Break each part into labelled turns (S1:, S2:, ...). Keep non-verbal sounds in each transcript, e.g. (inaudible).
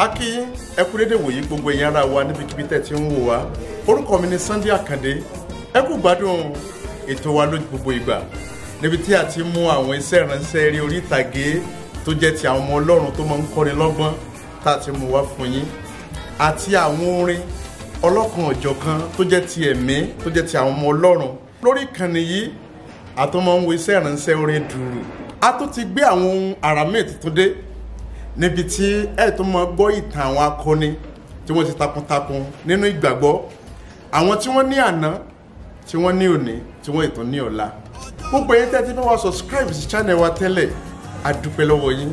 S1: akíyín ẹ kú dédé wòye gbogbo ẹ̀yin ara wa níbikíbi tẹ́ ti ń wò wá orúkọ mi ni Sunday Akande ẹ kú gbádùn ètò wa lójú gbogbo ìgbà níbi tí a ti mú àwọn iṣẹ́ ìránṣẹ́ eré orí ìtàgé tó jẹ́ ti àwọn ọmọ Ọlọ́run tó máa ń kọ́ni lọ́gbọ́n tá a ti mú wá fún yín àti àwọn orin ọlọ́kan ọ̀jọ̀kan tó jẹ́ ti ẹ̀mí tó jẹ́ ti àwọn ọmọ Ọlọ́run lórí ìkànnì yìí àtọmọ ń wo iṣẹ́ ìránṣẹ́ orin dùrù a tún ti gbé àwọn ohun àrà míì tuntun dé níbi tí ẹ tó mọ gbọ́ ìtàn àwọn akọni tí wọ́n ti takuntakun nínú ìgbàgbọ́ àwọn tí wọ́n ní àná tí wọ́n ní òní tí wọ́n ìtàn ní ọ̀la gbogbo yín tẹ́tí fẹ́ wá subscribe sí channel wa tẹ́lẹ̀ a dúpẹ́ lọ́wọ́ yín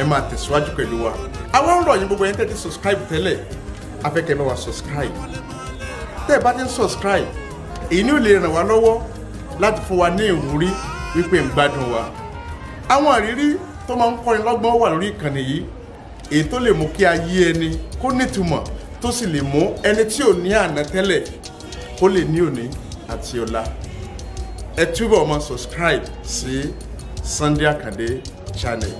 S1: ẹ máa tẹ̀síwájú pẹ̀lú wa àwọn ń rọ̀ yín gbogbo yín tẹ́tí subscribe tẹ́lẹ̀ afẹ́kẹ́ bá wa subscribe tẹ́ ẹ bá ti ń subscribe èyí ni ò lè ràn wá lọ́wọ́ láti fún wa ní ìwúrí wípé ń gbádùn wa àwọn àrírí tó máa ń kọ́ni lọ́gbọ́n wà lórí ìkànnì yìí èyí tó lè mú kí ayé ẹni kó nítumọ̀ tó sì lè mú ẹni tí ò ní àná tẹ́lẹ̀ kó lè ní òní àti ọ̀la ẹ túbọ̀ máa subscribe sí Sunday Akande channel.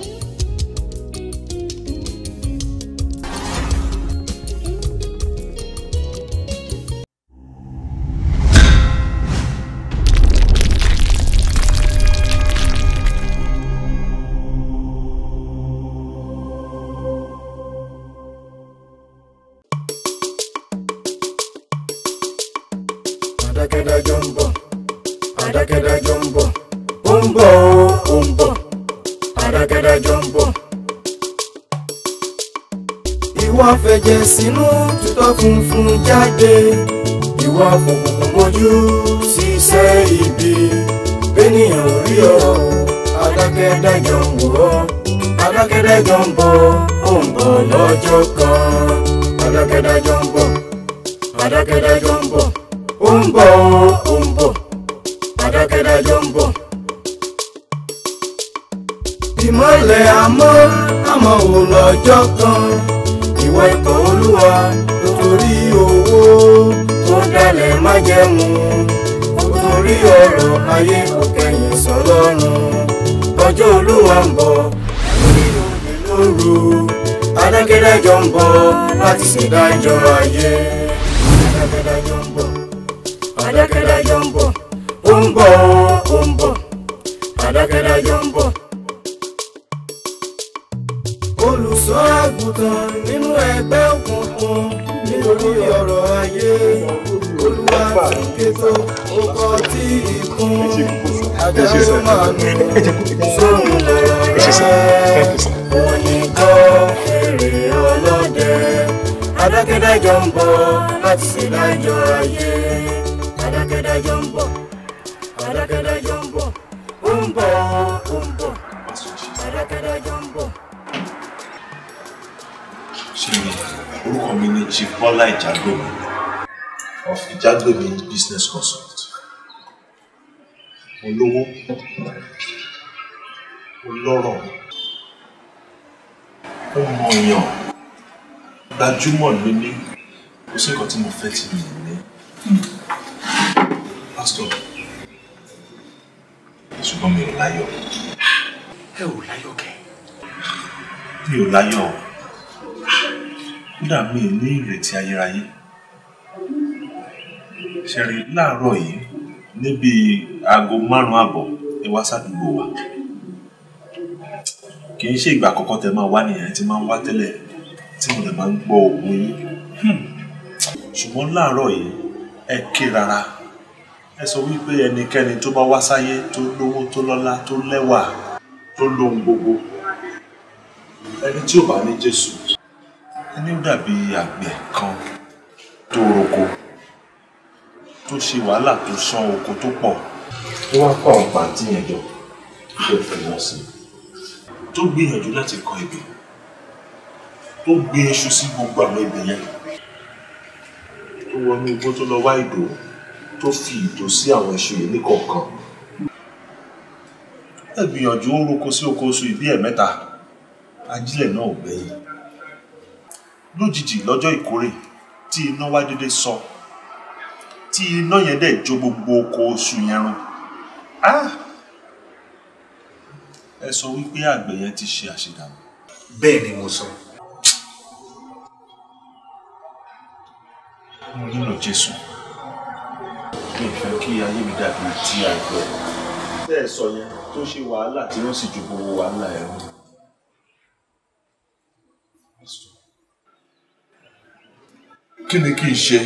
S2: sínú tutọ́ funfun jáde ìwà fòkùnkùn mọ́jú ṣiṣẹ́ ibi bẹ́nìyàn ò rí ọ adákẹ́dájọ́ ń wọ̀ ọ́ adákẹ́dájọ́ ń bọ̀ ó ń bọ̀ lọ́jọ́ kan adákẹ́dájọ́ ń bọ̀ adákẹ́dájọ́ ń bọ̀ ó ń bọ̀ ó ń bọ̀ adákẹ́dájọ́ ń bọ̀. ìmọ̀lẹ̀ àmọ́ àmọ́ ò lọ́jọ́ kan ìwọ ikọ̀ olúwa nítorí owó tó dalẹ̀ májẹ̀mú nítorí ọ̀rọ̀ ayé kò kẹ̀yìn sọ́lọ́run ọjọ́ olúwa ń bọ̀ lórí òbí lóru adágẹ́dájọ́ ń bọ̀ láti ṣèdájọ́ ayé adágẹ́dájọ́ ń bọ̀ adágẹ́dájọ́ ń bọ̀ ó ń bọ̀ ó ń bọ̀ adágẹ́dájọ́ ń bọ̀. olùṣọ́ àgùntàn nínú ẹgbẹ́ òkùnkùn nítorí ọ̀rọ̀ ayé olúwa tún kéto ọkọ tí ìkún àdáyé máa nù sóhun lọ́rọ̀ oyin kọ́ èrè ọlọ́dẹ adákẹ́dájọ́ ń bọ̀ láti ṣèdájọ́ ayé adákẹ́dájọ́ ń bọ̀ adákẹ́dájọ́ ń bọ̀ ó ń bọ̀ ó ń bọ̀ adákẹ́dájọ́
S3: sí mi orúkọ mi ni Chief Bọ́lá Ìjàgbọ́mi of Ìjàgbọ́mi business consult mo lówó mo lọ́rọ̀
S4: mo mọ èèyàn
S3: gbajúmọ̀ ló ní kò sí nǹkan tí mo fẹ́ tí mi ní pásítọ̀ ṣùgbọ́n mi ò láyọ̀ ẹ ò láyọ̀ kẹ́ mi ò láyọ̀ o kódà mi ò ní ìrètí ayérayé ṣẹ̀rí láàárọ̀ yìí
S1: níbi aago márùn-ún àbọ̀ ẹ wá sádùúgbò wa
S3: kì í ṣe ìgbà àkọ́kọ́ tẹ máa wá nìyẹn tí máa ń wá tẹ́lẹ̀ tí mo lè máa ń gbọ́ òun yín hmm. ṣùgbọ́n láàárọ̀ yìí ẹ ké rárá ẹ sọ wípé ẹnikẹ́ni tó bá wá sáyé tó lówó tó lọ́lá tó lẹ́wà tó lóhun gbogbo ẹni tí ò bá ní Jésù ẹni ó dàbí àgbẹ̀ kan tó roko tó ṣe wàhálà tó sán oko tó pọ̀ tó wá kọ́ àwọn pàǹtí yẹn jọ tó fi wọ́n sí
S1: tó gbìyànjú láti kọ ebè tó gbé iṣu sí gbogbo àwọn ebè
S3: yẹn tó wọnú igbó tó lọ wá ìdò tó fi ìdò sí àwọn iṣu yẹn níkọ̀ọ̀kan ẹ gbìyànjú ó roko sí oko oṣù ìbí ẹ̀ mẹ́ta ajílẹ̀ náà ò gbẹ̀yìn lójijì
S1: lọ́jọ́ ìkórè tí iná wá dédé sọ tí iná yẹn dẹ̀ jó gbogbo
S3: oko oṣù yẹn run ah! ẹ sọ wípé àgbẹ̀ yẹn ti ṣe àṣedànù. bẹ́ẹ̀ ni mo sọ. mo nílò jésù mi ò fẹ́ kí ayé mi dàbí ti àgbẹ̀. bẹ́ẹ̀ sọ yẹn tó ṣe wàhálà tí wọ́n sì ju gbogbo wàhálà ẹ̀rọ.
S1: kí ni kí n ṣe.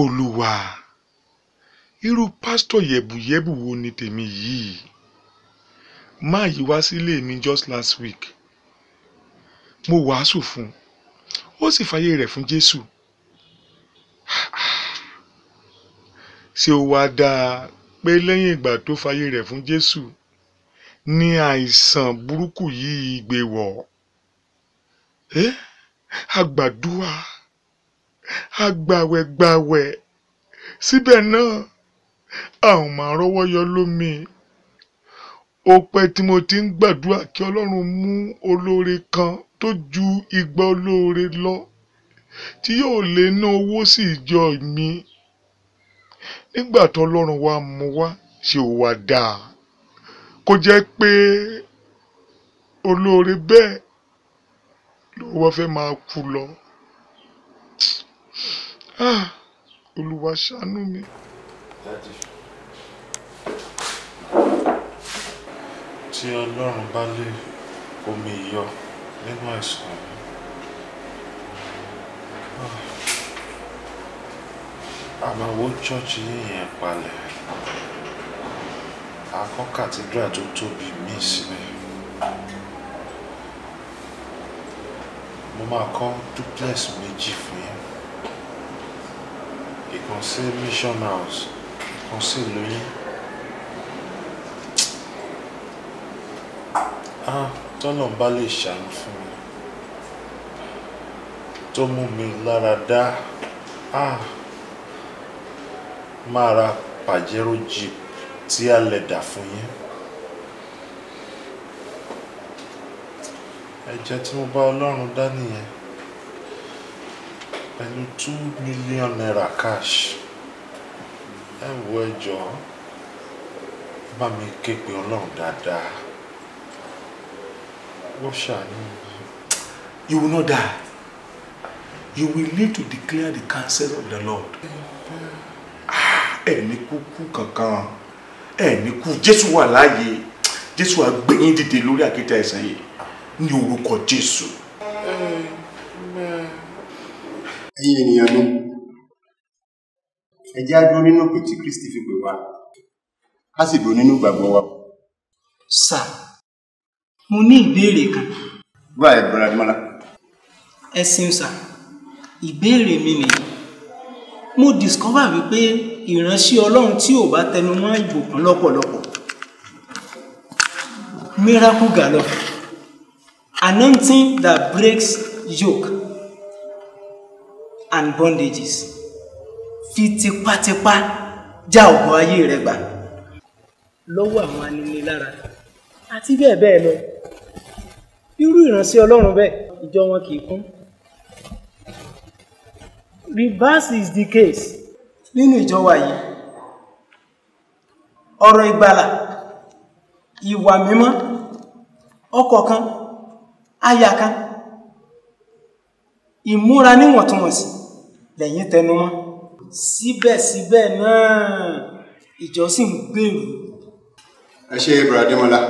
S1: olúwa irú pásítọ̀ yẹ̀bùyẹ̀bù wo ni tèmi yìí máa yí wá sílé mi just last week mo wàásù fún un ó sì fàyè rẹ̀ fún jésù ṣé ó wáá dáa pé lẹ́yìn ìgbà tó fàyè rẹ̀ fún jésù ni àìsàn burúkú yìí gbé wọ̀ ẹ́ àgbàdua. Eh? agbàwẹ̀gbàwẹ̀ síbẹ̀ náà a ò máa rọ́wọ́ yọ lómi ó pẹ́ tí mo ti ń gbàdúrà kí ọlọ́run mú olóore kan tó ju igba olóore lọ tí yóò lè ná owó sí ìjọ mi nígbà tó ọlọ́run wa mú wá ṣe ò wá dáa kó jẹ́ pé olóore bẹ́ẹ̀ ló wọ́n fẹ́ máa kú lọ.
S5: Ah, olúwa ṣàánú mi.
S3: tí ọlọ́run bá lé omi yọ nínú àìsàn mi a ah. máa wó chọ́ọ̀chì yìnyín palẹ̀ a kọ́ kàtídrà tó tóbi míì síbẹ̀ mo máa kọ́ duplex méjì fún yín ìkan sí mission house ìkan sí lóyún. ah tọ́nà bá lè ṣàánú fún mi tó mú mi lára dá ah máa ra pàjẹ́rò jeep tí a lè dà fún yín. ẹ̀jẹ̀ tí mo bá ọlọ́run dá nìyẹn pẹ̀lú two million naira cash ẹ wo ẹjọ́ bá mi ké pe ọlọ́run dáadáa wọ́n ṣàánú you will not die
S1: you will live to declare the counsel of the Lord ah, ẹ ní kú kú kankan ẹ ní kú Jésù wà láàyè Jésù á gbé yín dìde lórí àkéte àìsàn yìí ní orúkọ Jésù.
S3: Mm
S5: ẹ̀yin ènìyàn mi ẹ jẹ́ á
S1: dúró nínú pé tí Kristi fi pè wá ká sì dúró nínú ìgbàgbọ́ wa. sà
S6: mo ní ìbéèrè kan. gbọ́ àyè bọ́lá adémọ́lá. ẹ ṣeun sà ìbéèrè mi nìyí mo discover wípé ìránṣẹ́ ọlọ́run tí ò bá tẹnu mọ́ ìbùkún lọ́pọ̀lọpọ̀ miracle gallop anointing that breaks yoke and bondages fi tipátipá já ògùn ayé rẹ gbà lọ́wọ́ àwọn aninilára àti bẹ́ẹ̀ bẹ́ẹ̀ lọ irú ìránṣẹ́ ọlọ́run bẹ́ẹ̀ ìjọ wọn kì í kún reverse is the case nínú ìjọ wa yìí ọ̀rọ̀ ìgbàlà ìwà mímọ́ ọkọ̀ kan aya kan ìmúra níwọ̀ntúnwọ̀nsì lẹ́yìn tẹnumọ́ síbẹ̀síbẹ̀ náà ìjọsìn gbèrú.
S5: ẹ ṣe ibrahimola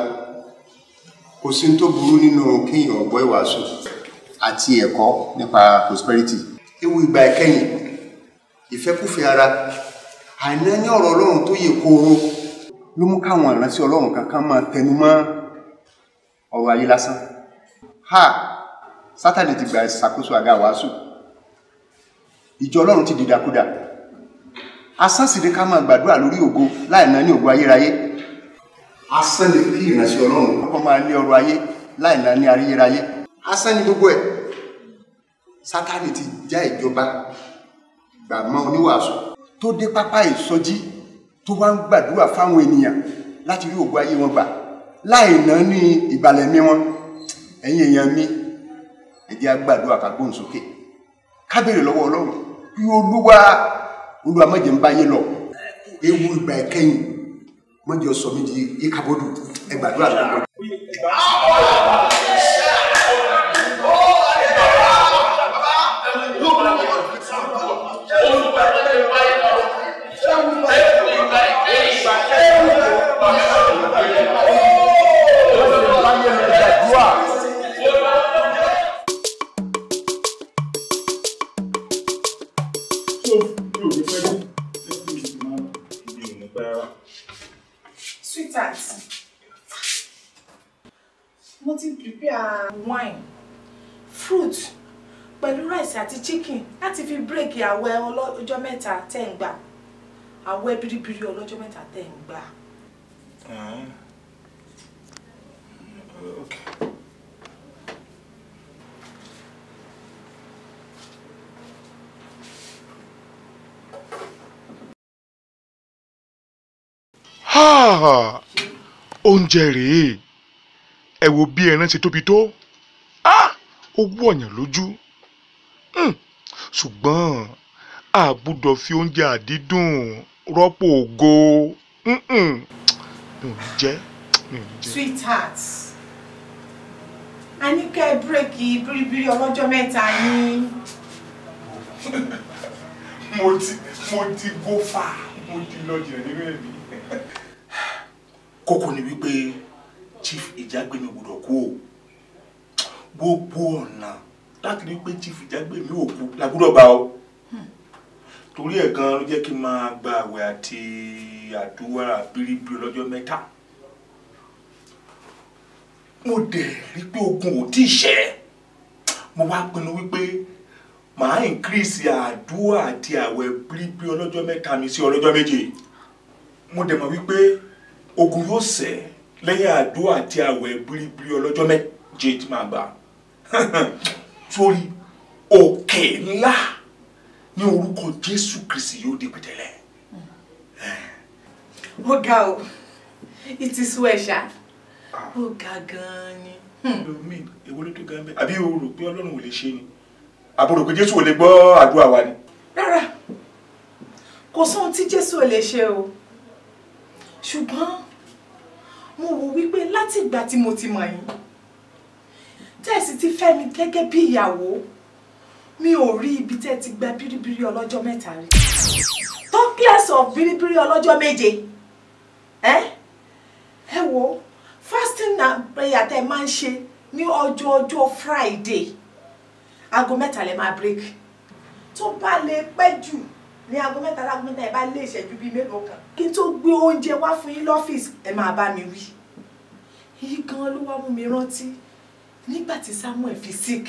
S5: kò sí tó burú nínú kéèyàn ọgbọ ìwàásù àti ẹ̀kọ́ nípa prosperity ewu ìgbà ìkẹyìn ìfẹ́kúfẹ̀ẹ́ ara àìnáyẹ ọ̀rọ̀ Ọlọ́run tó yẹ kóró ló mú káwọn ìrántí Ọlọ́run kankan máa tẹnu mọ́ ọ̀rọ̀ ayé lásán ha Sátánì ti gba ìṣàkóso àga wàásù ìjọ ọlọ́run ti dìdàkudà asán sì ni ká máa gbàdúrà lórí ògo láì náání ògo ayérayé asán ni kí ìrìnàṣẹ ọlọ́run kọ́kọ́ máa lé ọrọ̀ ayé láì náání ayérayé asán ni gbogbo ẹ̀ sátánì ti já ìjọba gbàmọ́ oníwàásù tó dé pápá ìsọjí tó wá ń gbàdúrà fáwọn ènìyàn láti rí ògo ayé wọn gbà láì náání ìbàlẹ̀ mi wọn ẹ̀yin èèyàn mi ẹ gbàdúrà ká sókè. Okay ká béèrè lọ́wọ́ ọlọ́run kí olúwa olúwa má jẹ́ ń báyé lọ ewu ìgbà ìkẹyìn má jẹ́ sọ mí di ìkàbọ̀dù ẹ lọ́wọ́.
S7: prepare wine fruit pẹ̀lú rice àti chicken láti fi break àwẹ̀ ọlọ́jọ́ mẹ́ta tẹ̀ ń gbà àwẹ̀ biribiri ọlọ́jọ́ mẹ́ta tẹ̀ ń gbà. Uh-huh.
S4: Okay.
S3: oúnjẹ rèé
S1: ẹ wo bí ẹran ṣe tóbi tó ó wọ̀nyàn lójú hmm. ṣùgbọ́n a gbọ́dọ̀ fi oúnjẹ àdídùn rọ́pò ògo mi ò jẹ́ mi ò ní jẹ́.
S7: sweetheart a ní kẹ́ bírèkì bíríbírí ọlọ́jọ́ mẹ́ta yín. (laughs) mo ti mo ti go far mo ti lọ jìnnà
S1: nínú ẹ̀mí. kókó ni wípé chief ìjágbémi gbọ́dọ̀ kú o gbogbo ọ̀nà láti rí pé chief ìjágbémi ò kú la gbọ́dọ̀ bá o hmm. torí ẹ̀ gan ló jẹ́ kí n máa gba àwẹ̀ àti àdúrà bíríbírí lọ́jọ́ mẹ́ta mo dẹ̀ rí pé ogun ò tí ì ṣẹ́ mo wá pinnu wípé màá increase àdúrà àti àwẹ̀ bíríbírí ọlọ́jọ́ mẹ́ta mi sí ọlọ́jọ́ méje mo dẹ̀ mọ̀ wípé ogun yóò ṣẹ́ lẹ́yìn àdúrà àti àwẹ̀ bíríbírí ọlọ́jọ́ méje tí màá gbà (laughs) sórí òkè ńlá ní orúkọ Jésù Kristi yóò di pẹ̀tẹ́lẹ̀.
S7: ó o ìtì sún ẹ̀ṣá ó ga gan-an ni.
S1: lomi hmm. èwo ló tó ga ń bẹ àbí o rò pé Ọlọ́run ò lè ṣe ni àbúrò pé Jésù ò lè gbọ́ àdúrà wa ni.
S7: rárá kò sóhun tí Jésù ò lè ṣe o ṣùgbọ́n mo wò wípé láti ìgbà tí mo ti mọ̀ yín tẹ́ ẹ sì ti fẹ́ mi gẹ́gẹ́ bí ìyàwó mi ò rí ibi tẹ́ ẹ ti gba bíríbírí ọlọ́jọ́ mẹ́ta rí talkless of bíríbírí ọlọ́jọ́ méje ẹ ẹ wo fasting na prayer tẹ́ ẹ máa ń ṣe ní ọjọ́ ọjọ́ Friday aago mẹ́ta lẹ máa break tó bá lè pẹ́ jù ní aago mẹ́ta láago mẹ́ta ẹ bá lé ìṣẹ́jú bíi mélòó kan kí n tó gbé oúnjẹ wá fún yín lọ́fíìsì ẹ máa bá mi wí. yìí gan ló wá mú mi rántí nígbà tí Samuel fi sick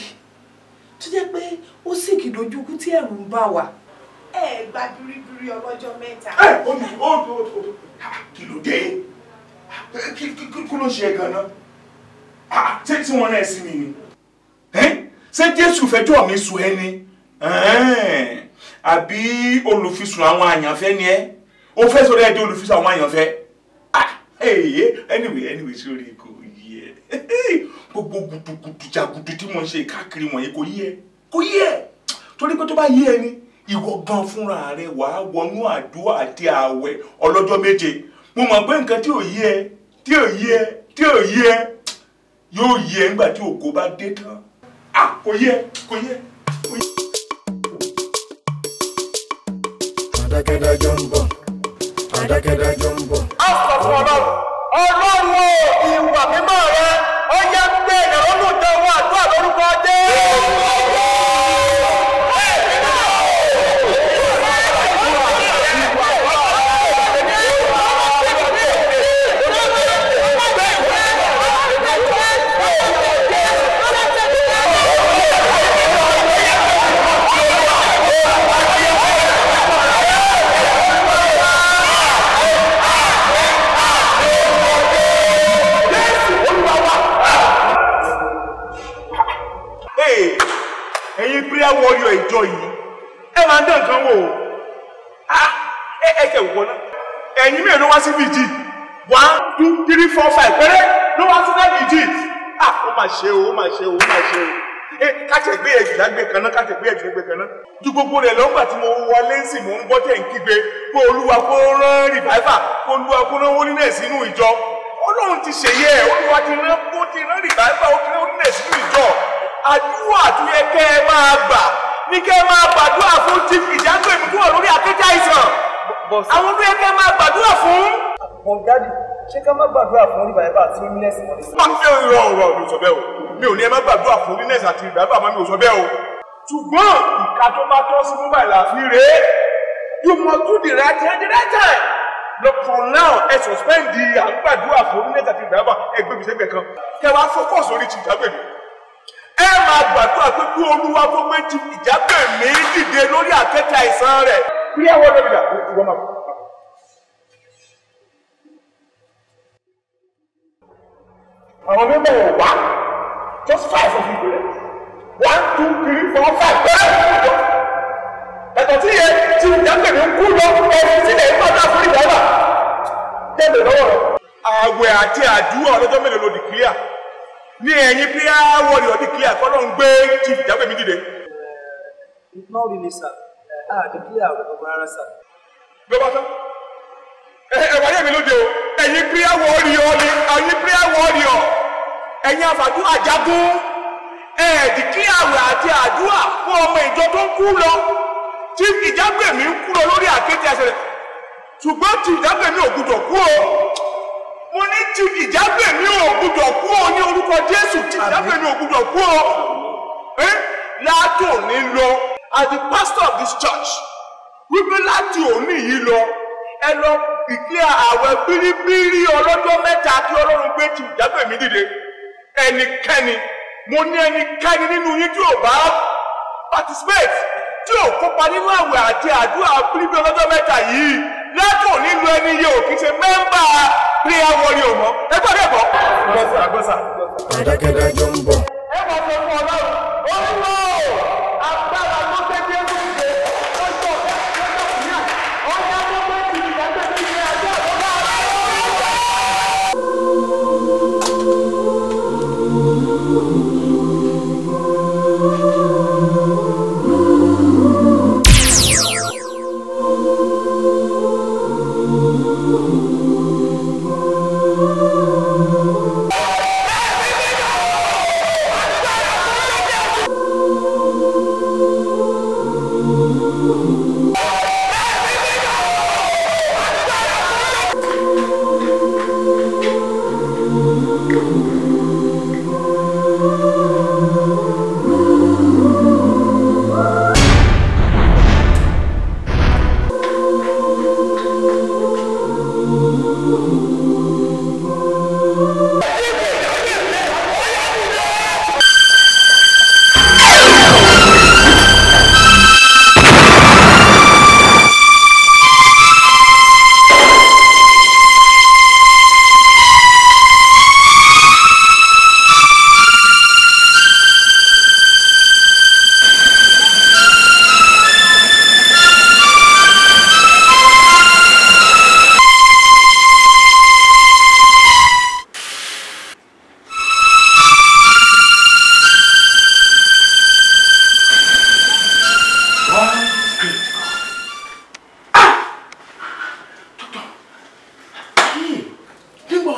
S7: tó jẹ́ pé ó sick dojúkú tí ẹ̀rù ń bà wá. ẹ gba biribiri ọlọ́jọ́ mẹ́ta. ẹ o omi o
S1: kí ló dé ah, kí ló ṣe ganan ah, ṣé tí wọn náà sí mi ni ṣé Jésù fẹjọ́ mi sùn ẹni àbí olùfisùn àwọn àyànfẹ́ ni ẹ o fẹ́ sọ̀rọ̀ ẹ di olùfisùn àwọn àyànfẹ́ ah eh, ẹ̀yẹ anyway anyway sórí kò yí ẹ gbogbo gudugudu jagudu tí mo ń ṣe káàkiri wọ̀nyí kò yí ẹ kò yí ẹ torí pé tó bá yí ẹ ni ìwọ gan fúnra rẹ wàá wọnú àdúrà àti ààwẹ̀ ọlọ́jọ́ méje mo mọ̀ pé nǹkan tí ò yí ẹ tí ò yí ẹ tí ò yí ẹ yóò yí ẹ nígbà tí ògo bá dé tán ah kò yí ẹ kò yí ẹ.
S2: adákẹ́dájọ́ ń bọ̀ adákẹ́dájọ́ ń bọ̀. a sọ fún ọlọ́run
S4: ọlọ́run ìwà mímọ́ rẹ ó
S1: gbé ẹ̀jẹ̀ gbé kan náà. ju gbogbo rẹ̀ lọ́gbà tí mo wọlé sí mò ń gbọ́ tẹ̀ ń kígbe pé olúwa kó rán rìbáìfà kó olúwa kó rán wọlé sínú ìjọ ọlọ́run ti ṣèyẹ olúwa ti rán bó ti rán rìbáìfà ó ti rán wọlé sínú ìjọ àdúrà tó yẹ kẹ́ ẹ máa gbà ní kẹ́ ẹ máa gbàdúrà fún ti ìjágbé mi kúrò lórí àkẹ́kẹ́ àìsàn àwọn tó yẹ kẹ́ ẹ máa gbàdúrà fún.
S6: àwọn dáàdì ṣé ká má gbàdúrà fún rìbáìfà àti rìnẹ́sì wọn. wọ́n ń rọ
S1: ọ̀rọ̀ mi ò sọ bẹ́ẹ̀ o mi ò ní ẹ má gbàdúrà fún rìnẹ́sì àti rìbáìfà mi ò sọ bẹ́ẹ̀ o ṣùgbọ́n ìka tó bá tọ́ sí mobile àfi rèé you must do the right thing at the right time lọ for now ẹ suspend di àgbàdua fún nígbà tí ìgbà bá ẹgbẹ́ ìgbésẹ̀gbẹ̀ kan kẹ wá focus orí ti ìjábẹ̀ mi. ẹ máa gbàdúrà pé kí olúwa tó gbé ti ìjábẹ̀ dìde lórí àkẹ́tẹ̀ àìsàn rẹ̀. bí ẹwọ́n lórí ìdá ìwọ máa kú.
S7: àwọn mímọ̀ wá just five of you one two three four five
S1: ẹ̀tọ́ tí yẹ tí ìdáǹgbè mi ń kú lọ ẹ̀sìn sílẹ̀ ìfọ̀ fún ìdáǹgbà débè lọ́wọ́ àwẹ̀ àti àdúrà ọlọ́jọ́ mélòó ló di clear ní ẹ̀yìn bí àwọ̀rì ọ̀dí clear kọ́lọ́ ń gbé tí ìdáǹgbè mi dìde.
S6: ìpọ́n rí ni sà á di clear ọ̀gbọ̀n rárá sà. ló bá tán ẹ̀wà yẹ̀mí ló dé o ẹ̀yìn bí àwọ̀rì ọ̀ ni ẹ̀yìn bí àwọ̀rì ọ̀
S1: ẹ̀yìn àfàdú àjágún ẹ̀ẹ́dì kí àwẹ̀ àti àdúrà fún ọmọ ìjọ tó ń kú lọ tí ìjágbèmí ń kú lọ lórí àkéte ẹsẹ̀ rẹ̀ ṣùgbọ́n tí ìjágbèmí ò gbúdọ̀ kú o mo ní tí ìjágbèmí ò gbúdọ̀ kú o ní orúkọ Jésù tí ìjágbèmí ò gbúdọ̀ kú o látò ní lọ as the pastor of this church wípé láti òní yìí lọ ẹ lọ ìkílẹ̀ àwẹ̀ bíríbírí ọlọ́jọ́ mẹ́ta kí Ọlọ́run gbé tí ìjágbèmí dìde ẹnikẹ́ni mo ní ẹnikẹ́ni nínú yín tí ò bá participate tí ò kópa nínú àwẹ̀ àti àdúrà bíbí ọlọ́jọ́ mẹ́ta yìí lẹ́kọ̀ọ́ nílùú ẹni yìí ò kìí ṣe mẹ́mbà rí ẹwọ ni ò mọ́ ẹ gbọ́dọ̀ ẹ̀kọ́. àgbọ̀sà àgbọ̀sà.
S2: àdàkẹ́dàjọ ń bọ̀. ẹ máa sọ fún ọlọ́run ó ń lọ agbára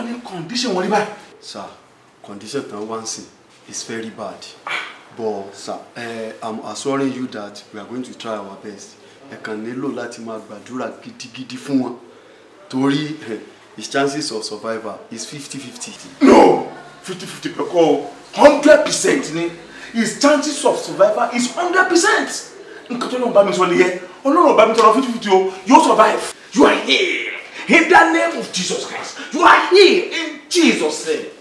S8: ní condition wọn rí báyìí. sir condition tán wá ń sìn is very bad but sir uh, i'm assuring you that we are going to try our best ẹ kàn nílò láti máa gbàdúrà gidigidi fún wọn torí his chances of survival is fifty fifty. no fifty fifty pẹ̀kọ́ hundred percent ni his chances of survival is hundred percent
S1: nǹkan tó lọ́n bá mi sọ nìyẹn ọlọ́run bá mi tọrọ fifty fifty o you survive you are here in the name of Jesus Christ. You are healed in Jesus' name.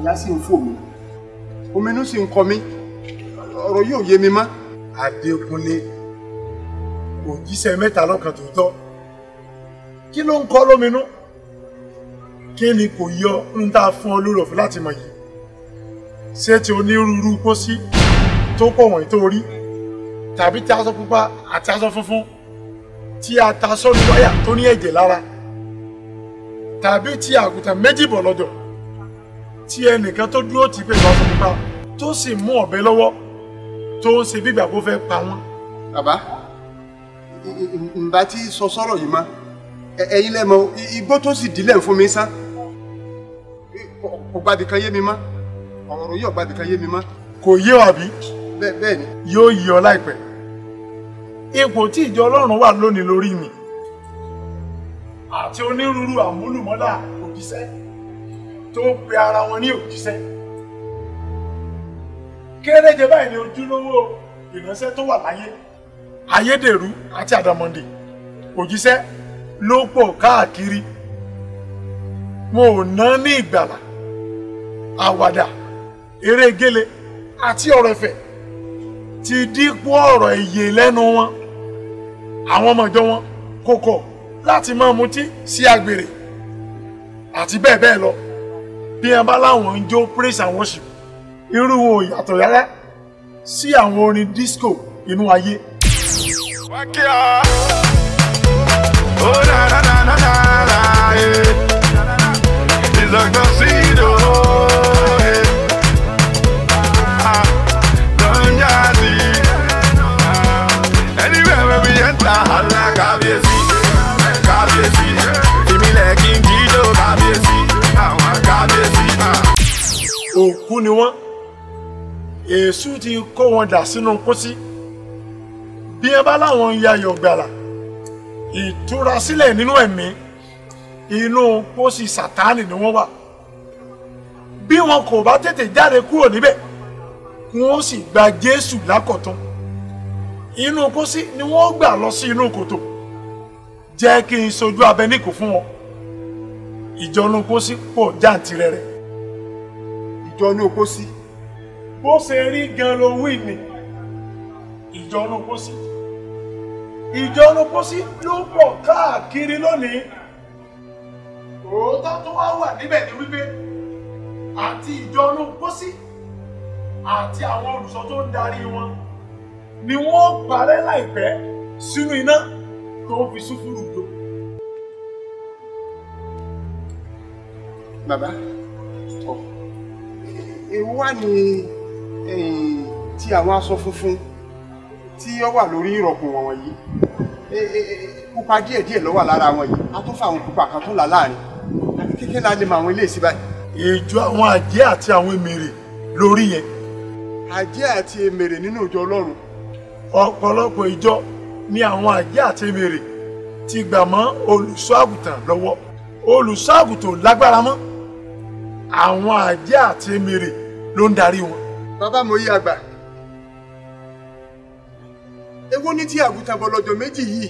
S5: àyà sì ń fò mí ominú sì ń kọ mí ọ̀rọ̀ yóò yé mi mọ́. Adékúnlé òjíṣẹ́ mẹ́ta lọ́kàn tòótọ́
S1: kí ló ń kọ́ lóminú kí ni kò yọ ń tá a fún ọ lórí òfin láti mọ̀ yìí ṣé ti onírúurú pósí tó pọ̀ wọ̀nyí tó rí tàbí tí aṣọ pupa àti aṣọ funfun tí a ta sọ́ọ̀nù wáyà tó ní ẹ̀jẹ̀ lára tàbí ti àgùntàn méjì bọ̀ lọ́dọ̀ tí ẹnìkan tó dúró tì í pẹ̀lú pupa tó sì mú ọ̀bẹ lọ́wọ́ tó ń ṣe bí ìgbà kó fẹ́
S5: pa wọ́n. bàbá ǹ bá ti sọ sọ́rọ̀ yìí máa ẹ̀yin lẹ́mọ igbó tó sì dílẹ̀ fún mi sá kò gbàdì kan yé mi mọ́ ọ̀rọ̀ yóò gbàdì kan yé mi mọ́. kò yé wa bí. bẹ́ẹ̀ ni. yóò yí ọ
S1: láìpẹ́ ipò tí ìjọ ọlọ́run wà lónìí lórí mi àti onírúurú àmúlùmọ́lá òjíṣẹ́ tó ń pe ara wọn ní òjíṣẹ́ kéréje báyìí ni ojúlówó ìránṣẹ́ tó wà láyé ayédèrú àti àdàmọ̀dè òjíṣẹ́ ló pọ̀ káàkiri wọn ò ná ní ìgbàlà àwàdà eré gèlè àti ọ̀rọ̀ ẹ̀fẹ̀ ti dípò ọ̀rọ̀ èyè lẹ́nu wọn àwọn ọmọ ìjọ wọn kò kọ̀ láti máa mutí sí àgbèrè àti bẹ́ẹ̀ bẹ́ẹ̀ lọ bí wọn bá láwọn ń jó praise and worship irú wọn ò yàtọ̀ rárá sí àwọn orin disco inú ayé.
S4: wákìá
S1: òkú ni wọ́n èṣù ti kó wọn dà sínú kùsí bí ẹ bá láwọn ya yọ̀gbàlà ìtúrasílẹ̀ nínú ẹ̀mí inú pósí sátánì ni wọ́n wà bí wọn kò bá tètè jáde kúrò níbẹ̀ wọ́n sì gba Jésù lákọ̀tún inú pósí ni wọ́n gbà lọ sí inú kòtò jẹ́ kí n sojú abẹ níkò fún wọn ìjọ inú pósí pọ̀ jáǹtirẹrẹ. ìjọ inú pósí. bó ṣe rí gan-an ló wí ni ìjọ inú pósí ìjọ olókósí ló pọ̀ káàkiri lónìí. òótọ́ tó wá wà níbẹ̀ ni wípé àti ìjọ olókósí àti àwọn olùṣọ́ tó ń darí wọn ni wọ́n parẹ́ láìpẹ́ sínú iná tó ń fi súfúrú jó.
S5: bàbá èwo wá ní eh, tí àwọn aṣọ funfun tí ó wà lórí ìrọ̀kùn wọn wọ̀nyí e, e, e, pupa díẹ̀ díẹ̀ ló wà lára wọn yìí a tún fa àwọn pupa kan tó là láàrin àti kékeré la lè mọ àwọn eléyìí sí báyìí. ìjọ àwọn àjẹ́
S1: àti àwọn èmèrè lórí yẹn. àjẹ́ àti èmèrè nínú ìjọ ọlọ́run. ọ̀pọ̀lọpọ̀ ìjọ ni àwọn àjẹ́ àti èmèrè ti gbà mọ́ olùṣọ́ àgùntàn lọ́wọ́ olùṣọ́ àgùntàn lágbára mọ́ àwọn àjẹ́ àti èmèrè ló ń darí wọn. bàbá mo yí àgbà
S5: èwo ní ti àgùntàn bọlọjọ méjì yìí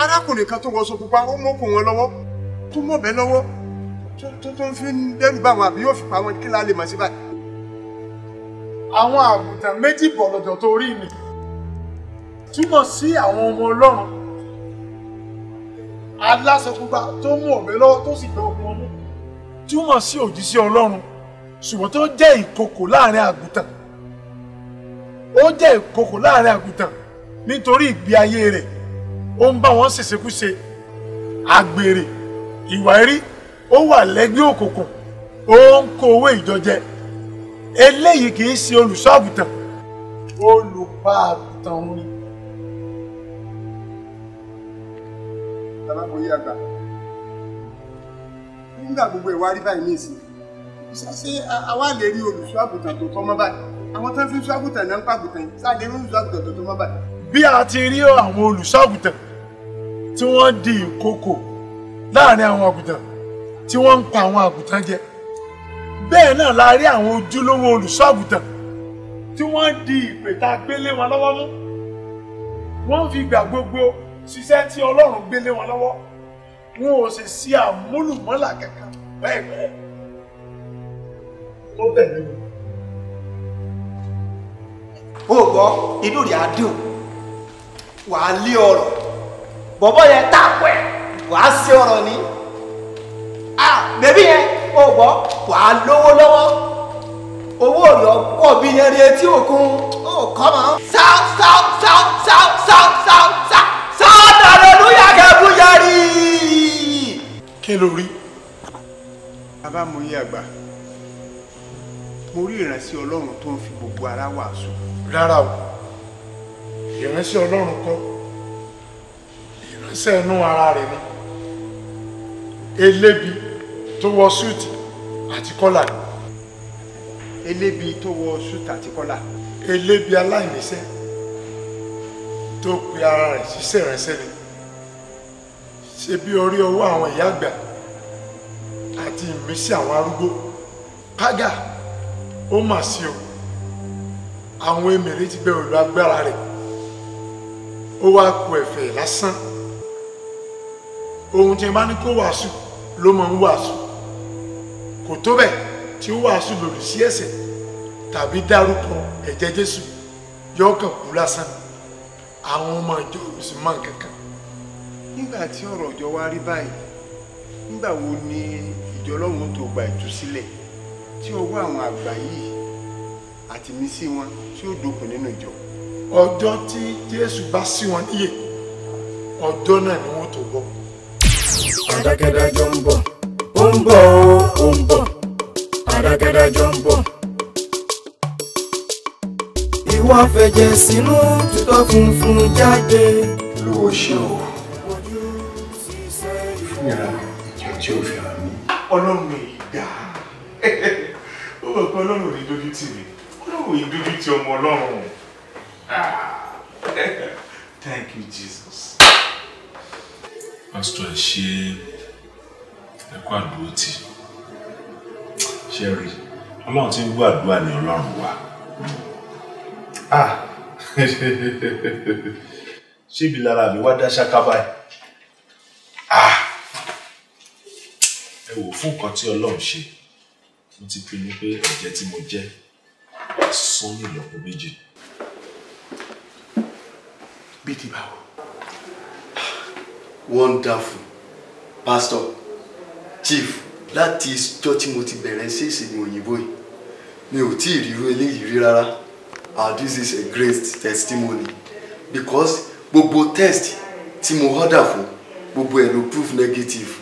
S5: arákùnrin kan tó wọṣọ pupa ó mọkùn wọn lọ́wọ́ tó mọbẹ lọ́wọ́ tó tó ń fi dẹ́rù bá wọn àbí yóò fi pa wọn kí láà lè mọ sí báyìí. àwọn àgùntàn méjì bọlọjọ
S1: tó rí mi túmọ̀ sí àwọn ọmọ ọlọ́run aláṣọ pupa tó mú ọ̀bẹ lọ́wọ́ tó sì gbọ́ ọkùnrin mú túmọ̀ sí òjíṣẹ́ ọlọ́run ṣùgbọ́n tó jẹ́ ìkòkò láàrin àgùntàn ó jẹ́ ìkòkò láàrin àgùntàn nítorí ìgbé ayé rẹ̀ ó ń bá wọn ṣèṣekúṣe àgbèrè ìwà rí ó wà lẹ́gbẹ́ òkùnkùn ó ń kó owó ìjọ jẹ eléyìí kì í ṣe olùṣọ́ àgùntàn olùpa àgùntàn òun ni.
S5: aláboyè àgbà nígbà gbogbo ìwà rí báyìí ní ìsìn ṣe àwa lè rí olùṣọ́ tó tọ́ mọ́ báyìí àwọn tó ń fi ṣọ́gùtàn náà ń pàgùtàn sáàdé irú ìṣọ́gùtàn tó tó mọ́ bàtà.
S1: bí a ti rí àwọn olùṣọ́gùtàn tí wọ́n di ìkòkò láàrin àwọn àgùtàn tí wọ́n ń pa àwọn àgùtàn jẹ bẹ́ẹ̀ náà la rí àwọn ojúlówó olùṣọ́gùtàn tí wọ́n di ìpèta gbélé wọn lọ́wọ́ mú wọ́n fi gbà gbogbo ṣiṣẹ́ tí Ọlọ́run gbélé wọn lọ́wọ́ wọn ò sì sí àmúlùmọ́là kankan bẹ́ẹ̀ bẹ́ẹ̀ tó tẹ̀lé wọn o
S6: gbọ́ inú rẹ̀ á dùn wàá lé ọ̀rọ̀ bọ̀bọ̀ yẹn tààpọ̀ ẹ̀ wàá ṣe ọ̀rọ̀ ní ah bèbí yẹn o gbọ́
S1: wàá lówó lọ́wọ́ owó rẹ̀ pọ̀ bí yẹn rí etí òkun o kọ́ mọ́. sáà sáà sáà sáà sáà sáà sáà sáà dàlọ́lù yàgẹ̀ bú yarí. kí ló rí.
S5: bàbá mo yí àgbà mo rí ìránṣẹ́ ọlọ́run tó ń fi gbogbo ara wàásù. rárá o
S1: ìránṣẹ́ ọlọ́run
S5: kọ́ ìránṣẹ́ inú
S1: ara rẹ̀ ni elébi tó wọ súùtì àti kọ́là ni. elébi tó wọ súùtì àti kọ́là. elébi aláìníṣẹ́ tó pe ara rẹ̀ ṣiṣẹ́ ìránṣẹ́ ni ṣe bí orí ọwọ́ àwọn ìyá àgbà àti ìmísí àwọn arúgbó kágà ó mà sí o àwọn emèrè ti bẹ olú agbára rẹ̀ ó wá ku ẹ̀fẹ̀ lásán ohun tí n bá ní kó wàásù ló máa ń wàásù kò tó bẹ́ẹ̀ tí ó wàásù lòdì sí ẹ̀ṣẹ̀ tàbí dárúkọ ẹ̀jẹ̀ Jésù
S5: yóò kàn kú lásán àwọn ọmọ ìjọ òsì máa ń kankan. nígbà tí ọ̀rọ̀ ìjọ wa rí báyìí nígbà wo ni ìjọ tó gba ìtúsílẹ̀? tí owó àwọn àgbà yìí àti mi sí wọn tí ó dópin nínú ìjọ.
S1: ọjọ́ tí jésù bá sí wọn níyè ọjọ́ náà ni wọ́n tó
S2: bọ̀. àdákẹ́dájọ́ ń bọ̀ ó ń bọ̀ ó ń bọ̀ àdákẹ́dájọ́ ń bọ̀. ìwọ fẹ̀jẹ̀ sínú tutọ́ funfun jáde.
S4: lówó ṣe o fúnra tí o fi hàn mí.
S1: ọlọ́run ìgbà. (laughs) ó rò pé ọlọ́run ò ní dójú tì mí ọlọ́run ò ní dójú tì ọmọ ọlọ́run ah. thank you jesus.
S3: Pastor, ẹ ṣe ẹ kó àdúró tì ṣe rí ọlọ́run tí ń gbọ́ àdúrà ní ọlọ́run wa ah. (laughs) ṣébi lára mi wá dá ṣáká báyìí ah. ẹ wò fún nǹkan tí ọlọ́run ṣe mo ti pinnu pé ẹ̀jẹ̀ tí mo jẹ́ sán ní ìlọ́po méjì.
S8: bí ti báwo. wonderful pastor chief láti ìjọ tí mo ti bẹ̀rẹ̀ sí ìsìn òyìnbó yìí mi ò tí ì ríru eléyìí rí rárá ah this is a great testimony because gbogbo test tí mo order fún gbogbo ẹ̀ ló proof negative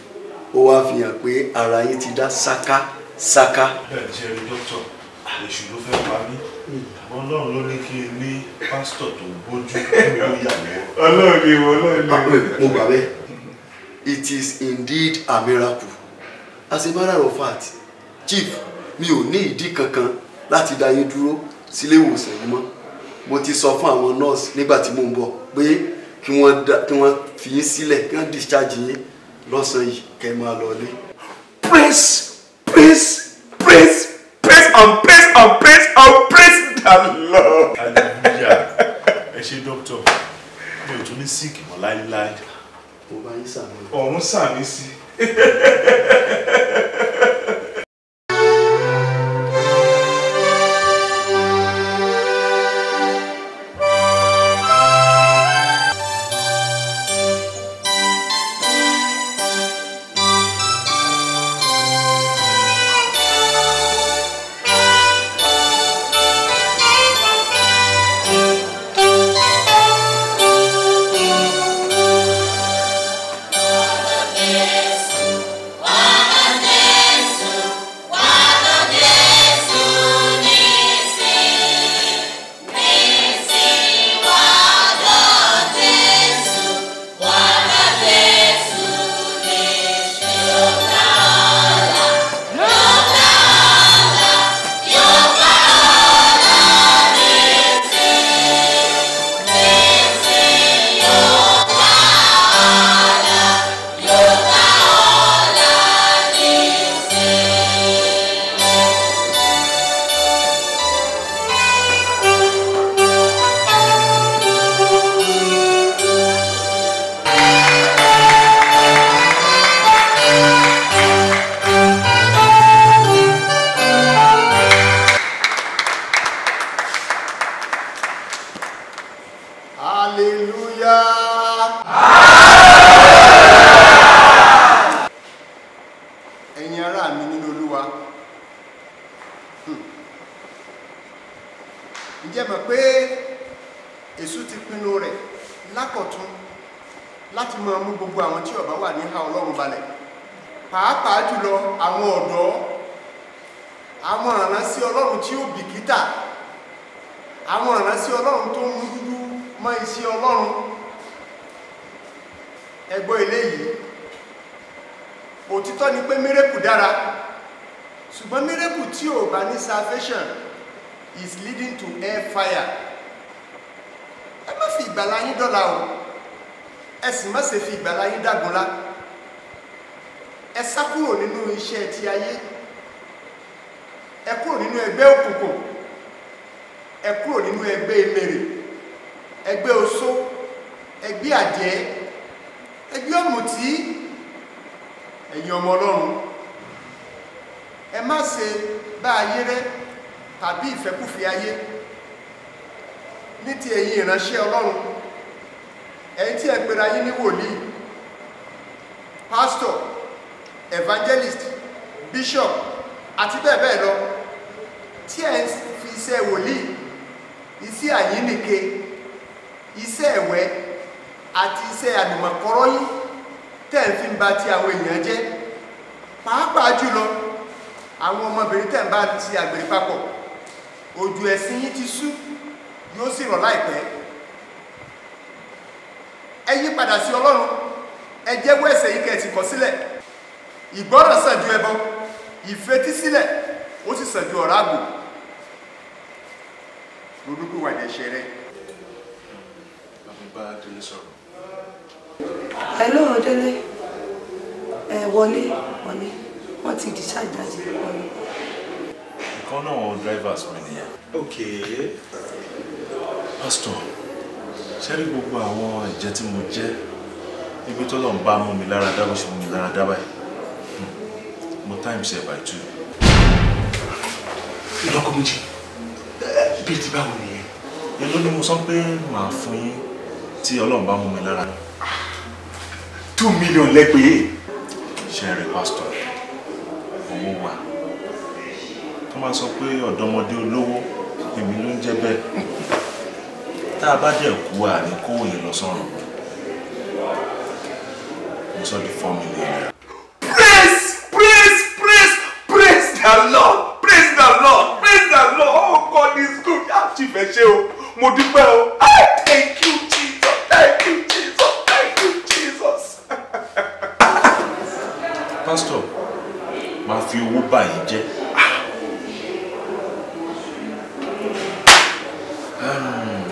S8: ó wá fi hàn pé ara yín ti dá ṣáká saka.
S3: bẹ́ẹ̀ ti ẹ̀rí dókítà èṣù ló fẹ́ pa mí ọlọ́run ló ní kí n ní pásítọ̀ tó gbójú tó yàwó. ọlọ́run ni ìwọ ọlọ́run ni ah, mo gbà bẹ́ẹ̀
S8: it is indeed a miracle as a matter of fact chief mi ò ní ìdí kankan láti dá yín dúró sílé ìwòsàn yìí mọ́ mo ti sọ fún àwọn nurse nígbà tí mò ń bọ̀ pé kí wọ́n fi yín sílẹ̀ kí wọ́n discharge yín lọ́sàn-án yìí kẹ́ ẹ máa lọ ilé. praise praise,
S1: praise, praise, and praise, and praise, and praise the Lord. Hallelujah. Ẹ ṣe dọ́kítọ̀, mi be sick. My light, light. Oh my son, oh my son, sàmì sí. (laughs)
S3: òun lẹ́pẹ́. ṣẹ́ẹ̀rì pásítọ̀ owó wà tó máa sọ pé ọ̀dọ́mọdé olówó èmi ló ń jẹ́ bẹ́ẹ̀ tá a bá dẹ̀ kú àní kówó yẹn lọ sọ́run mo sọ di fọ́ọ̀mù. bà yìí jẹ́ ah. hmm.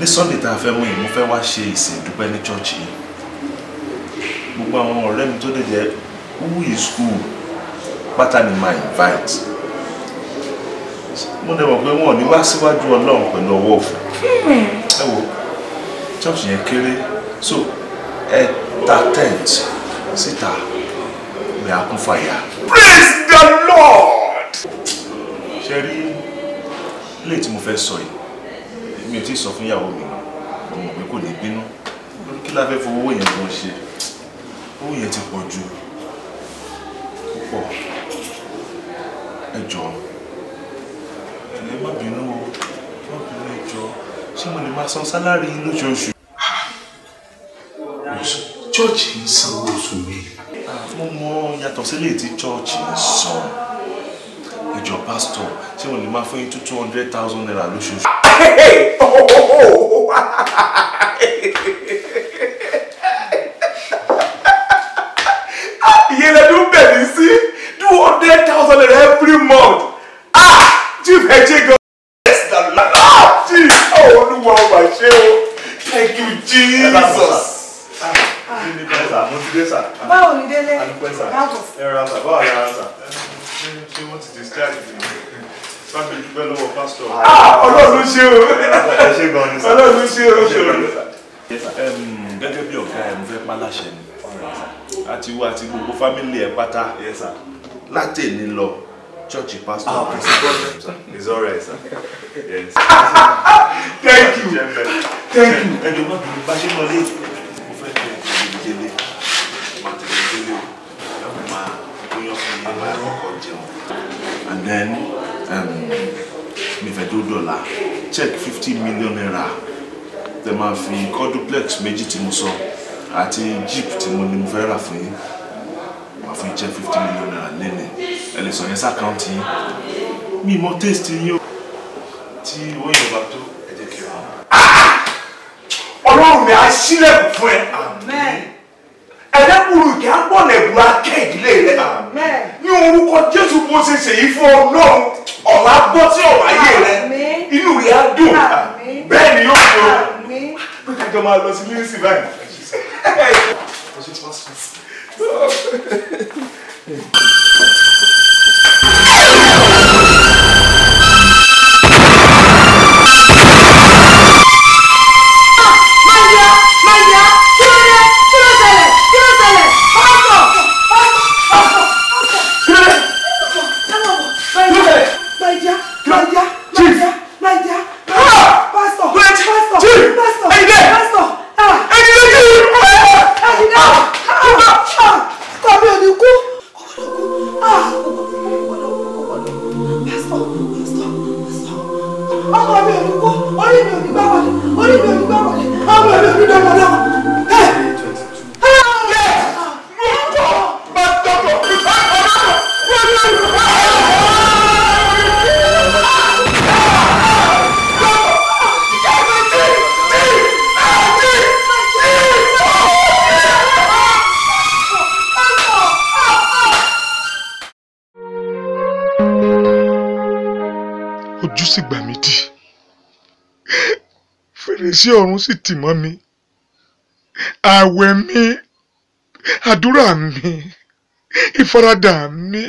S3: ní Sunday tá a fẹ́ mú yìí mo fẹ́ wá ṣe ìsìn ìdúpẹ́ ní chọ́ọ̀chì gbogbo àwọn ọ̀rẹ́ mi tó lè jẹ́ who is who pátá ni máa invite mo dẹ̀ mọ̀ pé wọn ò ní wá síwájú ọlọ́run pẹ̀lú ọwọ́ ọ̀fẹ́ hmm. ẹ wo chọ́ọ̀chì yẹn kéré so ẹ ta tent síta. Si mi á kún fàyà. praise the lord. ṣe rí ilé tí mo fẹ́ sọ yìí mi ò tí ì sọ fún ìyàwó mi mo mọ̀ pé kò ní bínú lórí kí la fẹ́ fowó yẹn lọ ṣe owó yẹn ti pọ̀ ju púpọ̀ ẹ jọ̀ọ́ ẹ má bínú o má bínú ẹ jọ̀ọ́ ṣé mo lè máa san sálárì lóṣooṣù. church ń sìn yàtọ̀ sí léyìí tí chọ́ọ̀chì ń sọ ìjọ pásítọ̀ ṣé wọ́n lè máa fún yín tó two hundred thousand naira lóṣooṣù.
S1: ìyẹn lẹ́nu bẹ̀rẹ̀ sí two hundred thousand naira every month ah chief ẹ ṣe gan. yes na la ah chief olúwa ọba ṣe o thank you jesus. Ah,
S7: báwo ni délé báwo.
S1: ṣe o ọlọ́run ṣe o gẹ́gẹ́ bí ọ̀gá ẹ̀ mo fẹ́ pálàṣẹ ni àti wo àti gbogbo fámìlì ẹ̀ pátá láti èní lọ church pastor. Oh, ah, it's alright, sir. sir. Thank you. Thank you. Ẹ jọ̀wọ́ kì í bá
S3: ṣe lọlé. Mo fẹ́ kí ẹ tẹ̀lé délé. Má tẹ̀lé délé o. Ẹ máa gbóyàn fún mi, ẹ máa kọ́kọ́ jẹun. And then, um, ìfẹ́ tó check fifty million naira tẹ máa fi quadruplex méjì tí mo sọ àti jeep tí mo ní mo fẹ́ rà fún yín máa fi check fifty million naira lẹ́nu ẹ lè sọ yẹn sí àkáǹtì yín mi mọ taste yín o tí owó yẹn bá tó ẹ jẹ́ kí n rà.
S1: ọlọ́run mi á sílẹ̀ fún ẹ. amen àdàkùrù kí á pọ̀ lẹ́bùrú akẹ́ìdílé rẹ̀ ní orúkọ jésù bó ṣe ṣèyí fún ọ náà ọ̀la gbọ́ sí ọ̀la ayé rẹ inú rẹ̀ á dùn bẹ́ẹ̀ ni yóò fi o pé kájọ máa lọ sí mínísì báyìí. Oh, (laughs) tí ọ̀run sì tì mọ́ mi ààwẹ̀ mi àdúrà mi ìfaradà mi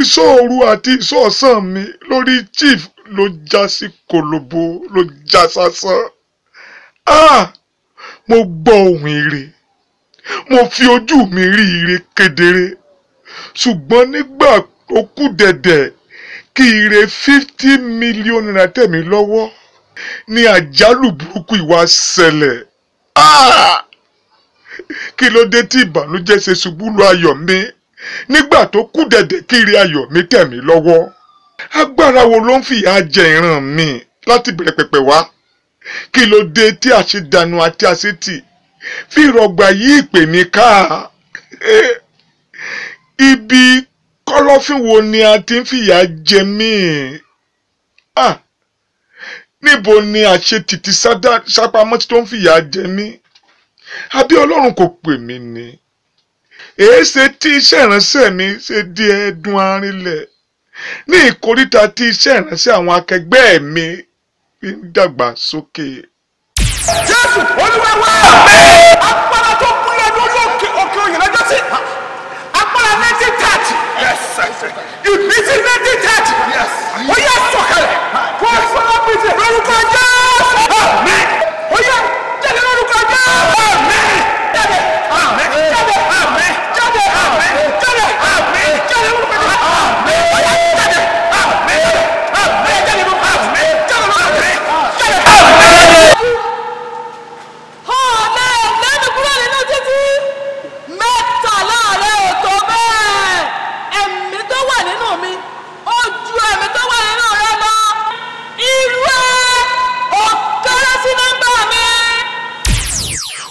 S1: ìṣọ́ òru àti ìṣọ́ ọ̀sán mi lórí chief ló já sí kolobo ló já sásán ah mo gbọ́ ohùn ire mo fi ojú mi rí ire kedere ṣùgbọ́n nígbà tó kù dẹ̀dẹ̀ kí ire fifty million naira tẹ̀ mí lọ́wọ́ ni àjálù burúkú ìwà ṣẹlẹ̀ ah! kí ló dé tí ìbànújẹ́ ṣe ṣubú lu ayọ̀ mi nígbà tó kú dẹ̀dẹ̀ kiri ayọ̀ mi tẹ̀ mí lọ́wọ́ agbára wo ló ń fìyà jẹ ìran mi láti bẹ̀rẹ̀ pẹ̀pẹ̀ wá kí ló dé tí àṣedànù àti àṣetì fi rọgbà yí ìpè mi ká eh! ibi kọ́lọ́fín wo ni a ti ń fìyà jẹ mí. Ah níbo ni àṣetìtì sápamọ́ tó ń fìyà jẹ mí àbí ọlọ́run kò pè mí ni èéṣe tí iṣẹ́ ìránṣẹ́ mi ṣe di ẹ̀dùn arinlẹ̀ ní ìkóríta tí iṣẹ́ ìránṣẹ́ àwọn akẹgbẹ́ mi fi ń dàgbà sókè. jésù olúwa wá. àmín. my God.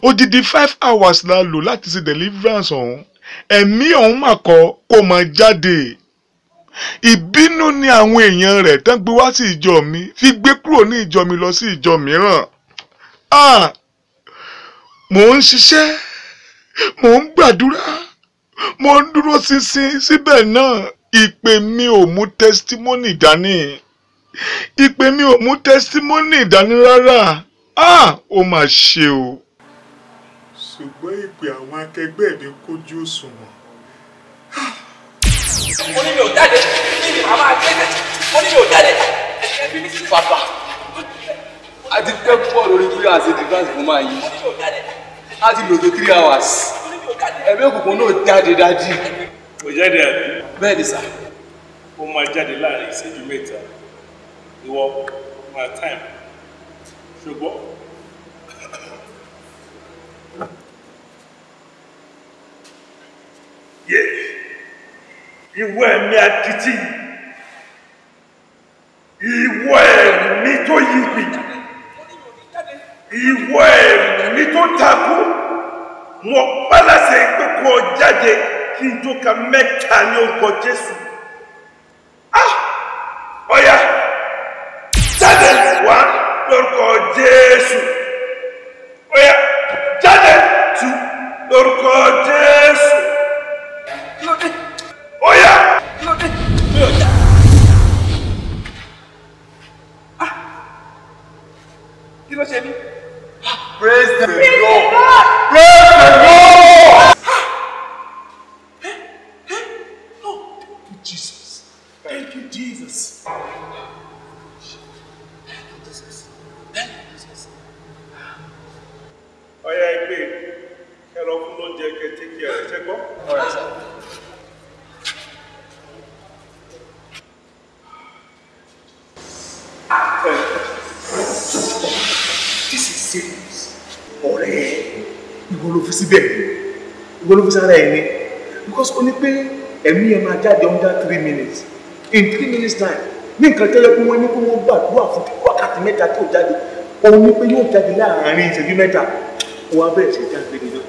S1: odidi five hours la lò láti ṣe deliverance ọ̀hún ẹ̀mí ọ̀hún mà kọ́ kó mọ jáde ìbínú ni àwọn èèyàn rẹ̀ tán gbé wá sí ìjọ mi fi gbé kúrò ní ìjọ mi lọ sí ìjọ mìíràn ah mò ń ṣiṣẹ́ mò ń gbàdúrà mo ń dúró ṣinṣin síbẹ̀ náà ìpè mi ò mú testimony dání ìpè mi ò mú testimony dání rárá ah ó mà ṣe o
S5: ṣùgbọ́n ìpè àwọn akẹgbẹ́ mi kójú òṣùwọ̀n.
S7: ó ní mi ò jáde ní màmá akéde ó ní mi ò jáde ẹbí mi sì pàpà.
S1: a ti tẹ́ púpọ̀ lórí bí a ṣe di france fún máa yí a ti lò tó three hours ẹgbẹ́ òkùnkùn náà jáde dájú. kò jáde àbí. bẹ́ẹ̀ ni sà. ó máa jáde láàrin ìṣẹ́jú mẹ́ta ìwọ máa time ṣùgbọ́n. yẹ ìwọ ẹ̀mí akitì ìwọ ẹ̀mí tó yígbì ìwọ ẹ̀mí tó takú mo pálásẹ̀ pé kó o jáde kí n tó ka mẹ́ta ní orúkọ Jésù ah ọ̀ya jáde wá lórúkọ Jésù ọ̀ya jáde tú lórúkọ Jésù ó yá. kí ló ṣe mí. praise the lord praise the lord. Oh, thank you, Jesus. Thank you, Jesus. Oh yeah, ọyá ẹgbẹ́ ẹ lọ check lóúnjẹ All right, sir.
S6: this is serious ọ̀rẹ́
S1: ìwọ ló fi síbẹ̀ ìwọ ló fi sára ẹ̀ ni because ó ní pé ẹ̀mí ẹ̀ máa jáde under three minutes in three minutes time ní nǹkan tẹ́lẹ̀ pé wọ́n ní kó wọ́n gbàdúrà fún wákàtí mẹ́ta tí ò jáde òun ní pé yóò jáde láàárín ìṣẹ́jú mẹ́ta wọ́n á bẹ̀rẹ̀ sí jáde nínú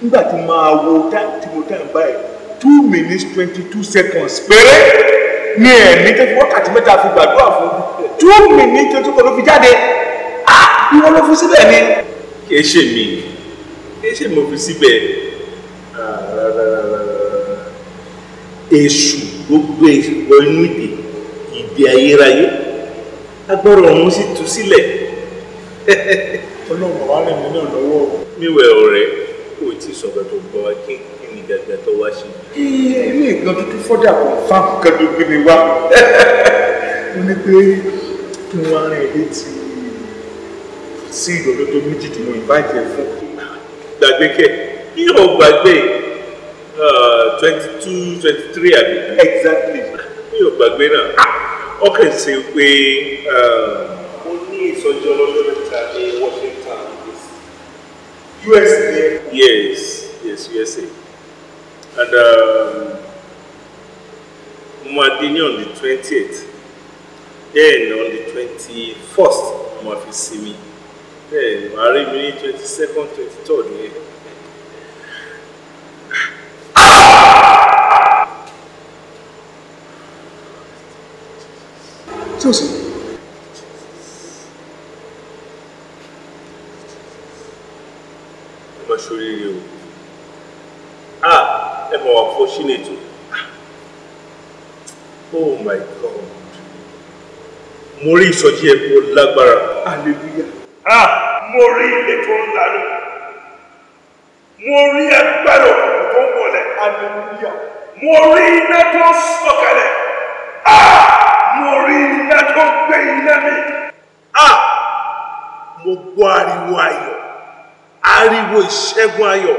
S1: nígbà tí máa wo tí mo dá ń báyìí two minutes twenty two seconds
S4: péré
S1: ní ẹ̀mí tó fi wákàtí mẹ́ta fi gbàdúrà fún two minutes tó kọ́ ló fi jáde ìwọ ló fi síbẹ̀ ni. kì í ṣe mi kì í ṣe mo fi síbẹ̀ èṣù ló gbé
S3: wọ inú ìdè ìdè ayérayé
S1: agbọ́rọ̀ ọ̀hún sì tú sílẹ̀. (laughs) ọlọ́run wàhálà mi náà lọ́wọ́. mi wẹ̀ ọ̀rẹ́ kò tí ì sọ̀rọ̀ tó gbọ́ kí n gẹ́gẹ́ tó wá sí. iye ilé ìgbọ́n tuntun fọ́dà kò fáwọn kan tó gbé mi wá mo ní pé kí wọ́n rìn létí sí ìrọ̀lẹ́ tó méjì tí mo invite ẹ fún. gbàgbé kẹ yóò gbàgbé ah, twenty two twenty three àbí. exactly. yóò gbàgbé náà ọkàn ah. ṣe pé ah, mo ní ìsọjí ọlọ́jọ́ mẹ́ta ní Washington. US ni. Yes, yes, USA and um, mo máa dé on the twenty eighth. then on the twenty-first mo máa fi sinmi then màá rí mi twenty-second twenty-third yẹn. Joseph. Baixou ele you. mo fortunate oh my god mo rí ìsọjí lagbara hallelujah ah, ah, ah mo rí lanu mo rí agbára òkùnkùn hallelujah mo rí ah ariwo ayọ ariwo ìṣẹ́gun ayọ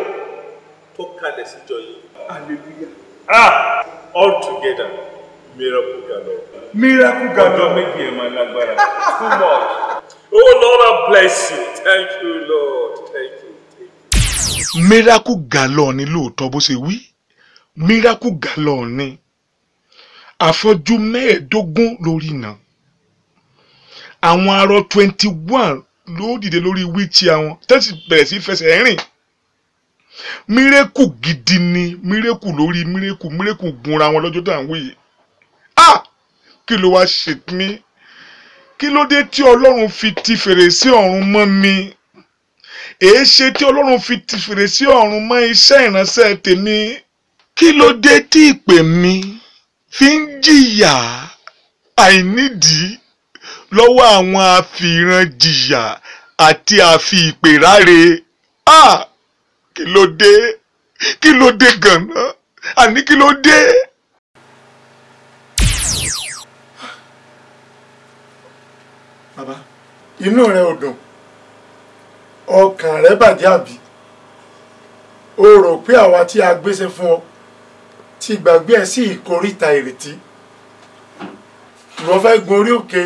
S1: tó Hallelujah. Ah! Altogether, miracle galore. Miracle galore. God make me my lágbára. Too much. Oh Lord, I bless you. Thank you, Lord. Thank you. Thank Miracle galore ni lóòótọ́ bó ṣe wí. Miracle galore ni. Àfọ́jú mẹ́ẹ̀ẹ́dógún lórí iná. Àwọn arọ twenty one ló dìde lórí wíìchì àwọn tẹ́sí bẹ̀rẹ̀ sí fẹsẹ̀ rìn mírèkù gidi ni mírèkù lórí mírèkù mírèkù gunra wọn lọ́jọ́ tá à ń wí yìí ah kí ló wá ṣe mí kí ló dé tí ọlọ́run fi ti fèrèsé ọ̀run mọ́ mi èé ṣe tí ọlọ́run fi ti fèrèsé ọ̀run mọ́ iṣẹ́ ìránṣẹ́ tèmi kí ló dé tí ìpè mi fi ń jìyà àìnídìí lọ́wọ́ àwọn àfìràn jìyà àti àfi ìpè ráre ah kí ló dé kí ló dé gan-an àní kí ló dé. bàbá inú rẹ ò dùn ọkàn rẹ bàjẹ́ àbí o rò pé àwa tí a gbéṣẹ́ fún ọ ti gbàgbé ẹ sí ìkóríta ìrètí ìwọ fẹ́ gun orí òkè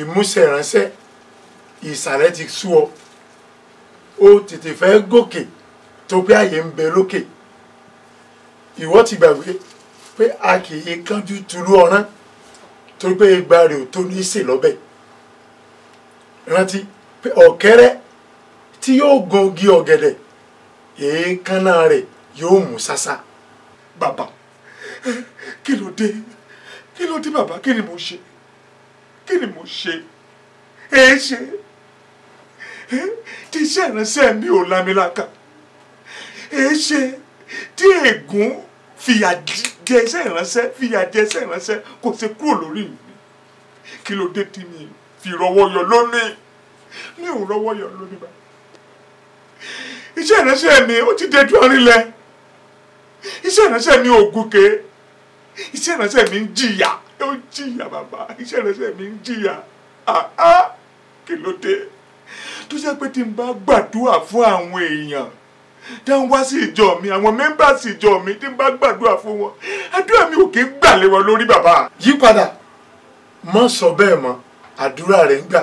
S1: ìmúṣẹ ìránṣẹ́ ìsàlẹ̀ ti sú ọ o tètè fẹ́ gòkè tó pé àyè ń bẹ lókè ìwọ ti gbàgbé pé a kì í kánjú tulu ọ̀rán torí pé igba rẹ̀ ò tó ní í sè lọ́bẹ̀ rántí pé ọ̀kẹ́rẹ́ tí yóò gun igi ọ̀gẹ̀dẹ̀ èékánná rẹ̀ yóò mú ṣáṣá. bàbá kí ló dé kí ló dé bàbá kí ni mo ṣe kí ni mo ṣe èé ṣe tí iṣẹ́ ìránṣẹ́ mi ò lámiláka èéṣe tí ègún fìyà jẹ iṣẹ́ ìránṣẹ́ fìyà jẹ iṣẹ́ ìránṣẹ́ kò ṣe kúrò lórí mi kí ló dé tí mi fi rọwọ́ yọ lónìí mi ò rọwọ́ yọ lónìí bá iṣẹ́ ìránṣẹ́ mi ó ti dẹjú ọ̀rinlẹ̀ iṣẹ́ ìránṣẹ́ mi ò gòkè iṣẹ́ ìránṣẹ́ mi ń jìyà ó ń jìyà bàbá iṣẹ́ ìránṣẹ́ mi ń jìyà àá kí ló dé tó jẹ́ pé tí n bá gbàdúrà fún àwọn èèyàn tá ń wá sí ìjọ mi àwọn mẹ́mbà sí ìjọ mi tí ń bá gbàdúrà fún wọn àdúrà mi ò kì í gbà lé wọn lórí bàbá. yípadà mọ sọ bẹ́ẹ̀ mọ àdúrà rẹ ń gbà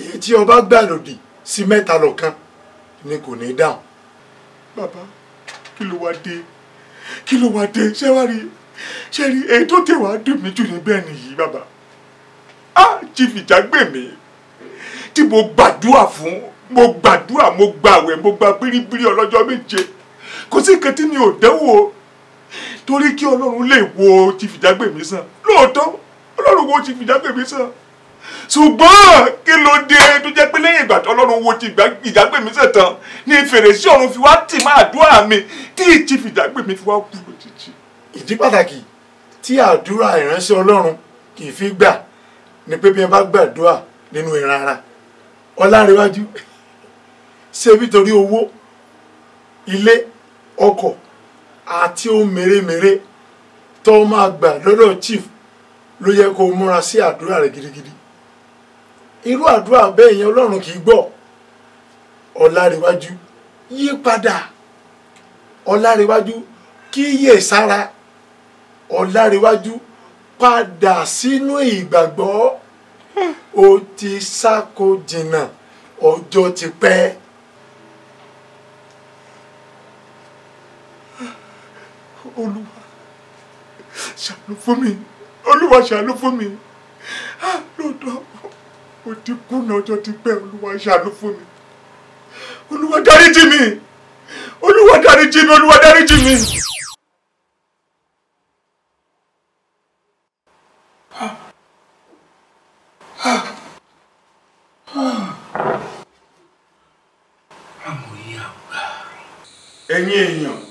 S1: èyí tí ọba gbà lòdì sí mẹ́ta lọ́kan ni kò ní dáhùn.
S5: bàbá kí
S1: ló wá dé kí ló wá dé ṣé wàá rí ṣé rí èyí tó tẹ̀ wá dùn mí jù ní bẹ́ẹ̀ nìyí bàbá á jìfìjà gbèmí tí mo gbàdúrà fún mo gbàdúrà mo gba àwẹ̀ mo gba bíríbírí ọlọ́jọ́ méje kò sí nǹkan tí mi ò dẹ́wò torí kí ọlọ́run lè wo ti fìdágbè mi sàn lóòótọ́ ọlọ́run wo ti fìdágbè mi sàn ṣùgbọ́n kí ló dé tó jẹ́ pé lẹ́yìn ìgbà tí ọlọ́run wo ti ìdágbè sàn tán ni fèrèsé ọ̀run fi wá tì máa àdúrà mi tí ti fìdágbè mi fi wá kú lójijì. ìdí pàtàkì tí àdúrà ìránṣẹ́ ọlọ́run kì í fi gbà ni pé bí ẹ bá gbàdúrà nínú ìran ara ọlárẹ̀wájú ṣe nítorí owó ilé ọkọ̀ àti ohun mèremère tó máa gbà lọ́dọ̀ chief ló yẹ kó múra sí àdúrà rẹ gidigidi irú àdúrà bẹ́ẹ̀ yẹn ọlọ́run kì í gbọ́ ọ̀làríwájú yí padà ọ̀làríwájú kíyè sára ọ̀làríwájú padà sínú ìgbàgbọ́ ó ti sáko jìnnà ọjọ́ ti pẹ́.
S5: olúwa ṣàánú fún mi olúwa ṣàánú fún mi lóòótọ́ mo ti kùnà ọjọ́
S1: ti pẹ́ olúwa ṣàánú fún mi olúwa dáríjì mi olúwa
S4: dáríjì mi olúwa dáríjì mi.
S1: ẹ̀yin èèyàn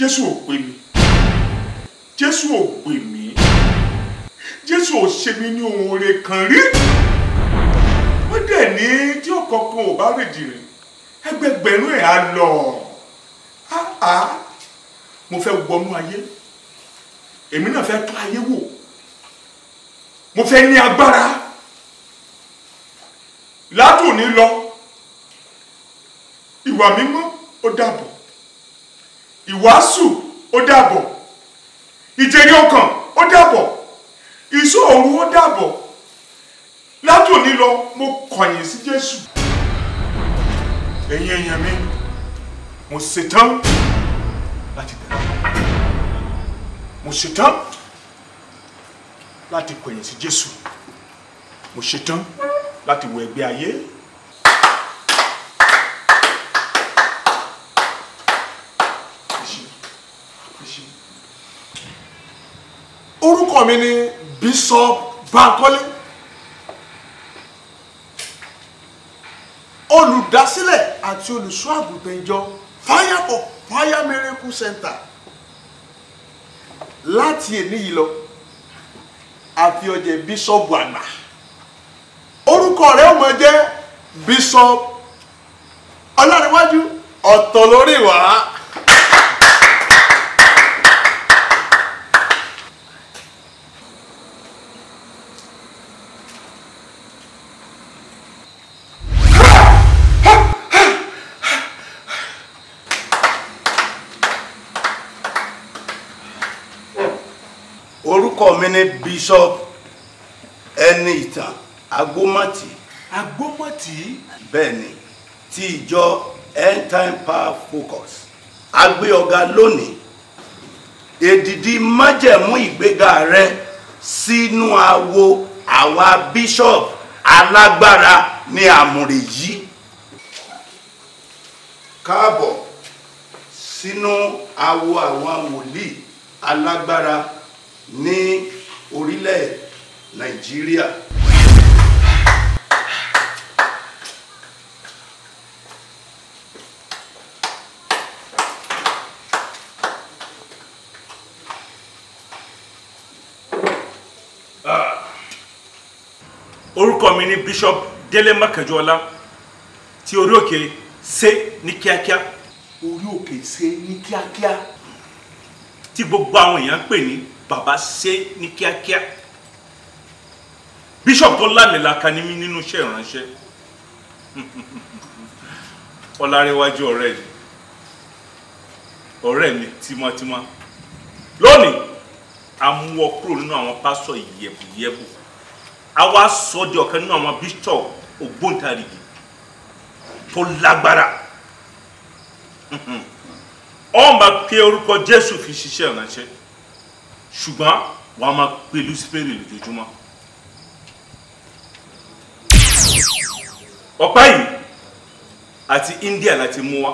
S1: jésù ò pè mí jésù ò pè mí jésù ò ṣe mí ní ohun oore kan rí wọ́n dẹ̀ ní tí ọ̀kọ̀ọ̀kan ò bá rèjì rìn ẹgbẹgbẹ̀rún ẹ̀ á lọ áá mo fẹ́ wọnú ayé èmi náà fẹ́ tún ayé wò mo fẹ́ ní agbára látòní lọ ìwà mímọ́ ó dàbọ̀ ìwàásù ó dàbọ̀ ìjẹ̀rí ọkàn ó dàbọ̀ ìṣọ́ òru ó dàbọ̀ látòní lọ mo kọ̀yìn sí Jésù ẹ̀yin èèyàn mi mo ṣetán láti tẹ̀lé mo ṣetán láti kọ̀yìn sí Jésù mo ṣetán láti wọ ẹgbẹ́ ayé. orúkọ mi ni Bishop Bankole olùdásílẹ̀ àti olùṣọ́ àgùntàn ìjọ fire for fire miracle center láti èní yìí lọ àfi ọjẹ bíṣọ̀bù àgbà orúkọ rẹ̀ ọmọ jẹ́ bíṣọ̀bù ọlọ́rẹ̀wájú ọ̀tọ̀ lórí wàá. ní bishop ẹni ìtàn agbómọ̀tì. agbómọ̀tì. bẹ́ẹ̀ni ti ìjọ end time power focus agbé ọ̀gá lónìí èdìdí májẹ̀mú ìgbéga rẹ sínú awo àwa bishop alágbára ní àmùrè yìí káàbọ̀ sínú awo àwọn wòlíì alágbára ní. Ni orílẹ̀ nàìjíríà. orúkọ mi ni bishop délé mákànjọ́lá ti orí òkè ṣe ní kíákíá. orí òkè ṣe ní kíákíá. tí gbogbo àwọn èèyàn ń pè ní bàbá ṣe ní kíákíá bishop tó lámìlaka ní mí nínú iṣẹ́ ìránṣẹ́
S4: (laughs)
S1: ọlárẹ̀wájú ọ̀rẹ́ mi ọ̀rẹ́ mi tímọ́tímọ́ lónìí a mú ọ kúrò nínú àwọn pásọ ìyẹ̀bùyẹ̀bù a wá sọ di ọ̀kan nínú àwọn bishop ògbóǹtarìgì tó lágbára (laughs) ọ̀n bá pe orúkọ jésù fi ṣiṣẹ́ ìránṣẹ́ ṣùgbọ́n wà á máa pe Lucifere lójoojúmọ́. ọ̀pá yìí àti India láti mú wá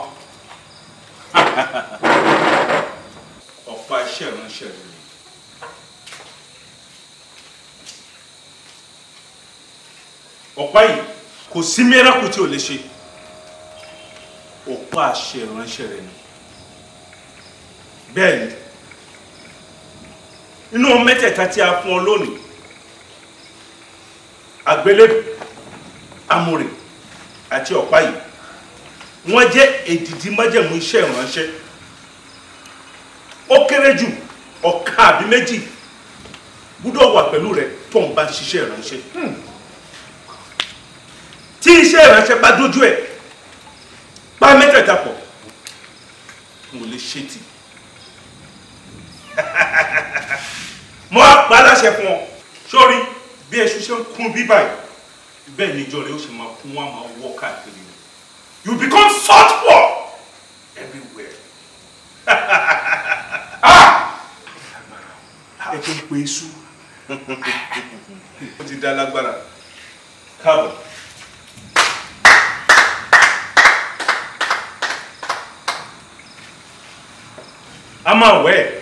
S1: (laughs) ọ̀pá iṣẹ́ ìránṣẹ́ rẹ̀. ọ̀pá yìí kò sí mẹ́rẹ́kù tí ò lè ṣe ọ̀pá àṣẹ ìránṣẹ́ rẹ̀ ni bẹ́ẹ̀ ni inú mẹ́tẹ̀ẹ̀ta tí a fún ọ lónìí àgbélébù amòrè àti ọ̀pá yìí wọ́n jẹ́ èdìdí májẹ̀mú iṣẹ́ ìránṣẹ́ ó kéré jù ọ̀kan àbí méjì gbúdọ̀ wà pẹ̀lú rẹ tó ń bá ṣiṣẹ́ ìránṣẹ́ hmm. tí iṣẹ́ ìránṣẹ́ bá dójú ẹ̀ pa mẹ́tẹ̀ẹ̀ta pọ̀ mo lè ṣe tì. (laughs) mo wá pa aláṣẹ fún ọ sórí bí èṣù ṣe ń kún bí báyìí bẹ́ẹ̀ ni ìjọ rẹ ó ṣe máa kún wọn máa wọ káàkiri you become salt poor everywhere. (laughs) Ah! ẹ tó ń pe iṣu ó ti dá lágbára káàbọ̀. I'm aware.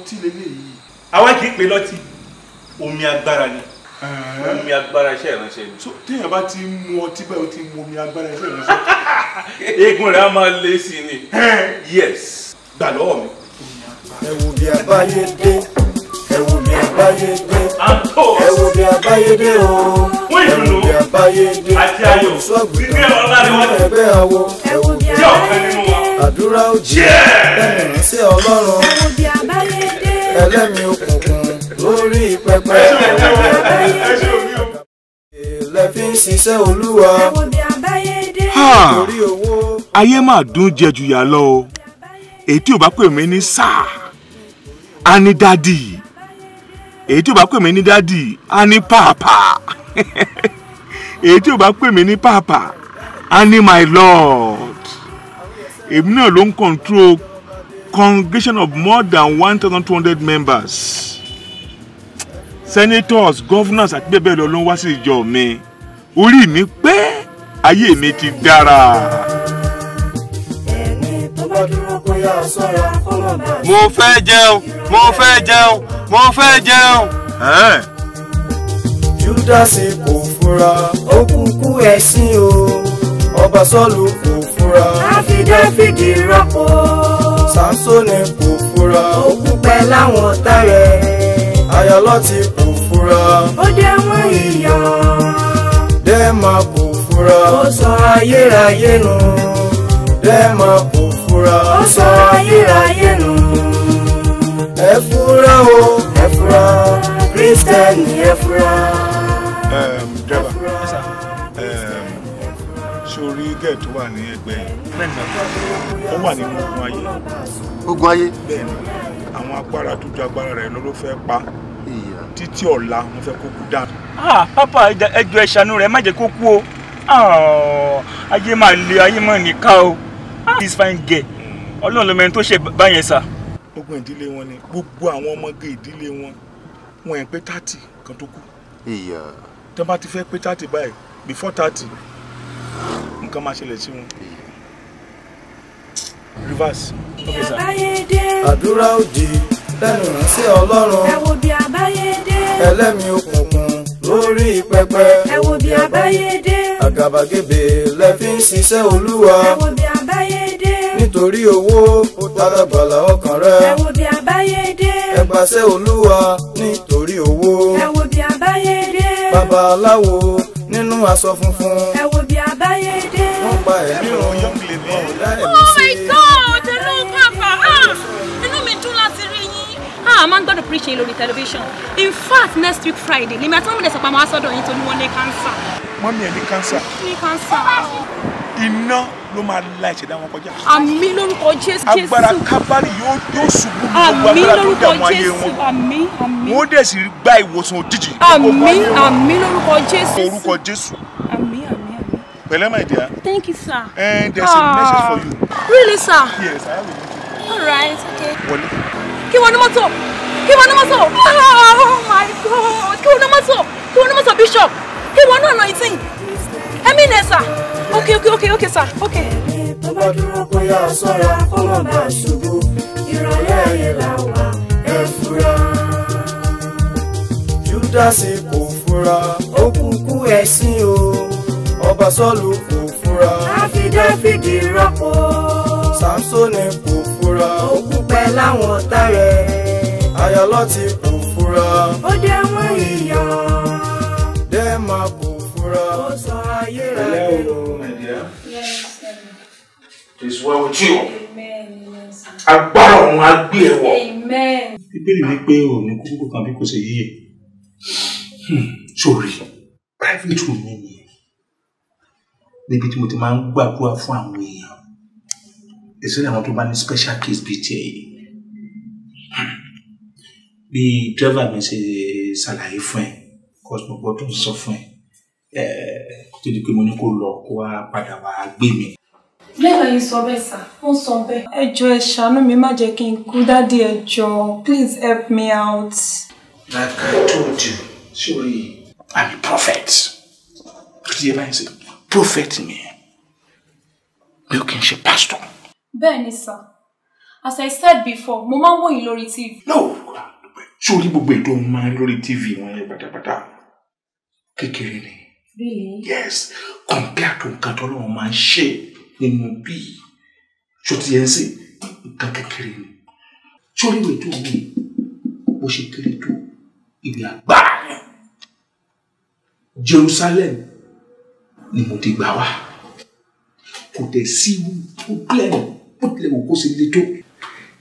S1: ọtí lélẹ́yìí. àwọn kì í pe lọ́tí omi agbára ni omi agbára iṣẹ́ ìránṣẹ́ ni. so téèyàn bá ti mu ọtí báyìí ó ti mu omi agbára iṣẹ́ ìránṣẹ́. (laughs) eegun rẹ̀ á máa lé sí i ni. yes gbà lọ́wọ́ mi.
S2: ẹ wo bí abáyé dé ẹ wo bí abáyé dé ẹ wo bí abáyé dé o ẹ wo bí abáyé dé àti ayọ̀ gbígbé ọlá ti ẹgbẹ́ àwọ̀ ẹ wo bí abáyé dé àdúrà ó jẹ́ ẹ mọ̀ sí ọlọ́run ẹlẹ́mi òkùnkùn lórí pẹpẹ. èlẹ́ fi ń ṣiṣẹ́ olúwa.
S1: ayé máa dùn jẹ jùyà lọ o èyí tí ò bá pè mí ní sáà á ní dádì èyí tí ò bá pè mí ní dádì á ní pàápà (laughs) èyí tí ò bá pè mí ní pàápà á ní my lord èmi náà ló ń kọ̀ǹtró congregation of more than 1,200 members senators governors àti bẹ́ẹ̀ bẹ́ẹ̀ lọ ló ń wá sí ìjọ mi orí mi pé ayé mi
S2: ti dára. mo fẹ́ jẹun mo fẹ́ jẹun mo fẹ́ jẹun. júdásì kò fura ó kúkú ẹ̀sìn o ọba kò fura. àfi rọ́pò. Samsoni kò fura. Ó kúpẹ́ láwọn ọ̀tá rẹ̀. Ayọ̀lọ́tì kò fura. Ó dé wọ́n ìyá. Dẹ́ẹ̀mà kò fura. Ó sọ ayérayé nù. Dẹ́ẹ̀mà kò fura. Ó sọ ayérayé nù. Ẹ fura o, ẹ fura. Kristẹni ẹ fura. Dẹ́ẹ̀bà,
S1: sórí gẹ̀ẹ́tù wà ní ẹgbẹ́ yìí ó wà nínú ogun ayé.
S4: ogun
S8: ayé.
S1: bẹ́ẹ̀ni àwọn agbára tó ju agbára rẹ lọ ló fẹ́ pa títí ọ̀la wọn fẹ́ kó kú dànù. Ah, pápá ẹjọ ẹ rẹ má jẹ́ kó kú o ah, ayé máa le ayé máa nìka o ah, this fine girl ọlọ́run ló mẹ́rin tó ṣe báyẹn sà. ogun ìdílé wọn ni gbogbo àwọn ọmọge ìdílé wọn wọn ẹ̀ pé tààtì kan tó kú. tẹ́ bá ti fẹ́ pé tààtì báyìí before tààtì nǹkan máa ṣẹlẹ̀ sí wọn reverse.
S9: àdúrà
S2: òdì lẹ́nu ìrántí ọlọ́run. ẹ
S9: wo bí àbáyédé.
S2: ẹlẹ́mi òkùnkùn lórí pẹpẹ. ẹ wo bí àbáyédé. àgàbàgebè lẹ fi ń ṣiṣẹ́ olúwa. ẹ wo bí àbáyédé. nítorí owó ó tara ọkàn rẹ. ẹ wo bí àbáyédé. ẹ gbàṣẹ́ olúwa nítorí owó. ẹ wo bí àbáyédé. babaláwo nínú aṣọ funfun. ẹ wo bí àbáyédé. wọ́n pa ẹ̀mí òun yọ̀ǹgbìn bọ́ọ̀dá ẹ̀mí sí.
S9: a máa ń gbọ́dọ̀ preach yín lórí television in fact next week friday lèmi àti mọ́mí lè sọ̀pọ̀ àwọn asọ́dọ̀ yín tó ní wọ́n ní cancer.
S1: mọ́mí ẹ̀ ní cancer. ní cancer. iná ló máa la ìṣẹ̀dá wọn kọjá. àmì lórúkọ jésù. agbára kábàárì yóò yóò ṣubú gbogbo agbára tó dààmú ayé wọn. àmì àmì. wọ́n dẹ̀ sì gba ìwòsàn òjijì. àmì àmì lórúkọ jésù. orúkọ jésù. àmì àmì
S9: thank you sir. and ah,
S1: really sir. yes
S9: all right kí wọnú mọ́tò kí wọnú mọ́tò oh my god kí wọnú mọ́tò kí wọnú mọ́tò bishop kí wọnú ọ̀nà ìtìn ẹ̀mí nẹ̀ sà ok ok ok ok sà ok. tó bá dúró
S2: bóyá sọ́ra kó má bàa ṣubú ìrọ̀lẹ́ ayé o ọba sọ́ọ̀lù kò fura. àfi dáfídì rọ́pò fura. ó kúpẹ́ láwọn ọ̀tá rẹ̀. ayọ̀lọ́ ti kò fura. ó dé wọ́n iyọ̀. dé máa kò fura. ó sọ ayé rẹ̀ lẹ́wọ̀.
S3: It's well with you. Agbára
S1: ọ̀run á ẹ wọ̀. Bíbélì ní pé òun kúkú kan bí kò ṣe yíyẹ. Hmm, Sori, private room mi nìyẹn. Níbi tí mo ti máa ń gbàdúrà fún àwọn èèyàn èso ní àwọn tó bá ní special case bíi tiẹ̀ yìí
S6: bí driver mi ṣe ṣàlàyé fún ẹ kọ́sùn gbọ́dọ̀ sọ fún ẹ eh, kó tó di pé mo ní kó lọ kó wá padà wá gbé mi.
S9: lẹ́la yìí sọ bẹ́ẹ̀ sà ó sọ bẹ́ẹ̀. ẹ jọ ẹ ṣàánú mi má jẹ́ kí n kú dádì ẹ jọ please help me out.
S6: like i told you
S1: surely i'm a prophet kí ló báyìí sè prophet mi mi ò kí n ṣe pastor
S9: bẹ́ẹ̀ni sir as i said before mo máa ń wòyìn lórí tv. no
S1: ṣé orí gbogbo ètò máa ń lórí tv wọn yẹn pátápátá kékeré ni.
S9: really yes
S1: compare to nǹkan tó lọ́wọ́
S6: máa ń ṣe nínú bíi ṣó ti yẹn sí nǹkan kékeré ni ṣé orí ètò mi bó ṣe kéré tó ìlú àgbáà ni
S1: Jerusalem ni mo ti gbà wá kò tẹ̀ sí irú problem bó tilẹ̀ wò kó ṣe le tó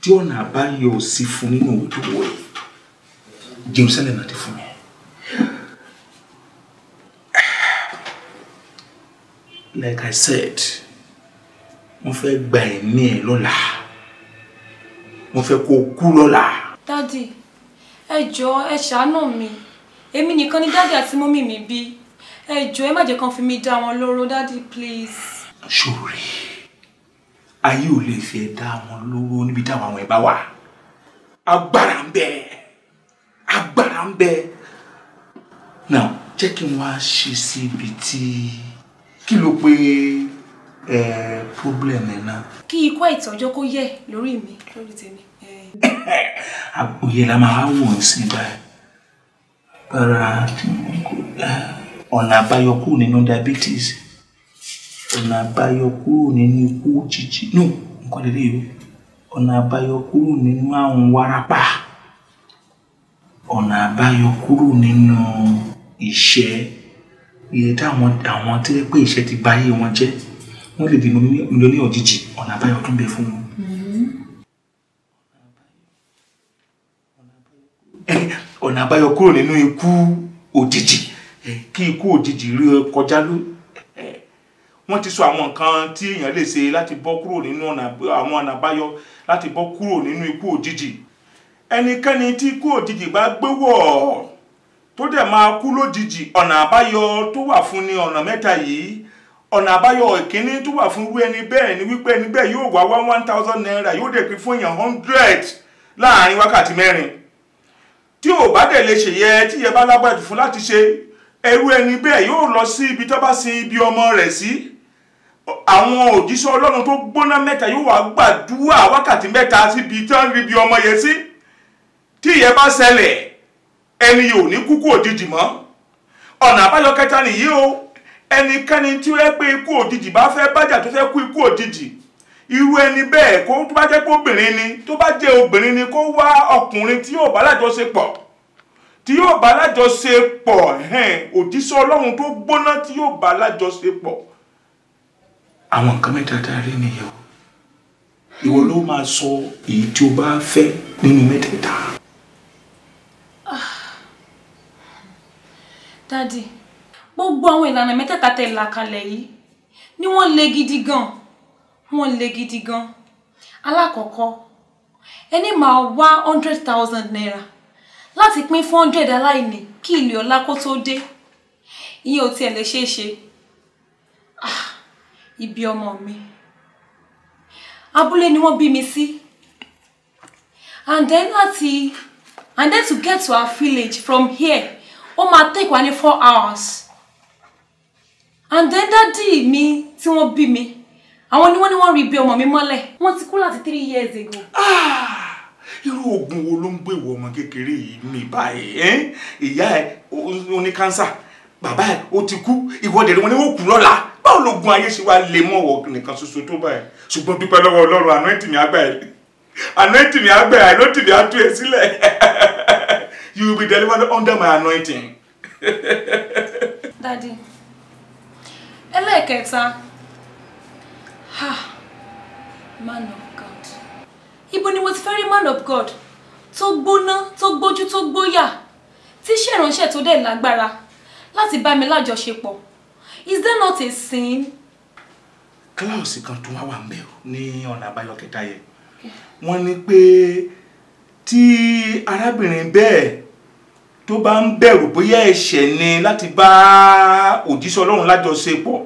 S1: tí ọ̀nà
S6: àbáyọ sí fún nínú ìdòwò rẹ̀ Jerusalem náà ti fún mi. like I said wọ́n fẹ́ gba ẹ̀mí ẹ̀ lọ́la
S1: wọ́n fẹ́ kó kú lọ́la.
S9: dádì ẹ jọ̀ọ́ ẹ ṣàánú mi èmi nìkan ni dádì àti mọ́mì mi bí ẹ jọ̀ọ́ ẹ má jẹ́ kán fi mi dá wọn lóró dádì please.
S6: Sure ayé ò lè fi ẹ̀dá wọn lówó níbi táwọn àwọn ẹ̀ bá
S1: wà agbára ń bẹ agbára ń bẹ now jẹ́ kí n wá ṣe sí ibi tí kí ló pé
S6: ẹ problem ẹ̀ náà.
S9: kí ikú àìtọ́jọ́ kó yẹ lórí mi lórí tèmi.
S6: (laughs) àgbòye la máa wò ó sí báyìí para ọ̀nà àbáyọ kù nínú diabetes ọ̀nà àbáyọ kúrò nínú ikú òjijì no nǹkan lè léyìí o ọ̀nà àbáyọ kúrò
S1: nínú àrùn wárápá ọ̀nà àbáyọ kúrò nínú ìṣẹ́ ìyẹn táwọn àwọn tó yẹ pé ìṣẹ́ ti ba ayé wọn jẹ́ wọ́n lè di mílíọ̀nì òjijì ọ̀nà àbáyọ tún bẹ fún wọn. ọ̀nà àbáyọ kúrò nínú ikú òjijì kí ikú òjijì rí ọ kọjá lónìí wọ́n ti sọ àwọn nǹkan tí èèyàn lè ṣe láti bọ́ kúrò nínú àwọn ọ̀nà àbáyọ láti bọ́ kúrò nínú ikú òjijì ẹnikẹ́ni tí ikú òjijì bá gbéwọ̀ tó dẹ̀ máa kú lójijì ọ̀nà àbáyọ tó wà fún ni ọ̀nà mẹ́ta yìí ọ̀nà àbáyọ ìkíní tó wà fún irú ẹni bẹ́ẹ̀ ni wípé ẹni bẹ́ẹ̀ yóò wá wá one thousand naira yóò dẹ̀ pín fún èèyàn hundred láàrin wákàtí mẹ́rin tí ò bá dẹ̀ lè ṣèyẹ tí yẹ bá lágbàdì fún láti ṣe ẹrú ẹni bẹ́ẹ̀ yóò lọ sí ibi tó bá sin ibi ọmọ rẹ̀ sí àwọn òjíṣẹ́ ọlọ́run tó gbóná mẹ́ta yóò wá gbàdúrà wákàtí mẹ́ta síbi tí wọ́n rí bí ọmọ yẹn sí tí ìyẹn bá ṣẹlẹ̀ ẹni yóò ní kúkú òjijì mọ́ ọ̀nà àbáyọ kẹta nìyí o ẹnikẹ́ni tí ó yẹ pé ikú òjijì bá fẹ́ bájà tó fẹ́ kú ikú òjijì irú ẹni bẹ́ẹ̀ kó tó bá jẹ́ pé obìnrin ni tó bá jẹ́ obìnrin ni kó wá ọkùnrin tí yóò bá lájọṣepọ̀ tí yóò bá lájọṣepọ̀ òjíṣẹ́ ọlọ́run tó gbóná tí yóò bá lájọṣepọ̀ àwọn nǹkan mẹ́ta tá a rí nìyẹn o ìwọ ló máa sọ èyí tí o bá fẹ́ nínú mẹ́tẹ̀ẹ̀ta. Ah.
S9: dádì gbogbo àwọn ìlànà mẹ́tẹ̀ẹ̀ta tẹ̀ là kalẹ̀ yìí ni wọ́n le gidi gan wọ́n le gidi gan alákọ̀ọ́kọ́ ẹni máa wá hundred thousand naira láti pín four hundred aláìní kí ilé ọlá kó tó dé ìyẹn ò tiẹ̀ lè ṣeé ṣe ibi ọmọ mi abúlé ni wọ́n bí mi sí and then láti and then to get to our village from here ó máa take wa ní four hours and then dádì mi tí wọ́n bí mi àwọn ni wọ́n ní wọ́n rí ibi ọmọ mi mọ́lẹ̀ wọ́n ti kú láti three years ago. Ah!
S1: irú oògùn wo ló ń gbé ìwọ ọmọ kékeré yìí mi báyìí ìyá ẹ ó ní kánsà bàbá ẹ ó ti kú ìwọ dẹ̀rẹ̀ wọn ni ó kú lọ́la báwo lògùn ayé ṣe wá lè mọ́ ọ̀wọ́ nìkan ṣoṣo tó báyìí ṣùgbọ́n dúpẹ́ lọ́wọ́ ọlọ́run àná ìtìmí àgbà ẹ̀ àná ìtìmí àgbà ẹ̀ àná ìtìmí àtú ẹ̀ sílẹ̀ (laughs) you will be delivered under my anointing.
S4: (laughs)
S9: dadi ẹlẹ́ẹ̀kẹta ha man of God ibo ni mo ti fẹ́ rí man of God tó gbóná tó gbójú tó gbóyà tí iṣẹ́ ìránṣẹ́ tó dẹ̀ lágbára láti bá mi lájọṣepọ̀. Is that not a sin?
S1: Klaus kan tún wá wà ń bẹ̀ ní ọ̀nà àbáyọ kẹta yẹn. pe ti pé tí arábìnrin bẹ́ẹ̀ tó bá ń bẹ̀rù bóyá ẹ̀ṣẹ̀ ni láti bá òjíṣẹ́ Ọlọ́run lájọṣepọ̀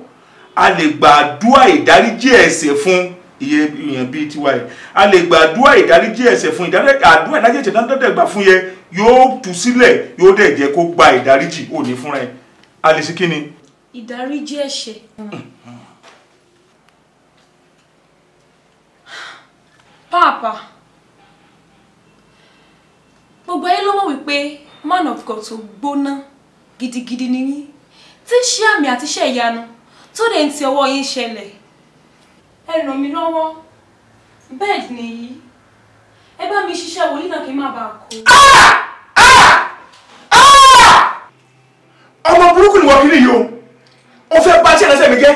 S1: a lè gbàdúrà ìdáríjì ẹ̀ṣẹ̀ fún iye èèyàn bíi tiwa yìí a lè gbàdúrà ìdáríjì ẹ̀ṣẹ̀ fún àdúrà ìdáríjì ẹ̀ṣẹ̀ náà dọ́dẹ̀ gbà fún yẹ yóò tú sílẹ̀ yóò dẹ̀ jẹ́ kó gba ìdáríjì òní fúnra ẹ̀ a lè ṣe kí
S9: ìdáríjì ẹ̀ṣẹ̀. páàpá gbogbo ayé ló mọ̀ wípé man of God tó gbóná gidigidi ni yín tí ń ṣe àmì àti iṣẹ́ ìyanu tó dé ń ti ọwọ́ yín ṣẹlẹ̀ ẹ ràn mí lọ́wọ́ bẹ́ẹ̀ nìyí ẹ bá mi ṣiṣẹ́ wòlíì náà kí n má bàa kú. Ah! Ah!
S1: Ah! ọmọ burúkú ni wọ́n fi ní yìí o ó fẹ́ bá ṣẹlẹsẹ mi jẹ́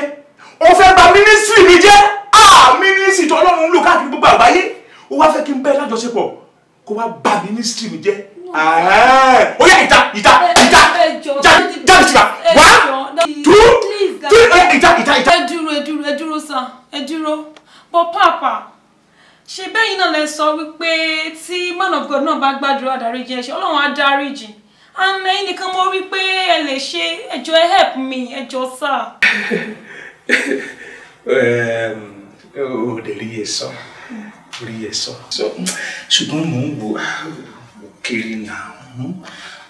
S1: ó fẹ́ bá mínísírì mi jẹ́ á mínísírì tó Ọlọ́run ń lò káàkiri gbogbo àgbáyé ó wá fẹ́ kí n bẹ lájọṣepọ̀ kó wá bá mínísírì mi jẹ́ ó yá ìta ìta ìta
S9: jáde síta wá tú tú ìta ìta ìta. ẹ dúró ẹ dúró ẹ dúró sàn ẹ dúró bọ pàápàá ṣe bẹ́yìn náà lẹ sọ wípé tí man of God náà bá gbàdúrà dáríjì ẹ̀ṣẹ̀ Ọlọ́run á dáríjì àmọ́ ẹnìkan mo rí pé ẹ lè ṣe ẹjọ́ ẹ help me ẹjọ́ sà. (laughs)
S1: o lè rí iye sọ rí iye sọ
S6: ṣùgbọ́n mò ń wo ó kiri náà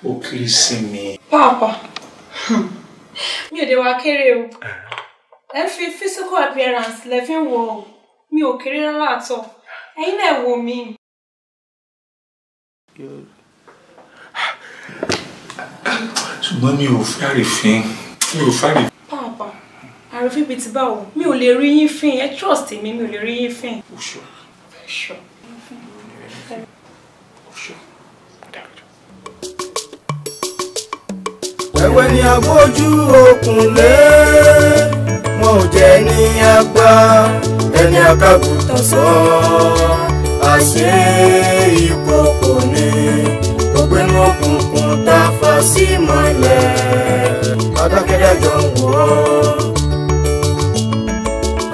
S6: ó kiri sí mi.
S9: pàápàá mi ò dé wá kéré o eh. ẹ fi physical appearance lẹ fi ń wò ó mi ò kéré rárá àtọ ẹ̀yin náà wò mí.
S4: ṣùgbọ́n mi ò fẹ́ àrífín mi ò fẹ́ àrífín. pàápàá àrífín bíi ti báwo mi ò lè rí yín fín ẹ trust mi mi ò lè rí yín fín. oṣù oṣù oṣù.
S2: ẹ̀wẹ̀ ni abójú okùn lé wọn ò jẹ́ ní agbá ẹni akágùntàn sọ àṣé
S4: ìkòkò ni ògbénu òkùnkùn tá a fọ́ sí mọ́lẹ̀
S2: ọ̀dọ́kẹ́dájọ́ ń wò ó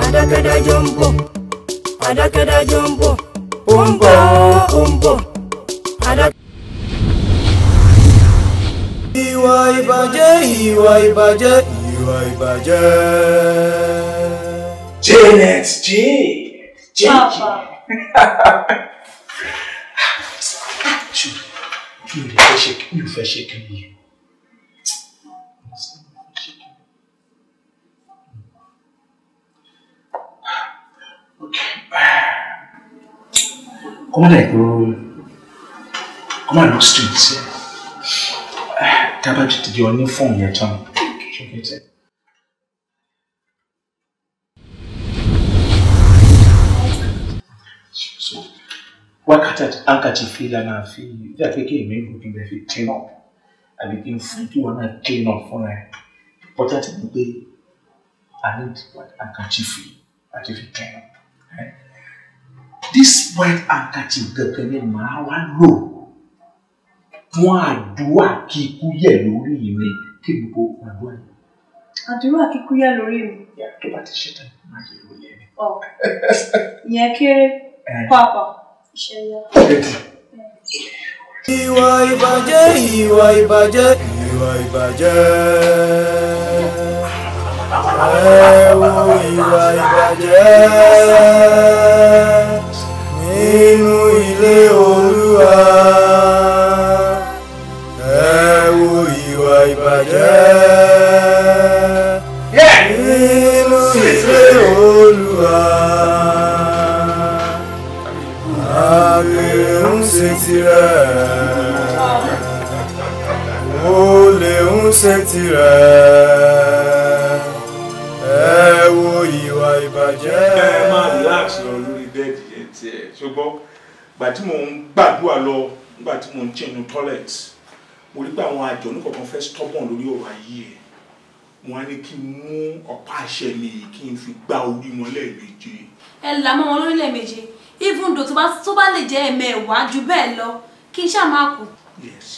S2: ọ̀dọ́kẹ́dájọ́ ń bọ̀ ọ̀dọ́kẹ́dájọ́ ń bọ̀ ó ń bọ̀ ó ń bọ̀ ìwà ìbàjẹ́ ìwà ìbàjẹ́ ìwà ìbàjẹ́. Janet J. J.
S4: (laughs) mi ò fẹ́ ṣe mi ò fẹ́ ṣe kiri yìí.
S6: kọ́mọ́dà ìgboro kọ́mọ́dà lọ street ṣe tábàjì ti di ọ ní fóònù yẹn tán ṣókè tẹ́lẹ̀. wákàtí àǹkàtì fìlà náà fi ìjà kékeré mi kò kí n bẹ fi clean up I kí n fún kí wọn náà clean up fúnra ẹ but ti mú pé i need àǹkàtì fi àti fi clean up this white handkerchief gẹ́gẹ́ ni màá wá Lo. fún àdúrà kíkú yẹ lórí mi
S4: kí n kó àdúrà yìí. àdúrà kíkú yẹ lórí mi. tó bá ti ṣe tán máa yẹ
S9: lórí ẹni. ìyẹn kéré pàápàá.
S2: Ìwà ìbàjẹ́ ìwà ìbàjẹ́ ìwà ìbàjẹ́ ẹ wo ìwà ìbàjẹ́ nínú ilé Olúwa ẹ wo ìwà ìbàjẹ́. ṣe tirẹ̀ olè ń ṣe tirẹ̀ ẹ wo ìwà ìbàjẹ́. ẹ máa
S1: relax lọ lórí bẹ́ẹ̀dì yẹn tiẹ̀ ṣùgbọ́n gbà tí mò ń gbàdúrà lọ nígbà tí mò ń chẹ́nu toilet mo rí pé àwọn àjọ oníkọ̀ọ̀kan fẹ́ stubborn lórí ọ̀rọ̀ ayé ẹ̀ wọn á ní kí n mú ọ̀pá àṣẹ mi kí n fi gbá orí wọn lẹ́ẹ̀mejì.
S9: ẹ là mọ́ wọn lórí lẹ́ẹ̀mejì even though tó bá lè jẹ́ ẹ̀mẹ́wàá ju bẹ́ẹ̀ lọ kí n ṣáà má yes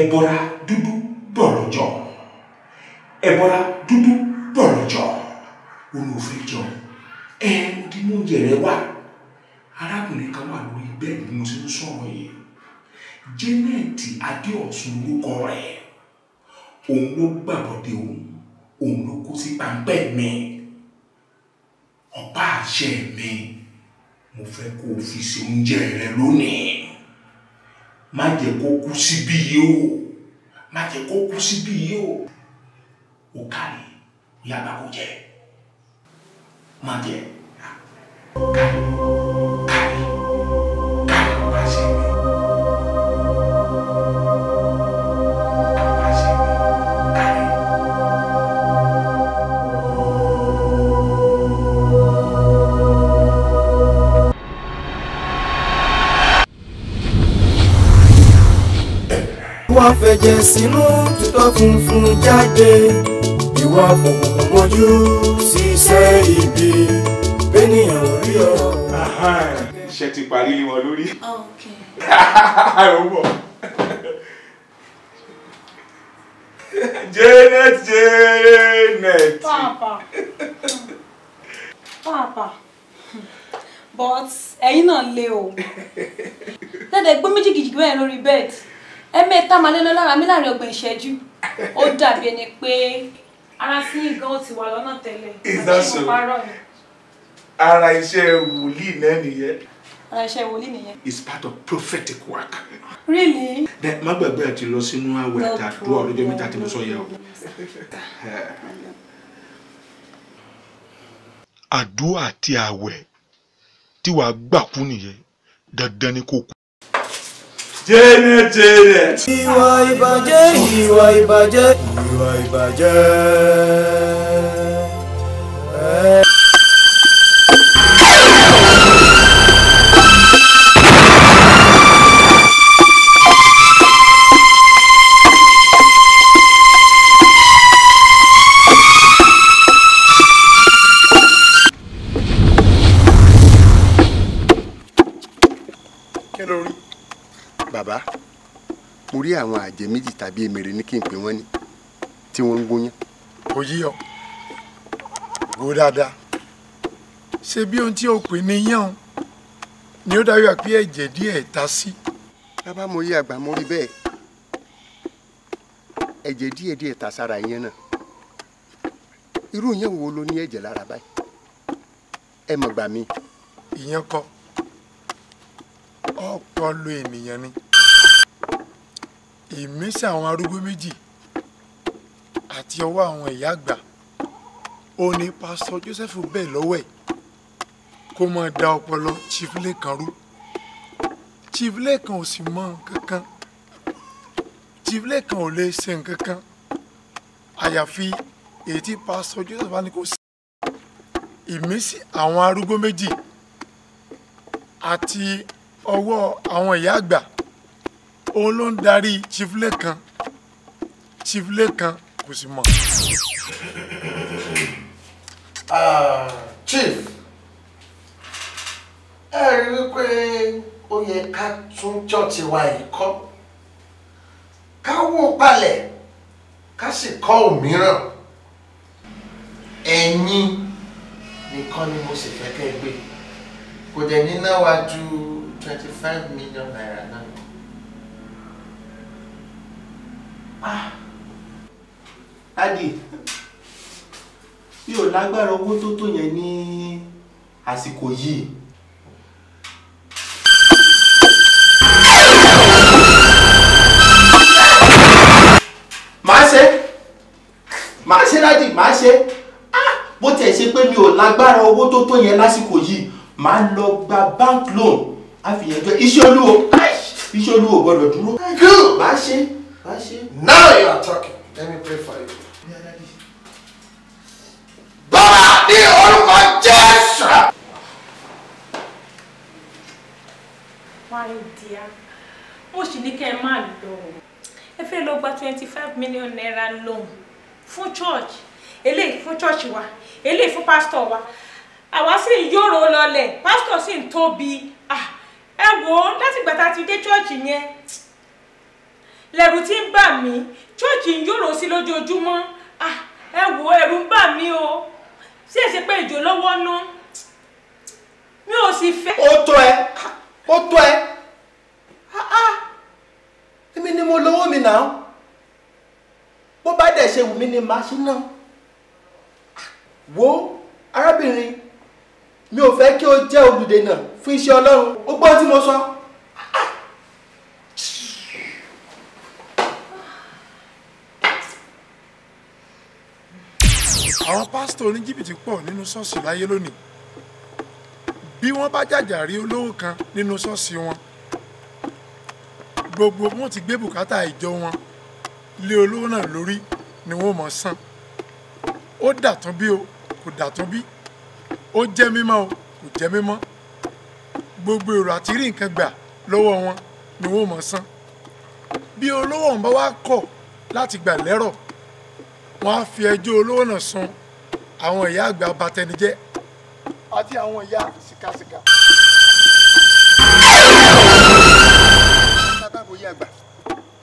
S1: ẹbọra dúdú bọ̀ lọ́jọ́ ẹbọra dúdú bọ̀ lọ́jọ́ olùfẹ́ jọ ẹ di oúnjẹ rẹ wá arákùnrin kan wà lórí bẹ́ẹ̀dì mo ti ń sọ̀rọ̀ yìí Janet Adéọ̀sùn orúkọ rẹ̀ òun ló gbàbọ̀dé òun òun ló kó sí pàǹpẹ́ mi ọ̀pá àṣẹ mi mo fẹ́ kó o fi ṣe oúnjẹ rẹ lónìí má jẹ́ kó kú síbí yìí o má jẹ́ kó kú síbí yìí o ó kárí yàgbà kó jẹ má jẹ
S4: kárí.
S2: wọ́n fẹ̀jẹ̀ sínú tutọ́ funfun jáde ìwà òkùnkùn mọ́jú ṣiṣẹ́ ibi
S1: bẹ́nìyàn rí ọ. iṣẹ́ ti parí wọn lórí. (laughs) Oh, Janet Janet.
S9: Papa. Papa but ẹ̀yin náà le o. (laughs) tẹ́lẹ̀ gbé méjì gidi bẹ́ẹ̀ lórí bẹ́ẹ̀dì ẹ̀mẹ́ta máa lé lọ lára mi láàrin ọgbọ̀n ìṣẹ́jú ó dàbí ẹni pé ara sí nǹkan ó ti wà lọ́nà tẹ́lẹ̀ àti ìparọ́ ni.
S1: ara iṣẹ́ wòlíì náà nìyẹn.
S9: ara iṣẹ́ wòlíì nìyẹn. it's
S1: part of prophetic work. really. dẹ má gbàgbé àti lọ sínú àwẹ̀ àtàdúrà ọlọ́jọ́ mẹ́ta tí mo sọ yẹ o. àdúrà àti àwẹ̀ tí wàá gbà kú nìyẹn dandan ni kò kú
S2: jẹ́nẹ̀ jẹ́nẹ̀. ìwà ìbàjẹ́ ìwà ìbàjẹ́ ìwà ìbàjẹ́.
S5: mo rí àwọn àjẹ́ méjì tàbí èmèrè ní kí n pè wọ́n ní tí wọ́n ń gúnyán. kò yí ọ wò dáadáa ṣé
S1: bí ohun tí o pè ní yán ni ó dájú àpé ẹ̀jẹ̀ díẹ̀ ta sí.
S5: bàbá mo yí àgbà mo rí bẹ́ẹ̀ ẹ̀jẹ̀ díẹ̀ díẹ̀ ta sára yẹn náà irú yẹn wo ló ní ẹ̀jẹ̀ lára báyìí ẹ mọ̀ gbà mí. ìyẹn kọ́ ọpọlọ ènìyàn ni ìmísí àwọn arúgbó méjì àti ọwọ́ àwọn ìyá àgbà ó ní pásítọ̀ Joseph bẹ́ẹ̀ lọ́wọ́ ẹ̀ kó máa da ọpọlọ Chief Lékan rú Chief Lékan ò sì mọ nǹkan kan Chief Lékan ò lè ṣe nǹkan kan
S1: àyàfi èyí tí Joseph bá ní kó sí ìmísí àwọn arúgbó méjì àti ọwọ́ àwọn ìyá àgbà òun ló ń darí chiflé kan chiflé kan kò sì mọ̀.
S8: Ah, chief ẹ rí wípé ó yẹ ká tún jọ́ọ̀tì wa yìí kọ́ ká wó palẹ̀ ká sì kọ́ òmíràn ẹ̀yin nìkan ni mo sì fẹ́ kẹ́ gbé kò dẹ̀ ní náà ju twenty five million naira náà.
S6: adi, ah. mi ò lágbára owó tó tó yẹn ní àsìkò yìí. màá ṣe màá ṣe dádì màá ṣe ah, bó tiẹ̀ ṣe pé mi ò lágbára owó tó tó yẹn lásìkò
S1: yìí màá lọ gba bank loan àfihàn jọ iṣẹ́ olúwo iṣẹ́ olúwo gbọ́dọ̀
S6: dúró. màá ṣe. Now
S1: you are talking. Let me pray for you. the
S7: old man Jésù.
S9: My dear, mo you need kẹ́ man máa lọ. Ẹ fẹ́ lọ gba twenty five million naira loan For church. Eléyìí for church wa, eléyìí for pastor I was saying you're all lọlẹ̀, pastor saying Toby. Ah, I wò ó láti gbàtà ti dé church in here lẹ́rù tí ń bà mí chọ́ọ̀chì ń yòrò sí lójoojúmọ́ ah, ẹ wo ẹ̀rù ń bà mí o ṣé èsì pé ìjò lọ́wọ́ ná mi ò sì fẹ́. ó tọ́ ẹ ó tọ́ ẹ ah, ah.
S6: èmi ni mo lówó mi náà bó bá dẹ̀ ṣe wù mí ni màá ṣe náà wo arábìnrin mi ò fẹ́ kí o jẹ́ olùdènà fún iṣẹ́ Ọlọ́run ó gbọ́ tí mo sọ. So
S1: àwọn pásítọ̀ oníjìbìtì pọ̀ nínú ṣọ́ọ̀ṣì láyé lónìí bí wọ́n bá jàjà rí olówó kan nínú ṣọ́ọ̀ṣì wọn gbogbo wọn ti gbé bùkátà ìjọ wọn lé olówó náà lórí ni wọ́n mọ̀ san ó dàtún bí o kò dàtún bí ó jẹ́ mímọ́ o kò jẹ́ mímọ́ gbogbo èrò àti rí nǹkan gbà lọ́wọ́ wọn ni wọ́n mọ̀ san bí olówó ọ̀hún bá wá kọ̀ láti gbà lẹ́rọ̀ wọ́n fi ẹjọ́ olówó náà sun àwọn ìyá àgbà abatẹnijẹ́ àti àwọn
S5: ìyá sìkàsìkà.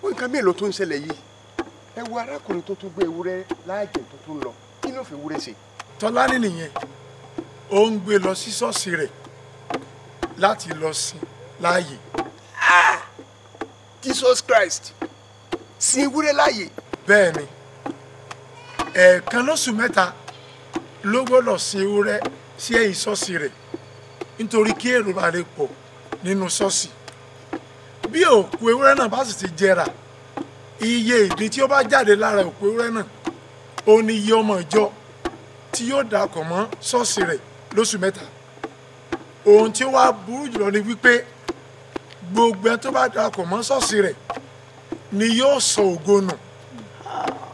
S5: ó nǹkan mélòó tó ń ṣẹlẹ̀ yìí ẹ wo arákùnrin tó tún gbé ewúrẹ́
S1: láàjẹ̀ tó tún lọ kí ló fi ewúrẹ́ ṣe. tọ́lání nìyẹn ó ń gbé lọ sí ṣọ́ọ̀ṣì rẹ̀ láti lọ sí láàyè. Ah! Jesus Christ sin ewúrẹ́ láàyè. bẹ́ẹ̀ ni ẹ̀ẹ̀kan lóṣù mẹ́ta ló gbọ́dọ̀ ṣe ewúrẹ́ sí ẹ̀yìn ṣọ́ọ̀ṣì rẹ̀ nítorí kí èrò bá lè pọ̀ nínú ṣọ́ọ̀ṣì bí òkú ewúrẹ́ náà bá sì ti jẹrà iye ìdí tí ó bá jáde lára òkú ewúrẹ́ náà ó ní iye ọmọ ìjọ tí yóò dàkọ̀ mọ́ ṣọ́ọ̀ṣì rẹ̀ lóṣù mẹ́ta ohun tí ó wá burú jùlọ ni wípé gbogbo ẹni tó bá dàkọ̀ mọ́ ṣọ́ọ̀ṣì rẹ̀ ni yóò sọ ògo nù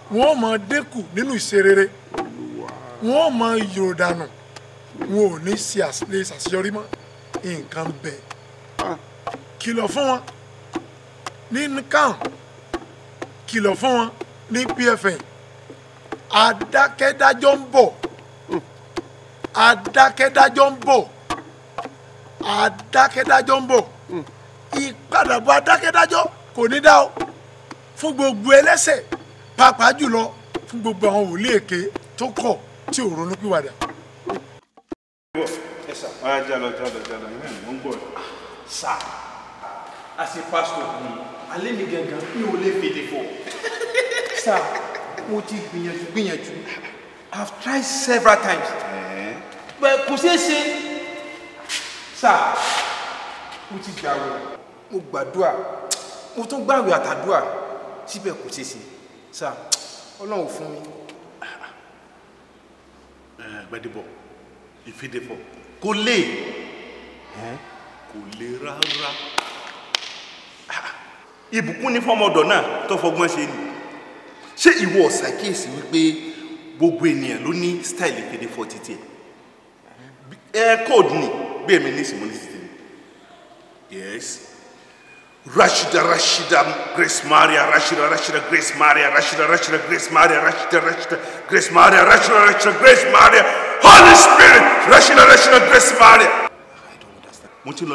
S1: wọn ò mọ dẹ́kù nínú ìṣerere wọn ò mọ yòrò dànù wọn ò ní ṣe àṣìlè ṣàṣeyọrí mọ́ nǹkan bẹ kìlọ̀ fún wọn ní nkan kìlọ̀ fún wọn ní pfn adákẹ́dájọ́ ń bọ̀ adákẹ́dájọ́ ń bọ̀ adákẹ́dájọ́ ń bọ̀ ìpadàbọ̀ adákẹ́dájọ́ kò ní dá o fún gbogbo ẹlẹ́ṣẹ̀ pàápàá jùlọ fún gbogbo àwọn wòlíì èké tó kọ̀ tí ò ronú pìwàdà. (laughs) mo ti gbìyànjú gbìyànjú i have tried several times
S6: but kò ṣeé ṣe
S1: sà mo ti gbàwẹ̀ mo gbàdúrà mo tún gbàwẹ̀ àtàdúrà síbẹ̀ kò ṣeé ṣe sà ọlọ́run fún mi.
S3: Eh, gbadebo ìfidefọ kò lè kò lè rárá
S1: ìbùkún ní fọmọdọ náà tó fọgbọ́n ṣe ni ṣé ìwọ ṣàkíyèsí wípé gbogbo ènìyàn ló ní style ìfidefọ títí ẹ kóòdù ni bí èmi ní ìsìnkú ní títí yes. Rashida, Rashida, Grace Maria, Rashida, Rashida, Grace Maria, Rashida, Rashida, Grace Maria, Rashida, Rashida, Grace Maria, Rashida, Rashida, Grace Maria, Holy Spirit, Rashida, Rashida, Grace Maria. I don't understand. Mo ti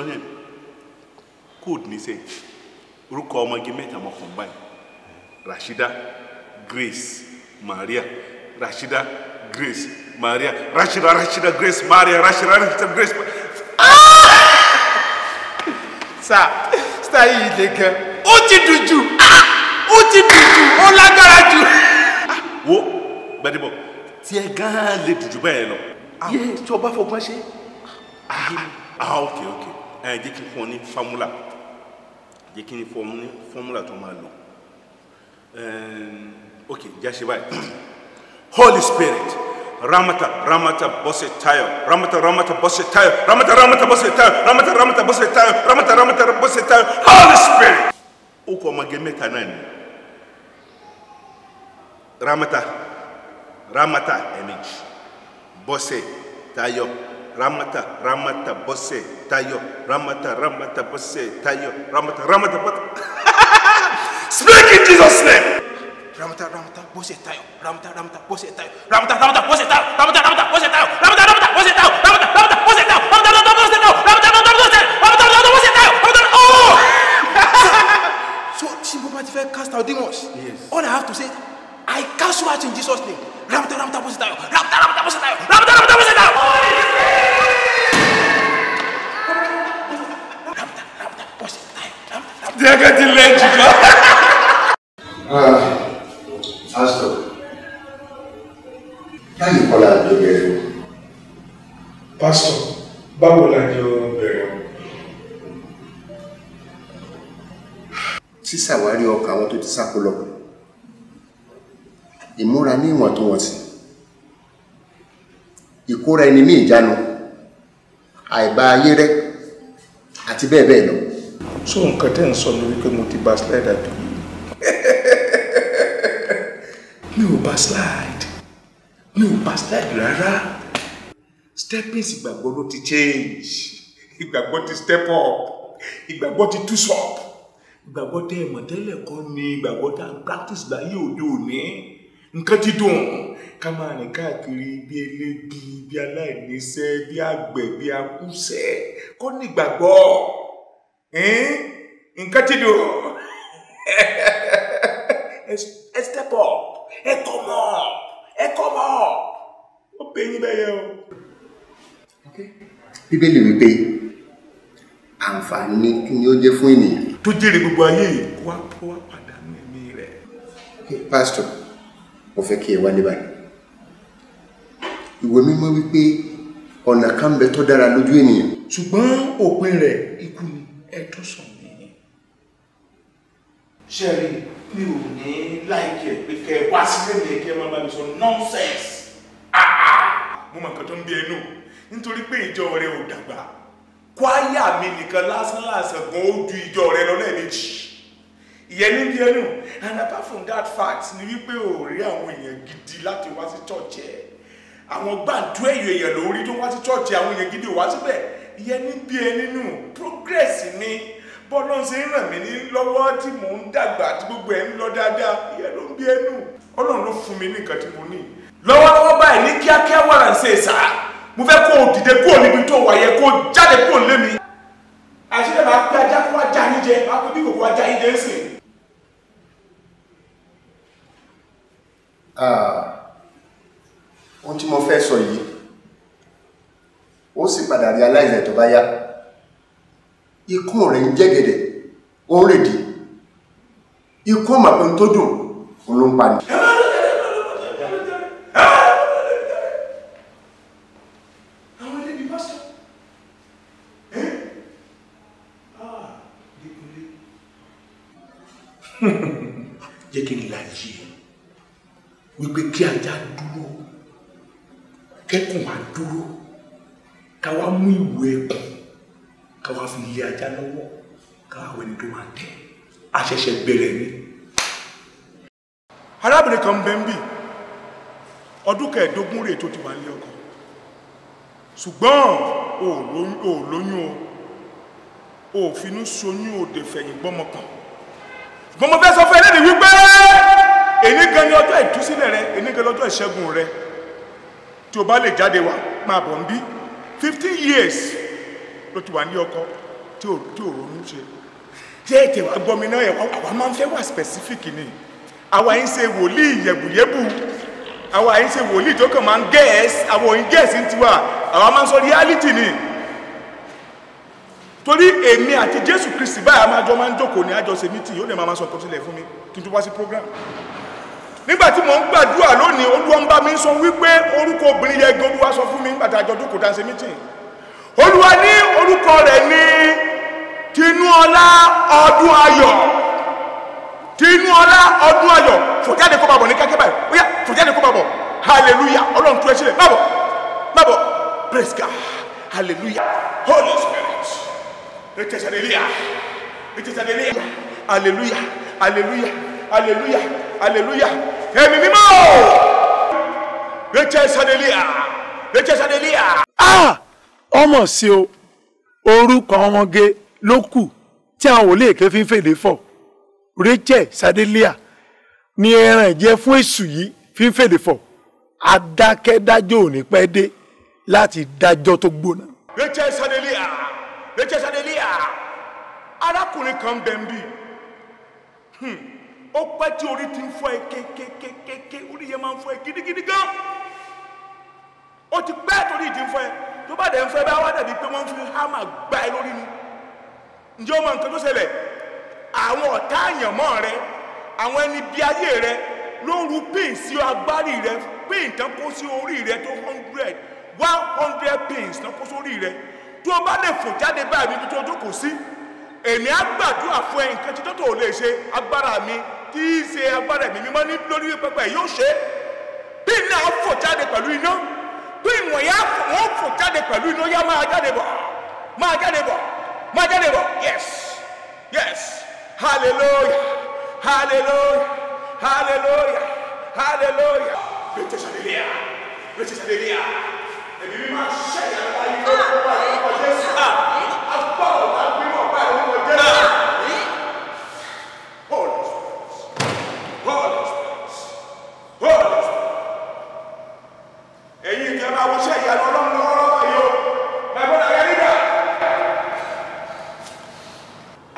S1: kud ni se, Kóòdù ní sẹ́yìn. mo combine. Rashida, Grace Maria, Rashida, Grace Maria, Rashida, Rashida, Grace Maria, Rashida, Rashida, Grace Maria. Sir sísá yìí lè gan ó ti dùn jù ah! ó ti dùn jù ó lágbára jù. Ah! wo gbadebo tiẹ̀ gan lè dùn jù bẹ́ẹ̀ lọ. Ah! yé tí o bá fọgbọ́n ah ok ok ẹ jẹ́ kí n fún ọ ní fámúlà jẹ́ kí n fún ọ ok jẹ́ ṣe (clears throat) Holy Spirit. Ramata, Ramata, Bose Tayo, Ramata, Ramata, Bose Tayo, Ramata, Ramata, Bose Tayo, Ramata, Ramata, Bose Tayo, Ramata, Ramata, Bose Tayo, Holy Spirit! Uko magemeta nani? Ramata, Ramata, Image, Bose Tayo, Ramata, Ramata, Bose Tayo, Ramata, Ramata, Bose Tayo, Ramata, Ramata, Bose (laughs) Speak in Jesus' name! ramuta ramuta bose tayo ramuta ramuta
S7: bose tayo ramuta ramuta bose tayo ramuta ramuta bose tayo ramuta ramuta bose tayo ramuta ramuta bose tayo ramuta ramuta bose tayo ramuta ramuta bose tayo ramuta ramuta bose tayo ramuta oh
S1: so tí mo bá ti fẹ́ cast out demons all i have to say i cast you out in jesus name ramuta ramuta bose tayo ramuta ramuta bose tayo ramuta ramuta bose tayo. Dega de
S4: leite, já.
S3: Ah. Pastor, báyìí kọ́ la jọ bẹ̀rẹ̀ o.
S5: Pastor, báwo la
S8: jọ bẹ̀rẹ̀ o?
S5: Sísàwárí ọkàn àwọn tó ti sáko lọ. Ìmúra ní
S8: ìwọ̀ntúnwọ̀nsì. Ìkóra ẹni ní ìjánu. Àìbá ayé rẹ̀ àti bẹ́ẹ̀ bẹ́ẹ̀ lọ. Sọ nǹkan tẹ́ ń sọ ni wípé mo
S1: (laughs) mi ò backslide mi ò backslide rárá stepping ìgbàgbọ́ ló ti change ìgbàgbọ́ ti step up ìgbàgbọ́ ti two up ìgbàgbọ́ tẹ ẹ̀mọ̀ tẹ́lẹ̀ kọ́ ni ìgbàgbọ́ tá a practice láyé òde òní nǹkan ti dùn ká máa rìn káàkiri bí elébi bí aláìníṣẹ́ bí àgbẹ̀ bí akúṣẹ̀ kọ́ ní ìgbàgbọ́ nǹkan ti dùn (laughs) ẹ step up ẹ kọ́ mọ́ ẹ kọ́ mọ́ ó
S4: o.
S5: bíbélì wípé àǹfààní kí ni ó jẹ́ fún ènìyàn. tó jèrè gbogbo ayé yìí
S1: kó wá kó wá pàdánù
S5: ẹ̀mí rẹ̀. pásítọ̀ mo fẹ́ kí ẹ wá ní báyìí ìwé mímọ́ wípé ọ̀nà kan ń bẹ tó dára lójú ènìyàn. ṣùgbọ́n òpin rẹ̀ ikú ni ẹ
S1: tó sọ nìyí. ṣé ẹ rí i mi ò ní láìkí ẹ̀ pé kẹ́ ẹ wá sílé mi kẹ́ ẹ máa bá mi sọ nonsense ah, ah. mo mọ̀ nǹkan tó ń bí ẹnu nítorí pé ìjọ rẹ ò dàgbà kwaya mi nìkan lásán lásán gan ó ju ìjọ rẹ lọ lẹ́ẹ̀mejì ìyẹn ní bí ẹnu and apart from that fact ni wípé ò rí àwọn èèyàn gidi láti wá sí church ẹ àwọn gbàǹdú ẹ̀yọ èèyàn ló rí tó wá sí church àwọn èèyàn gidi wá síbẹ̀ ìyẹn ní bí ẹnu progress mi. bọ́lá ń ṣe ń ràn mí ní lọ́wọ́ tí mò ń dàgbà àti gbogbo ẹ̀ ń lọ dáadáa ìyẹn ló ń bí ẹnu ọlọ́run ló fún mi nìkan tí mo ní. lọ́wọ́lọ́wọ́ báyìí ní kíákíá wàrà ń ṣe mo fẹ́ kó o dìde kó o níbi tó wà yẹ kó o jáde kó o lé
S5: ikún rẹ̀ ń jẹ́gẹ̀dẹ̀ ó ń rèdí ikún màpẹ́ tó dùn òun ló ń pa ni. Ah,
S1: jẹ́ kí n lajì wípé kí ajá dúró kẹ́kùn á dúró ká wá mú ìwé ẹ̀kún ká wá fi ilé ajá lọ́wọ́ ká wá wẹni tó máa tẹ̀ àṣẹ̀ṣẹ̀ bẹ̀rẹ̀ ni. arábìnrin kan bẹ́ẹ̀ ń bì ọdún kẹẹ̀ẹ́dógún rèé tó ti wà nílé ọkọ ṣùgbọ́n ò lóyún o ò finú ṣoyún òde fẹ̀yìn gbọ́mọ kan ṣùgbọ́n mo fẹ́ sọ fún ẹlẹ́rìí wípé èyí gan ni ọjọ́ ìtúsílẹ̀ rẹ èyí gan ni ọjọ́ ìṣẹ́gun rẹ tí o bá lè jáde wá máa bọ̀ ń bí fifteen years ló ti wà ní ọkọ tí ò ronú ṣe tí ètè wa gbọ́ mi náà yẹ àwa máa ń fẹ́ wà specific ni àwa yìí ṣe wòlíì yẹ̀bùyẹ̀bù àwa yìí ṣe wòlíì tó kàn máa ń gẹ̀ẹ́sì àwọn òyìn gẹ̀ẹ́sì ń tiwa àwa máa ń sọ reality ni torí èmi àti Jésù Kristi báyà máa jọ máa ń jókòó ní àjọṣe meeting yóò lè máa sọ kọsílẹ̀ fún mi kí n tó wá sí program nígbà tí mò ń gbàdúrà lónìí Olúwa ń bá mi sọ wípé orúkọ obìnrin yẹ gbogbo wa sọ fún mi nígbà tá a jọ jókòó dáńsẹ meeting olúwa ní orúkọ rẹ̀ ní tinúọlá ọdún ayọ̀ tinúọlá ọdún ayọ̀ fòjáde kó bàbọ̀ ní kákẹ́ báyìí ó fòjáde kó bàbọ̀ hallelujah ọlọ́run tó ẹ sílẹ̀ bàbọ̀ bàbọ̀ praise God hallelujah holy spirit it is hallelujah it is hallelujah hallelujah hallelujah hallelujah hallelujah ẹ̀mí mímọ́ it is hallelujah it is hallelujah. ah ọmọ sí o orúkọ ọmọge ló kù tí àwọn wòlé èké fi ń fèlè fọ̀ rachel sadelia ni ẹran ìjẹ fún èṣù yìí fi ń fèlè fọ̀ adákẹ́dájọ́ ò ní pẹ́ dé láti dájọ́ tó gbóná. rachel sadelia rachel sadelia arákùnrin kan bẹ̀ ń bì ó pẹ́ tí orí ti ń fọ́ ẹ kékékékéké orí yẹn máa ń fọ́ ẹ gidigidi gan ó ti pẹ́ torí ìdí ń fọ́ ẹ tó bá dẹ̀ ń fẹ́ bá wá dàbí pé wọ́n fi hámà gbá ẹ lórí ni ǹjẹ́ o mọ nǹkan tó ṣẹlẹ̀ àwọn ọ̀tá àyànmọ́ rẹ àwọn ẹni bí ayé rẹ ló ru pin sí agbárí rẹ pin tán kó sí orí rẹ tó hundred one hundred pins tán kó sórí rẹ tó o bá lè fò jáde báyìí níbi tó o jókòó sí èmi á gbàdúrà fún ẹ nǹkan tí tọ́tò lè ṣe agbára mi tí í ṣe agbára mi mímọ́ ní lórí pẹpẹ yóò ṣe pin náà fò jáde pẹ̀lú iná. tó yá wọ́n jáde pẹ̀lú iná yá máa jáde bọ̀ máa jáde bọ̀ máa jáde bọ̀ yes yes hallelujah hallelujah hallelujah hallelujah rètò sàlélíà rètò sàlélíà èmi mi máa ṣe
S4: ìyàrá yìí lọ́wọ́ nípa
S1: ìwọ jésù
S2: àgbà ọ̀la bí wọ́n bá
S4: Holy Spirit,
S2: Holy Spirit.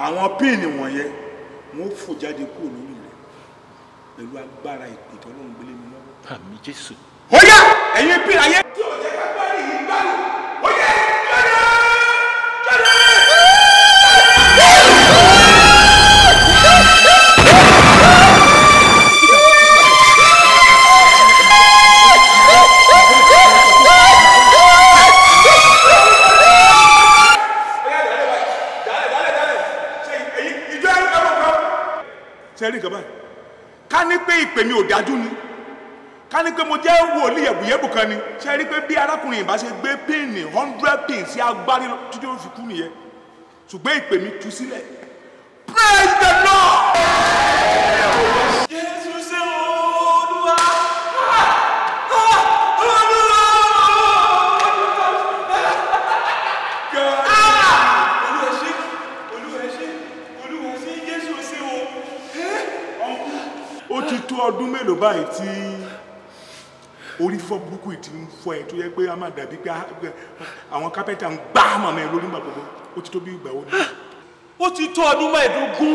S1: àwọn píìnì wọ̀nyẹn wọ́n fò jáde kúrò lórí rẹ̀ pẹ̀lú agbára ìpè tọ́lọ́run gbélé mi lọ́wọ́. àmì jésù. ó yá ẹ̀yin píìnì ayé. tí o jẹ́ ká gbá nìyí gbá nù ó yẹ. èmi ò dájú ni ká ní pé mo jẹ́ wòlíì ẹ̀bùyẹ́bù kan ni ṣe rí pé bí arákùnrin ìbá ṣe gbé píìnì hundred pin sí agbárí títí ó fi kú nìyẹn ṣùgbọ́n ìpè mi tú sílẹ̀ praise the mélòó báyìí tí orí fọ́ burúkú yìí ti ń fọ́ ẹ tó yẹ pé a máa dàbí pé àwọn kápẹ́ntà ń gbá màmá ẹ lórí gbàgbogbo ó ti tó bí ìgbà òní. ó ti tó ọdún mẹ́ẹ̀ẹ́dógún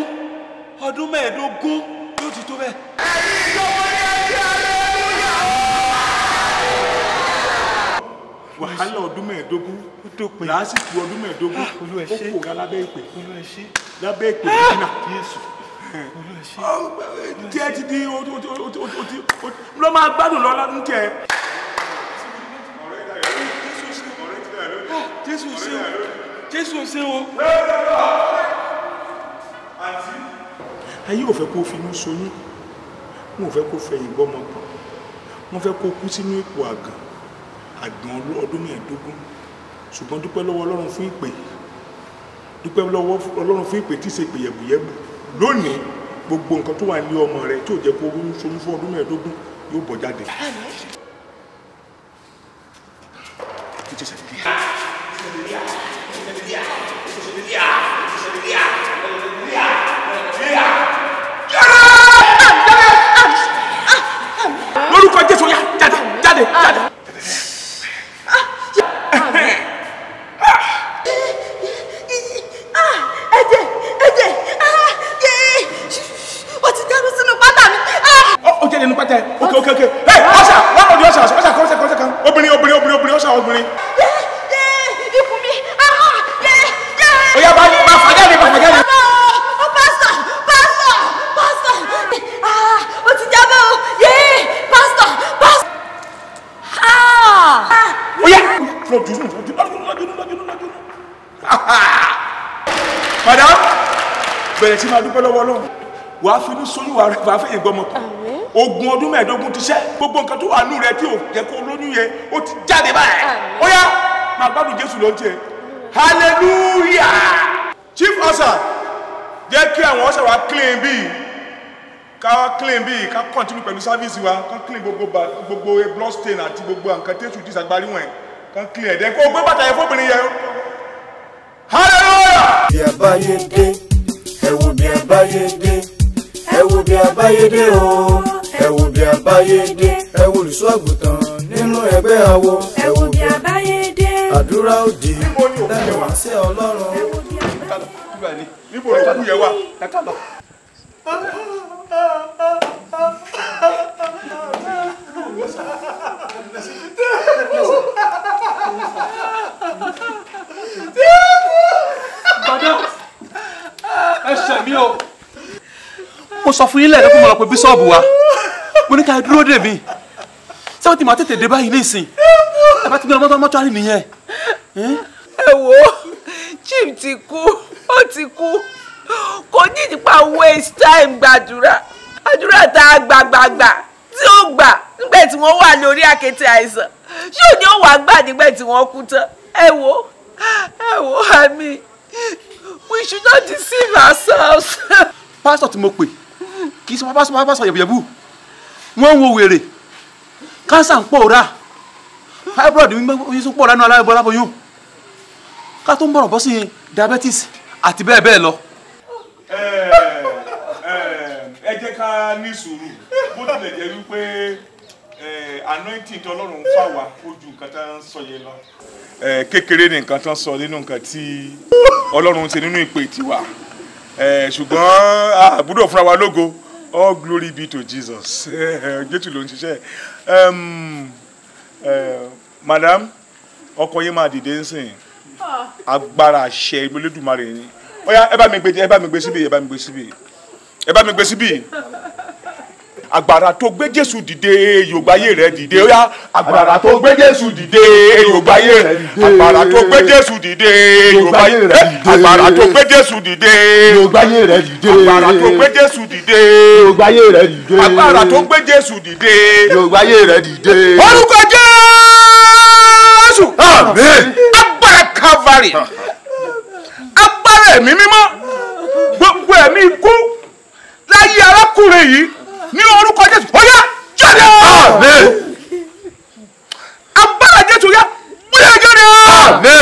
S1: ọdún mẹ́ẹ̀ẹ́dógún yóò ti tó bẹ́ẹ̀. ẹ̀yin
S4: ìjọba ní ẹgbẹ́ aleluya.
S1: wàhálà ọdún mẹ́ẹ̀ẹ́dógún lásìkò ọdún mẹ́ẹ̀ẹ́dógún ó kò rà lábẹ́ ìpè lábẹ́ ìpè nínà jẹ́ ti di ló máa gbádùn lọ́la ń jẹ. jésù ṣe o jésù ṣe o. ayé ò fẹ́ kó finú soyún wọn ò fẹ́ kó fẹ̀yìn gbọ́mọ pọ̀ wọ́n fẹ́ kó kú sínú ipò àgàn àgbọn ọdún mẹ́ẹ̀ẹ́dógún ṣùgbọ́n dúpẹ́ lọ́wọ́ ọlọ́run fún ìpè dúpẹ́ lọ́wọ́ ọlọ́run fún ìpè tí ì ṣe pè yẹ̀bùyẹ̀bù lónìí gbogbo nǹkan tó wà ní ọmọ rẹ tó jẹ́ kó ronú sọnù fún ọdún mẹ́ẹ̀ẹ́dógún yóò bọ́ jáde. lórúkọ Jésù yá
S7: jáde jáde jáde. tẹ. ok ok ok hey ọṣà wọn kò di ọṣà
S1: ọṣà kan ọṣà kan ọṣà kan obìnrin obìnrin obìnrin obìnrin ọṣà obìnrin.
S4: ikùn mi oya bá bá fàjà ni bá fàjà ni. ọ pásítọ̀ pásítọ̀ pásítọ̀ ah o ti jábọ̀ o yéé pásítọ̀ pásítọ̀
S7: ah. oya lọ́jú lọ́jú lọ́jú lọ́jú
S1: lọ́jú lọ́jú. madam bẹ̀rẹ̀ sí máa dúpẹ́ lọ́wọ́ Ọlọ́run wàá fi inú sóyún wàá fẹ̀yìn gbọ́mọ ogun ọdún mẹ́ẹ̀ẹ́dógún ti ṣẹ́ gbogbo nǹkan tó wà nù rẹ tí ò jẹ́ kó lóyún yẹn ó ti jáde báyìí ó yá máa gbádùn jésù ló ń tiẹ̀ hallelujah chief usher jẹ́ kí àwọn ọ̀sẹ̀ wa clean bíi ká clean bíi ká continue pẹ̀lú service wa ká clean gbogbo gbogbo blood stain àti gbogbo nǹkan tẹ́sù disagbari wọ̀nyí ká clean ẹ̀dẹ́ kó gbé bàtà yẹn fóbìnrin yẹn
S2: hallelujah. bí abáyé dé ẹ wo bí abáyé dé ẹ wo bí abáyé dé o ẹ wò bí àbáyédé ẹ wò olùṣọ́ àgùntàn nínú ẹgbẹ́ awo ẹ wò bí àbáyédé àdúrà òdì lẹ́nu àṣẹ ọlọ́run. níbo ló kú yẹ wá ẹ ká lọ.
S4: Bàdá
S1: ẹ ṣẹ̀mí o. Mo sọ fún yín lẹ́ẹ̀dẹ́gbọ́n mo lọ pe bíṣọ́ọ̀bù wa mo ní ká dúró dè mí ṣé wọ́n ti tètè dé báyìí nísìn ẹ bá ti gbé ọmọ tó mọ́tòárì nìyẹn. ẹ wo
S7: Jim ti kú ó ti kú kò ní nípa waste time gbàdúrà àdúrà tá a gbàgbàgbà tí ó gbà nígbà tí wọ́n wà lórí àkéte àìsàn ṣé òní ó wàá gbà nígbà tí wọ́n kú tán ẹ wo ẹ wo àmì we should not deceive ourselves. pásítọ̀
S1: tí mo pè kì í ṣe pásítọ̀ yẹ̀bùyẹ̀bù wọ́n wo wèrè kánsà ń pòórá fibroid mi tún pòórá ní aláìbọ́lá boyún ká tó ń bọ̀rọ̀ bọ́ sí diabetes àti bẹ́ẹ̀ bẹ́ẹ̀ lọ. ẹ jẹ́ ká ní sùúrù bó tilẹ̀ jẹ́ wípé anointing tó ọlọ́run fà wá ojú nǹkan tá ń sọ yẹn lọ. kékeré ni nǹkan tó ń sọ nínú nǹkan tí ọlọ́run ṣe nínú ìpè tiwa ṣùgbọ́n àbúrò fúnra wa lógo all glory be to jesus gétù (laughs) ló ń ṣiṣẹ́ um, eh, madam ọkọ yẹn máa dìde ń sìn ah. agbára àṣẹ ìgbélédùmarè ni ó yá ẹ bá mi gbé síbi ẹ bá mi gbé síbi ẹ bá mi gbé síbi agbára tó gbé jésù dìde yorùbáyé rẹ dìde ó yá agbára tó gbé jésù dìde yorùbáyé rẹ dìde agbára tó gbé jésù dìde yorùbáyé eh, rẹ dìde agbára tó gbé jésù dìde yorùbáyé rẹ dìde agbára tó gbé jésù dìde yorùbáyé rẹ dìde agbára tó gbé jésù dìde yorùbáyé rẹ dìde orúkọ jésù àmín agbára Kálífárì agbára ẹ̀mí mímọ́ gbogbo ẹ̀mí ikú láyé arákùnrin yìí nínú orúkọ jésù ó yá jáde agbára jésù yá ó yá jáde.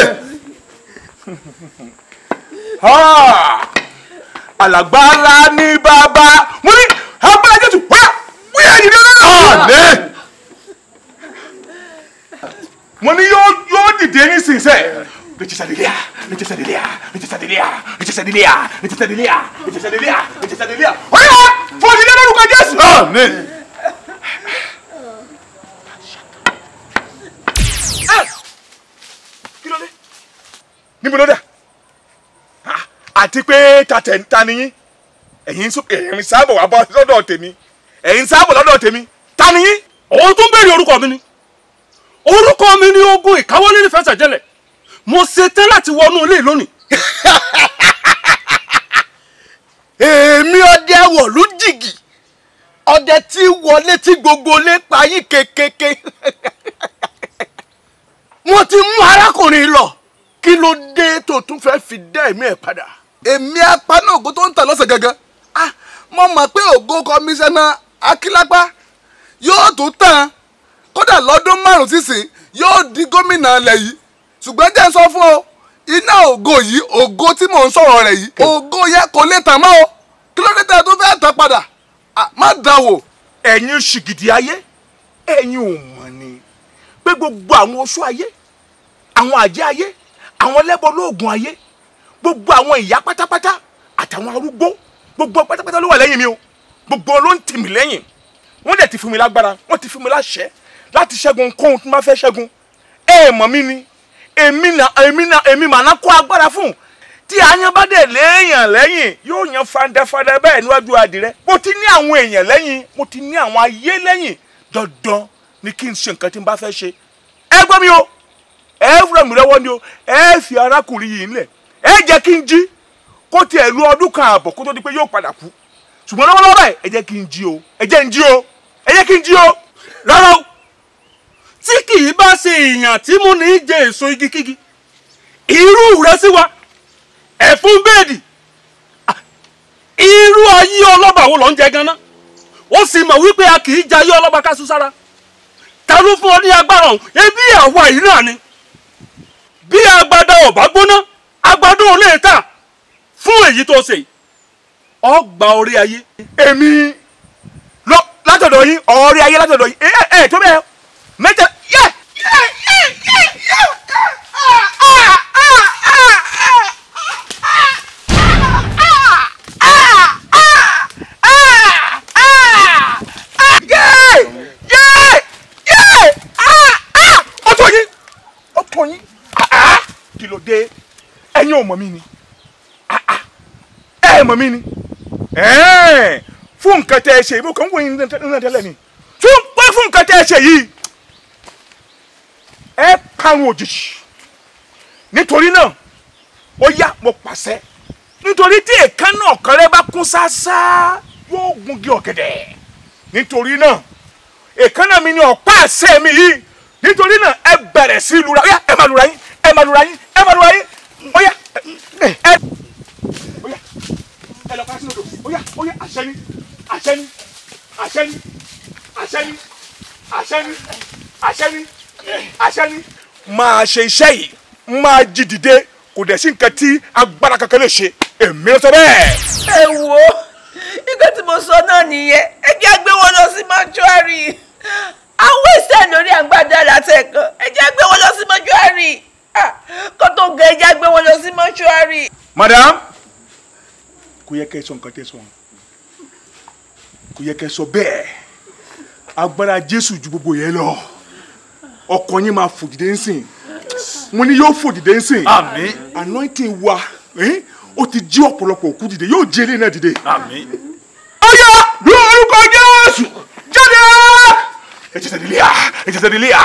S1: alàgbára ní bàbá mo ní agbára jésù ó yá ó yá jáde lọ́dọ̀ mo ní yóò dìde nísinsìnyí Richard Adelia, Richard Adelia, Richard Adelia, Richard Adelia, Richard Adelia, Richard Adelia, Richard Adelia. Ọ̀yá fọ̀dí lé lórúkọ Jésù. Amen.
S6: Ah! Kí ló dé?
S1: Níbo ló dà? Ah, àti pé tatẹ̀ ń ta niyín. Ẹ̀yin ń sábọ̀ wá bọ́ lọ́dọ̀ tèmi. Ẹ̀yin ń sábọ̀ lọ́dọ̀ tèmi. Ta niyín? Òun tún béèrè orúkọ mi ni. Orúkọ mi ni ogun ìkáwọ́lé nífẹ̀ẹ́ sẹ̀jẹ̀lẹ̀ mo ṣetán láti wọnú ilé lónìí. èmi ọdẹ wọ̀lú jìgì ọdẹ tí wọlé tí gbogbo lé payí kékeré mo ti mú arákùnrin lọ kí ló dé tó tún fẹ́ fi dá ẹ̀mí ẹ̀ padà. èmi apaná ògo tó ń tà lọ́sẹ̀ gangan ah, mo mọ̀ pé ògo kọmíṣánná akílápá yóò tún tàn kódà lọ́dún márùn-ún sísìn yóò di gómìnà ilẹ̀ yìí ṣùgbọ́n jẹ́ sọ fún ọ iná ògo yìí ògo tí mò ń sọ̀rọ̀ rẹ̀ yìí ògo yẹ kò lè tàn mọ́ o kí ló dé tẹ́ ẹ tó fẹ́ tán padà má dán wò. ẹ̀yin ṣìgìdì ayé ẹ̀yin ò mọ̀ ni pé gbogbo àwọn oṣó ayé àwọn àjẹ́ ayé àwọn ẹlẹ́bọ lóògùn ayé gbogbo àwọn ìyá pátápátá àtàwọn arúgbó gbogbo pátápátá ló wà lẹ́yìn mi o gbogbo ló ń tì mí lẹ́yìn wọ́n dẹ̀ ti fún mi lágbára wọ́n ti fún mi láṣẹ láti ṣẹ́gun kóhun tí wọ́n bá fẹ́ ṣẹ́gun ẹ mọ̀ mí ni èmi na èmi na èmi mà ná kó agbára fún un tí ayan bá dẹ̀ léèyàn lẹ́yìn yóò yan fandafanda bẹ́ẹ̀ níwájú adìrẹ mo ti ní àwọn èèyàn lẹ́yìn mo ti ní àwọn ayé lẹ́yìn dandan ni kí n ṣe nǹkan tí n bá fẹ́ ṣe ẹ gbọ́ mi o ẹ fúnra mi lọ́wọ́ ni o ẹ fi arákùnrin yìí ńlẹ̀ ẹ jẹ́ kí n jí kó tiẹ̀ lu ọdún kan ààbọ̀ kó tó di pé yóò padà kú ṣùgbọ́n lọ́wọ́lọ́wọ́ báyìí ẹ jẹ́ kí n o ẹ jẹ́ n jí o ẹ jẹ́ kí n jí o rárá o tí kì í bá ṣe èèyàn tí mo ní jẹ èso igi irú rẹ sí wa ẹ̀fún bẹ́ẹ̀dì irú ayé ọlọ́ba wo ló ń jẹ ganan ó sì mọ̀ wípé a kì í ayé ká fún ọ ní agbára ọ̀hún ebi àwa yìí náà agbada ọba gbóná agbada ò lè fún èyí tó ṣe ọgbà lọ látọ̀dọ̀ yín ayé látọ̀dọ̀ yín tó bẹ́ẹ̀ ẹ̀yin ò mọ̀ ni ah, ah. ẹ̀ mọ̀ mí ni fún nǹkan tẹ́ ẹ ṣe yìí bó kàn ń wòye nínú tẹ́lẹ̀ ni fún pé fún nǹkan tẹ́ ẹ ṣe yìí ẹ parun òjijì nítorí náà ó yá mo pàṣẹ nítorí tí èèkan náà kan rẹ bá kún sáásá yóò gungi ọ̀gẹ̀dẹ̀ nítorí náà èèkan náà mi ni ọ̀pá àṣẹ mi yìí nítorí náà ẹ bẹ̀rẹ̀ sí lura ó yá ẹ máa lura yín ẹ máa lura yín ẹ máa lura yín ó ẹ. Eh. oya ẹ lọ oya oya àṣẹ ni àṣẹ ni àṣẹ ni àṣẹ ni àṣẹ ni àṣẹ ni àṣẹ ni. máa ṣe iṣẹ́ yìí máa jí dìde kò dẹ̀ sí nǹkan tí agbára kankan lè ṣe èmi ló sọ bẹ́ẹ̀.
S7: ẹ wo nǹkan tí mo sọ náà nìyẹn ẹ jẹ́ gbé wọn lọ sí mọ́ṣúárì àwọn ìṣẹ́ lórí àgbàdo àlàtẹ̀ ẹ jẹ́ gbé wọn lọ sí mọ́ṣúárì kó tó ga ẹja gbé wọn lọ sí mọ́ṣúárì.
S1: madam kò yẹ kẹ́ sọ nǹkan tẹ́ sọ kò yẹ kẹ́ sọ bẹ́ẹ̀ agbára jésù ju gbogbo yẹn lọ ọkọ yín máa fòdìdé nsìn mo ní yóò fòdìdé nsìn àmín anointing wa ó ti jí ọ̀pọ̀lọpọ̀ òkú dìde yóò jẹ́ ilé náà dìde àmín ó yá lórúkọ jésù ejasadiliya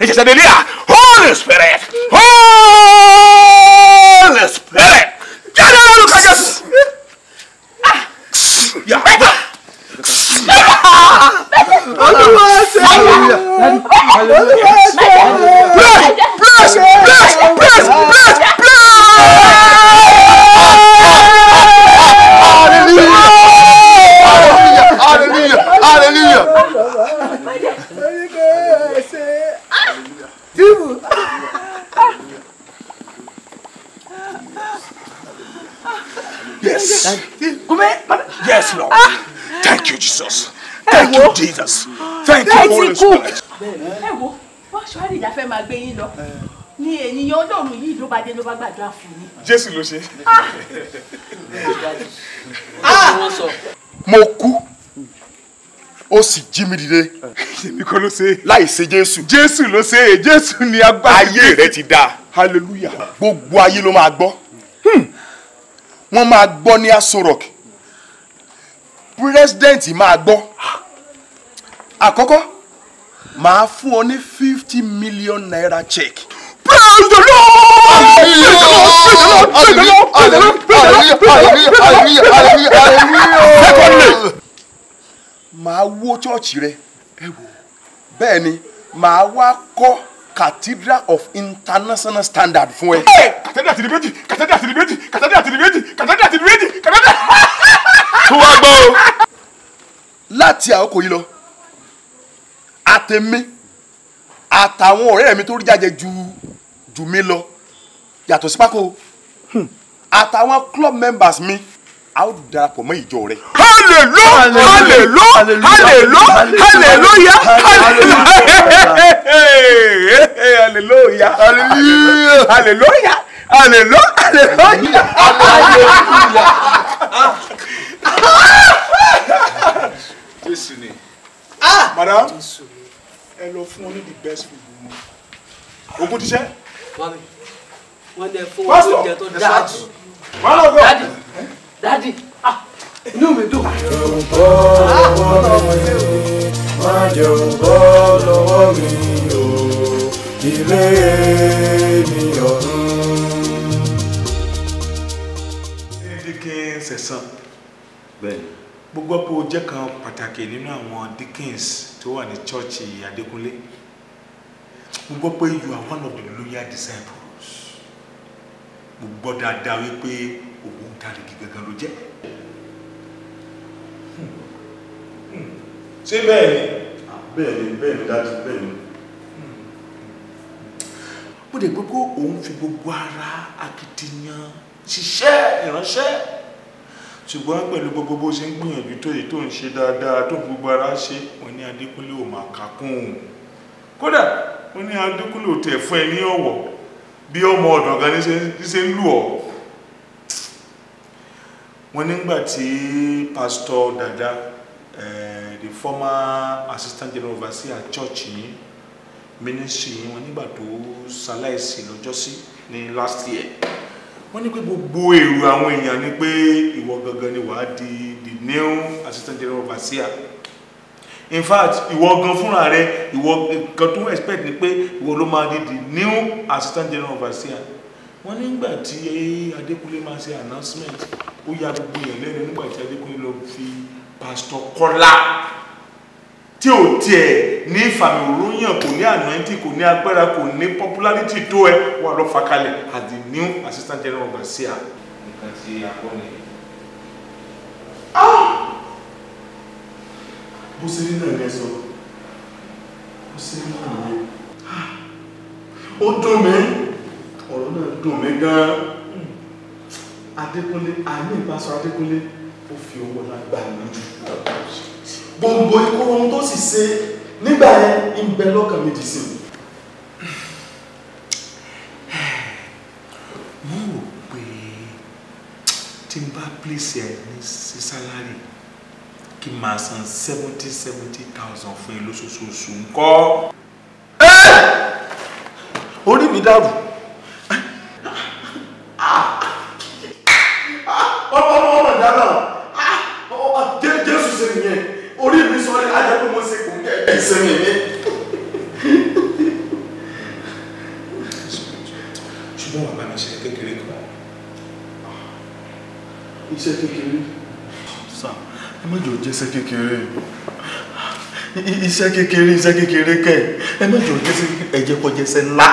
S1: ejasadiliya holy spirit holy spirit jáde lọ́dún ká jésù.
S4: Olúwa ṣe é! Olúwa ṣe é! Bless! Bless!
S6: hallelujah.
S7: Yes. Yes, Lord.
S1: Thank you, Jesus. Thank you, Jesus.
S7: Thank you, Holy Spirit. Ẹ wo, wọ́n ṣọ́ àdìjà fẹ́ máa gbé yín lọ. Ni ènìyàn Ọlọ́run yìí ló bá dé ló bá gbàdúrà fún
S1: yín. Jésù ló ó sì jí mi dìde. èmi kọ́ ló ṣe. láì ṣe jésù. jésù ló ṣe é jésù ni agbára. ayé rẹ ti dáa. hallelujah. gbogbo ayé ló máa gbọ́. wọ́n máa gbọ́ ní aso rock. pírẹ́sidẹ́ǹtì máa gbọ́. àkọ́kọ́ màá fún ọ ní fifty million naira check. praise the lord. Praise Praise the the Lord. Lord. Praise
S5: the Lord. Praise the Lord
S1: màá wó chọ́ọ̀chì rẹ ẹ wò bẹ́ẹ̀ ni màá wá kọ́ cathedral of international standard fún ẹ. cathedral tìrì cathedral cathedral cathedral cathedral. tó wá gbọ́ o. láti àkókò yìí lọ àtẹ̀mí àtàwọn ọ̀rẹ́ mi tó rí jàjẹ́ ju jù mí lọ yàtọ̀ sí hmm. àtàwọn club members mi. Hmm a ó darapọ̀ mọ́ ìjọ rẹ. halelo halelo halelo haleluya haleluya haleluya haleluya alelo alelo aleluya jésù ni ah! Ah! madam ẹ lọ fún ọ ní the best food mu ogun tíṣẹ. wọ́n ní ẹ fún oúnjẹ tó dáa jù.
S2: wọ́n lọ gbọ́ dádì ah, inú mi dùn. jòǹbọ́
S4: lọ́wọ́ mi má jòǹbọ́ lọ́wọ́ mi o ilé mi ọ̀run.
S1: Dickens ẹ̀sán gbogbo pé o jẹ́ kan pàtàkì nínú àwọn Dickens tó wà ní church Adékúnlé mo gbọ́ pé you are one of the loyal disciples mo gbọ́ dáadáa wípé Mùtàríkì gangan ló jẹ́ ṣé bẹ́ẹ̀ ni ah, bẹ́ẹ̀ ni bẹ́ẹ̀ ni dájú bẹ́ẹ̀ ni bó de gbogbo òun fi gbogbo ara akitiyan ṣiṣẹ́ ìránṣẹ́ ṣùgbọ́n pẹ̀lú gbogbo bó ṣe ń gbìyànjú tó yìí tó ń ṣe dáadáa tó gbogbo ara ṣe wọn ní adékúnlé ò máa kakún un kódà wọn ní adékúnlé ò tẹ̀ fún ẹ ní ọ̀wọ̀ bí ọmọ ọ̀dọ̀ gan ṣe ń lù ọ́ wọ́n nígbà tí pastor dada eh, the former assistant general overseer church yìí ministry yìí wọ́n nígbà tó ṣaláìsí lọ́jọ́sí ní last year wọ́n ní pé gbogbo èrò àwọn èèyàn ni pé ìwọ gangan ni wàá di the new assistant general overseer in fact ìwọ gan fúnra rẹ ìwọ nǹkan tó expect ni pé ìwọ ló máa di the new assistant general overseer wọ́n nígbà tí Adékúnlé máa ṣe announcement ó ya gbogbo yẹn lẹ́nu nígbà tí Adékúnlé lọ fi pásítọ̀ Kọ́lá tí ò tiẹ̀ ní fàmìlóyàn kò ní anointing kò ní agbára kò ní popularity tó ẹ wà lọ fà kalẹ̀ as the new assistant general of
S3: nǹkan tí a kọ́ ni. Ah!
S1: bó ṣe rí náà lẹ́sọ̀ bó ṣe rí náà ah! ó dùn mí dùn mí gan hmm. Adékúnlé àní ìbáṣọ Adékúnlé ó fi owó náà gbà mí jù gbogbo ìkóró ohun tó sì ṣe nígbà yẹn ń bẹ lọ́kàn mi dì sí i. (sighs) mo rò pé tí n bá pèsè ẹ ní sí sálárì kí n máa san seventy seventy thousand fún ẹ lóṣooṣù nǹkan. orí mi dàrú. kékeré iṣẹ́ kékeré iṣẹ́ kékeré kẹ́ ẹ má jọ jẹ́sẹ́ ẹ̀jẹ̀ kọjẹsẹ́ ńlá.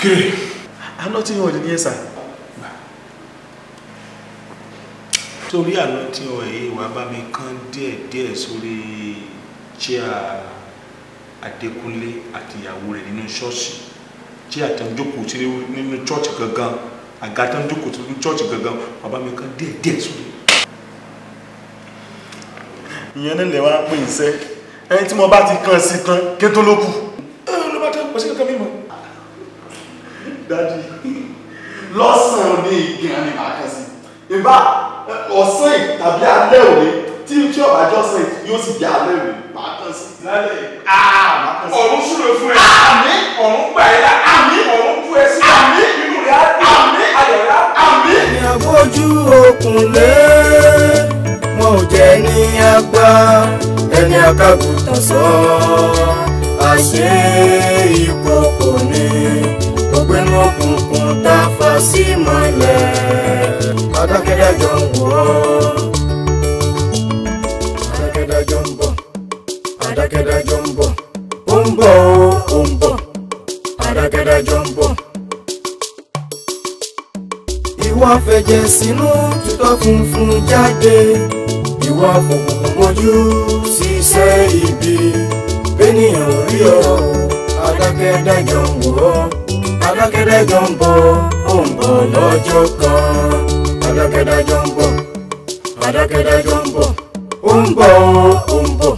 S1: kiri àlọ́ tí yóò di ní ẹ̀sà. torí àlọ́ tí ọ̀ ẹ̀yẹ wà bá mi kán díẹ̀díẹ̀ sórí chia Adékúnlé àtìyàwó rẹ̀ nínú ṣọ́ọ̀ṣì chia tó nínú ṣọ́ọ̀ṣì gangan àga nínú ṣọ́ọ̀ṣì gangan wà bá mi kán díẹ̀díẹ̀ sórí ìyẹn náà lè wá pè ẹni tí mo bá ti kàn sí tán ké tó ló kù. ló bá tán kò sí kankan mímọ́. dájú lọ́sàn-án ní ìgbìn àmì màá sí ìbá ọ̀sán tàbí alẹ́ òní tí tí ọ̀bá jọ́sìn yóò sì jẹ́ alẹ́ òní màá kàn sí. lálẹ́ ah, ọ̀run ṣúre fún ẹ. àmì ọ̀run gbà ẹ́ lá àmì ọ̀run bú ẹ sí. àmì inú rẹ̀ á
S2: dùn àmì ayọ̀ rẹ̀ á dùn. àmì ìyàwó ojú òkun lé ò jẹ́ ní apá ẹni akágùntàn sọ àṣé ìkòkò ni gbogbo inú òkùnkùn tá a fà sí mọ́lẹ̀ adákẹ́dájọ́ ń wọ́ adákẹ́dájọ́ ń bọ̀ adákẹ́dájọ́ ń bọ̀ ó ń bọ̀ ó ń bọ̀ adákẹ́dájọ́ ń bọ̀ ìwọ fẹ̀jẹ̀ sínú tutọ́ funfun jáde ìwà fòkùnkùn mọ́jú ṣiṣẹ́ ibi bẹ́nìyàn ò rí ọ adákẹ́dájọ́ ń wọ́ adákẹ́dájọ́ ń bọ̀ ó ń bọ̀ lọ́jọ́ kan adákẹ́dájọ́ ń bọ̀ adákẹ́dájọ́ ń bọ̀ ó ń bọ̀ ó ń bọ̀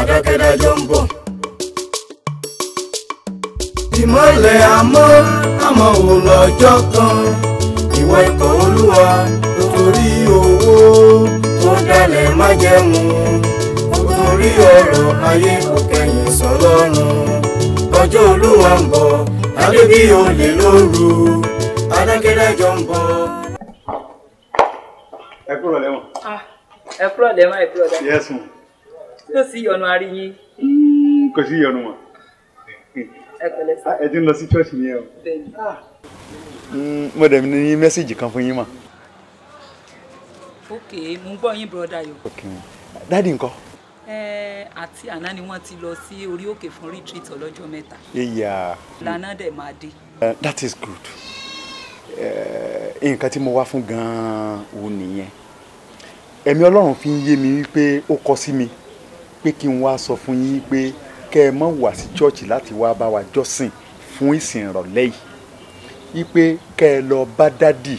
S2: adákẹ́dájọ́ ń bọ̀ ìmọ̀lẹ̀ àmọ́ àmọ́ ò lọ́jọ́ kan ìwọ ikọ̀ olúwa nítorí owó dálẹ̀ má jẹ̀mú nítorí ọ̀rọ̀ ayé kò kẹ̀yìn sọlọ́run ọjọ́ olúwa ń bọ̀ alẹ́ bí olè lóru adákẹ́dájọ́ ń bọ̀. ẹ kúrò lẹ́wọ̀n.
S9: Ah, ẹ kúrò lẹ́wọ̀n ẹ kúrò lẹ́wọ̀n. yẹ́sùn. tó sì yọnu ari yín.
S8: Hmm, kò sí yọnu wọn. Ah, ẹ ti ń lọ sí ṣọ́ọ̀ṣì yẹn o. Hmm, mo dẹ̀ ní mẹ́sàgì kan fún yín mà.
S9: Okay, mo ń gbọ́ yín broda yìí. dáàdi ńkọ́. ẹ àti àná ni wọ́n ti lọ sí orí òkè fún retreat olojo meta.
S1: ìyá. lànà dẹ̀ máa dé. that is good
S8: nǹkan tí mo wá fún gan-an ò nìyẹn ẹ̀mí ọlọ́run fi ń yé mi wípé ó kọ sí mi pé kí n wá sọ fún yín pé kẹ́ ẹ mọ̀ wá sí chọ́ọ̀chì láti wá wa jọ́sìn fún ìsìn ìrọ̀lẹ́ yìí wípé kẹ́ ẹ lọ bá dádì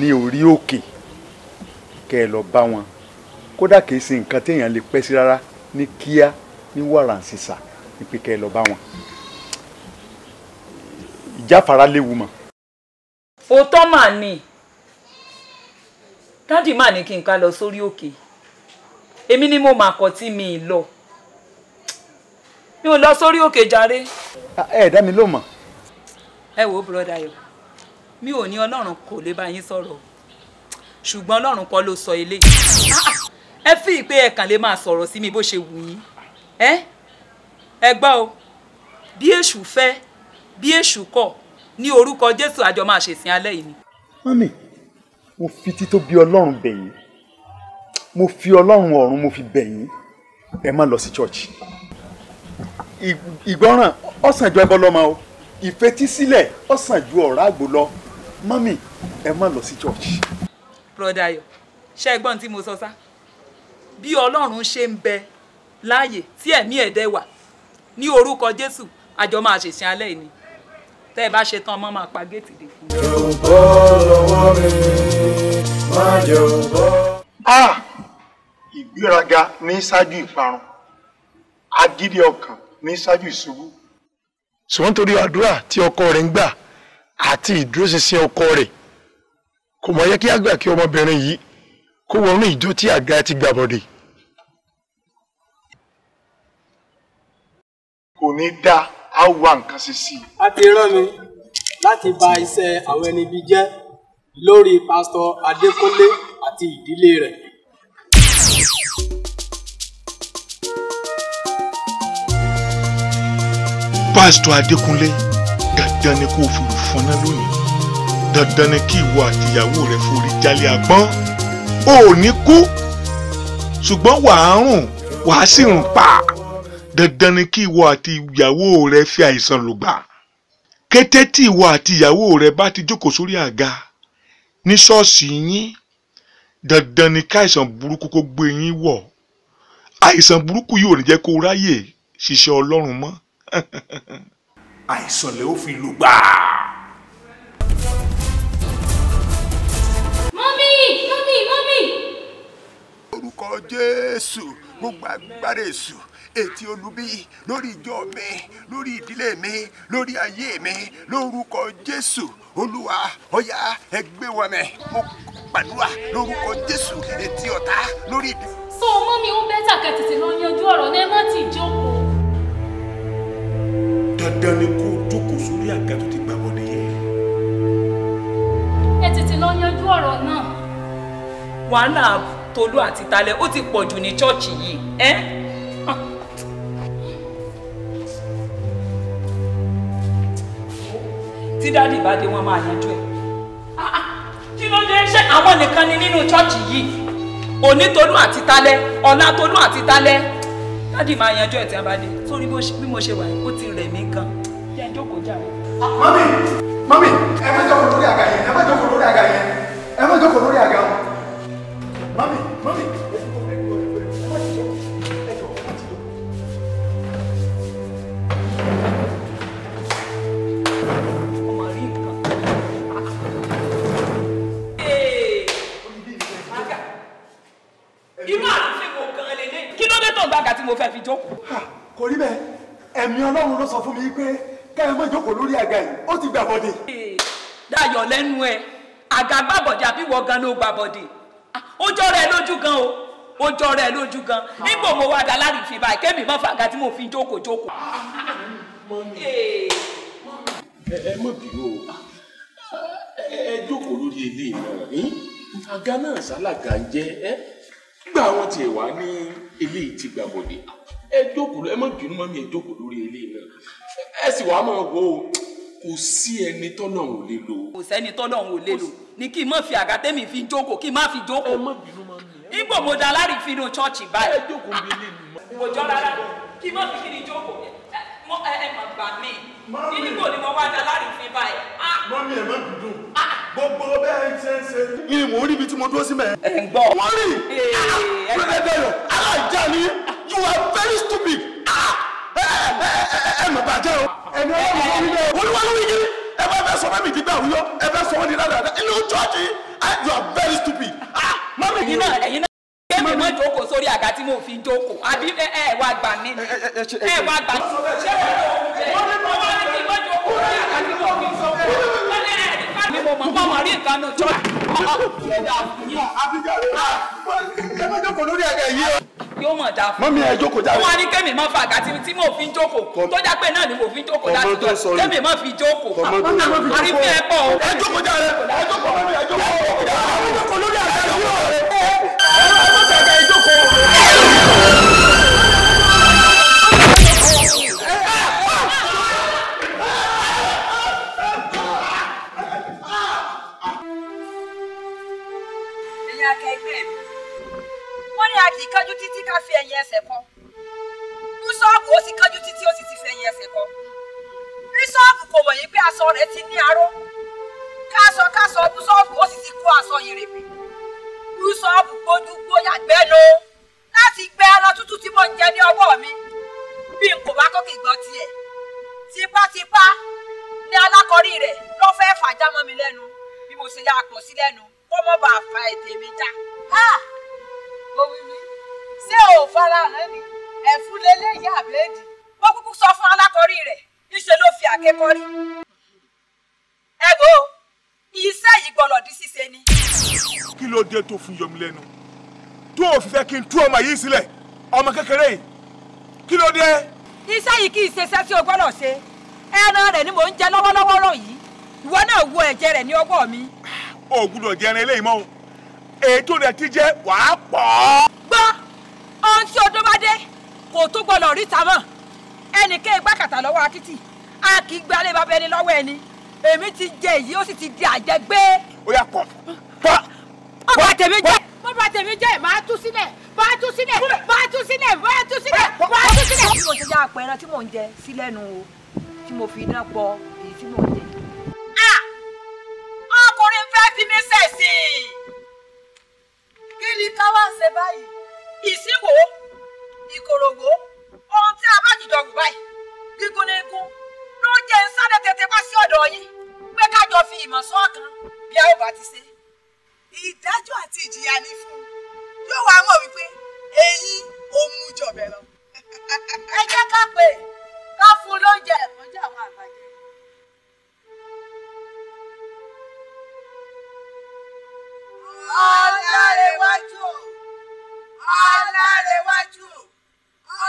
S8: ní orí Okay kẹ́ ẹ lọ bá wọn kódà kìí ṣe nǹkan téèyàn lè pẹ́ sí rárá ní kíá ní wàràǹsísà ní pé kẹ́ ẹ lọ bá wọn. ìjáfara léwu mọ́.
S9: òótọ́ mà ní dádì mà ní kí n ká lọ sórí òkè èmi ni mo mà kọ́ tí mi ì lọ mi ò lọ sórí òkè jàre.
S1: ẹ ẹ dá mi ló mọ̀.
S9: ẹ wo bùrọ̀dá yọ mi ò ní ọlọ́run kò lè bá yín sọ̀rọ̀ o ṣùgbọ́n ọlọ́run kọ́ ló sọ eléyìí ẹ fi ìpè ẹ̀kàn lè máa sọ̀rọ̀ sí mi bó ṣe wù yín ẹ ẹ gbọ́ o bí èṣù fẹ́ bí èṣù kọ̀ ní orúkọ jésù àjọ máa ṣèsìn alẹ́ yìí ni.
S8: mami mo fi tító bí ọlọ́run bẹ̀ yín mo fi ọlọ́run ọ̀run mo fi bẹ̀ yín ẹ má lọ sí church ìgbọràn ọ̀sán ìjọ ẹbọ lọ́mọ o ìfetísílẹ̀ ọ̀sán ju ọ̀rá àgbò lọ mami ẹ má lọ sí church
S7: broda ayọ̀ ṣe ẹ̀gbọ́n tí mo sọ sá
S9: bí ọlọ́run ṣe ń bẹ láàyè tí ẹ̀mí ẹ̀dẹ́ wà ní orúkọ jésù àjọ máa ṣèṣin alẹ́ ìní tẹ́ ẹ bá ṣe tán ọmọ máa pa géètì dé fún
S2: mi.
S1: ìgbéraga ní ṣáájú ìparun agídí ọkàn ní ṣáájú ìṣubú. ṣùgbọ́n torí àdúrà tí ọkọ rẹ̀ ń gbà àti ìdúróṣinṣin ọkọ rẹ̀ kò mọ̀ yẹ kí àgbà kí ọmọbìnrin yìí kó wọnú ìjó tí àga ti gbà bọ̀dẹ̀. kò ní dá a wá nǹkan ṣe sí i. a ti rán mi láti bà iṣẹ́ àwọn
S6: ẹni bíi jẹ́ lórí pásítọ̀ Adékúnlé àti ìdílé rẹ̀.
S1: pásítọ̀ Adékúnlé dandan ni kò fi lù lónìí dandan ni kí ìwọ àtìyàwó rẹ forí jálẹ̀ agbọ́n o ò ní kú ṣùgbọ́n wàá rùn wàá sì rùn pa dandan ni kí ìwọ àti ìyàwó rẹ fi àìsàn lùgbà kété tí ìwọ àti ìyàwó rẹ bá ti jókòó sórí àga ní ṣọ́ọ̀ṣì yín dandan ni káìsàn burúkú kó gbé yín wọ̀ àìsàn burúkú yìí ò ní jẹ́ kó ráyè ṣiṣẹ́ ọlọ́run mọ́. (laughs) àìsàn lè ó fi lùgbà.
S5: lórúkọ jésù gbogbo agbára èṣù ètí olúbí lórí ìjọ mi lórí ìdílé mi lórí ayé mi lórúkọ jésù olúwa ọyá ẹgbẹ́ wa mẹ́ mo gbàdúrà lórúkọ
S9: jésù ètí ọ̀tá lórí ìdílé. so ọmọ mi ń bẹ́tà kẹtìtì lọ yanjú ọ̀rọ̀ náà ẹ má ti jókòó.
S1: dandan ni kó jókòó sórí àga tó ti gbà wọlé yẹn.
S9: ẹ tètè lọ yanjú ọ̀rọ̀ náà. wàhálà tolú àti talẹ ó ti pọ̀ jù ní chọ́ọ̀chì yìí ẹ́. tí dáàdì bá dé wọn máa yanjú ẹ
S7: ah, ah, kí ló dé ṣe àwọn nìkan ni nínú chọ́ọ̀chì yìí òní tolú
S9: àti talẹ ọ̀la tolú àti talẹ dáàdì máa yanjú ẹ tí a bá dé sórí bí mo ṣe wà yìí ó ti rẹ̀ mí gan jẹ́ ìjókòó jáde.
S4: mami mami ẹ má jókòó lórí àga yẹn ẹ má jókòó lórí àga yẹn ẹ má jókòó lórí àga yẹn mami mami. irú
S7: àtúnṣe kò gan lélẹ̀. kí ló dé tó gbàgà tí mo fẹ́ fi jókòó. kò rí bẹ́ẹ̀
S1: ẹ̀mí ọlọ́run ló sọ fún mi pé kẹ́hìn mọ́ ìjókòó lórí àga yìí ó ti gbàbọ̀dè. dayọ̀
S7: lẹ́nu ẹ̀ àga gbàbọ̀dè àbí wọ́n gan ló gbàbọ̀dè ó jọra ẹ lójú gan o ó jọra ẹ lójú gan nígbà mo wá dalárí fi báyìí kémi má fàgà tí mo fi jókòó jókòó. ẹ
S1: mọ̀ bínú o ẹ jókòó lórí ilé ìmọ̀ràn àga náà sálàgà ń jẹ́ ẹ gbà wọn tiẹ̀ wá ní ilé ìtìgbàbọ̀dé ẹ jókòó ẹ mọ̀ bínú mọ́ mi ẹ jókòó lórí ilé náà ẹ sì wàá mọ̀ wò ó kò sí ẹni tọ́nà ò lè lò. kò sẹ́ni
S7: tọ́nà ò lè lò ni kí n má fi àga tẹ́mi fi jókòó kí n má fi jókòó. ẹ má bínú máa mi. igbó mo da lárí fi inú chọ́ọ̀chì báyìí. ẹ jókòó mi lè nù. kò
S1: jọ rárá
S9: kí n má fi kí ni jókòó mọ ẹ ẹ mà gbà mí.
S7: igbó ni mo wá da
S9: lárí fi báyìí. Ah!
S7: mọ́mí ẹ má
S1: bínú. Ah! gbogbo bẹ́ẹ̀ ń ṣe ń ṣe. ni mò ń rí ibi tí mo dúró sí mẹ́. ẹ ń gbọ́. wọ́n rí i. pẹ́ẹ́dẹ́gbẹ̀rẹ̀ ah! aláìjáni you are very stupid ẹ mọ̀ bàjẹ́ o. ẹni ọwọ́ mi ní bẹ́ẹ̀. olúwa ló ẹ bá fẹ́ sọ mẹ́mì dídá òwúyọ ẹ fẹ́ sọ wọ́n di dáadáa inú chọ́ọ̀chì you are very stupid. mọ́mí náà ẹ̀yin náà kéèmì
S7: mọ́ jókòó sórí àga tí mo fi jókòó àbí ẹ ẹ wá gbà mí ni ẹ wá gbà mí.
S2: ṣé wọ́n ní mọ́ wá ní kí mọ́ jókòó sórí
S9: àga tí mo fi jókòó mi mo mọ̀ pọ́ mọ̀ rí nǹkan nù chọ́ọ̀chì. ẹ dáa fún yín. àbíjá ẹ má
S7: jókòó lórí àga yìí o yóò mọ̀ dáa fún mi. mọ́mí ẹ jókòó jáde. wọ́n á ní kẹ́mi mọ́ fa àgàtì tí mo fi ń jókòó
S9: tó já pé náà ni mo fi ń jókòó
S7: láti jọ kẹ́mi mọ́ fi jókòó. àrífín
S1: ẹ pọ̀ o.
S9: ẹ jókòó jáde ẹ jókòó mọ́mí ẹ jókòó. ẹ jókòó lórí àgbà yìí o. ẹ jókòó lórí àgbà yìí kánjú títí ká fi ẹ̀yìn ẹsẹ̀ kan bíṣọ́ọ̀bù ó ti kánjú titi ó sì ti fi ẹ̀yìn ẹsẹ̀ kan bíṣọ́ọ̀bù kò mọ̀ yìí pé aṣọ rẹ̀ ti ní aró káṣọ káṣọ bíṣọ́ọ̀bù ó sì ti kó aṣọ yèrèbí bíṣọ́ọ̀bù gbójú gbóyà gbẹ́nu láti gbẹ́ ọlọ́tútù tí mo ń jẹ ní ọwọ́ mi bí n kò bá kókè gbọ́ tiẹ̀ tipátipá ní alákọ̀rí rẹ̀ ló fẹ́ fàjà mọ́ mi lẹ́nu bí mo ṣe yá a pọ̀ sí lẹ́nu kó mọ́ bàa fa ètè mi já. Ha! Mo
S4: wí wí.
S7: ṣé ò farahàn ni ẹ̀fún lélẹ́yìí àbẹ́ẹ̀dì wọ́n kúkú sọ fún
S9: alákọ̀rí rẹ̀ níṣẹ́ ló fi àkékọ́rí. ẹ wo iṣẹ́ yìí gbọ́dọ̀ di ṣíṣe ni.
S1: kí ló dé tó fún yọmi lẹ́nu tó o
S9: fẹ́ kí n tú ọmọ yìí sílẹ̀ ọmọ kékeré yìí kí ló dé. iṣẹ́ yìí kì í ṣe iṣẹ́ tí o gbọ́dọ̀ ṣe ẹran rẹ̀ ni mò ń jẹ lọ́wọ́lọ́wọ́ rọ̀
S1: wo mi. Ah, o èyí tó
S9: ohun tí odó bá dé kò tó gbọ́dọ̀ ríta mọ́ ẹnìkéè gbàkàtà lọ́wọ́ akitì a kì í gbalẹ̀ bàbá ẹni lọ́wọ́ ẹni èmi ti jẹ èyí ó sì ti di àjẹgbé. ó yà pọ̀ pa. ọba tèmi jẹ ọba tèmi jẹ màá tú sílẹ̀ màá tú sílẹ̀ màá tú sílẹ̀ màá tú sílẹ̀ màá tú sílẹ̀. bí mo ṣe já apẹ̀rẹ̀ tí mò ń jẹ sílẹ̀ nu o tí mo fi iná pọ èyí tí mò ń jẹ. ọkùnrin fẹ́ fi mí sẹ̀ sí i
S7: kí ni ká wá ṣe báyìí ìsíwò
S9: ìkòrògbó ohun tí a bá jìjọ wù báyìí gígùn ní igun ló jẹ́ ń sáré tètè wá sí ọ̀dọ̀ yín pé kájọ fi ìmọ̀ sọ́ọ̀kan
S7: bí a ó bá ti ṣe. ìdájọ́ àti ìjìyà ni fún un yóò wá mọ̀ wípé eyín òun mú jọ̀bẹ lọ. ẹ jẹ́ ká pè é ká fún un lóúnjẹ ẹ̀kọ́jọ́ àwọn àbájẹ́.
S4: ọ̀dàrẹ̀wájú o. Alárewájú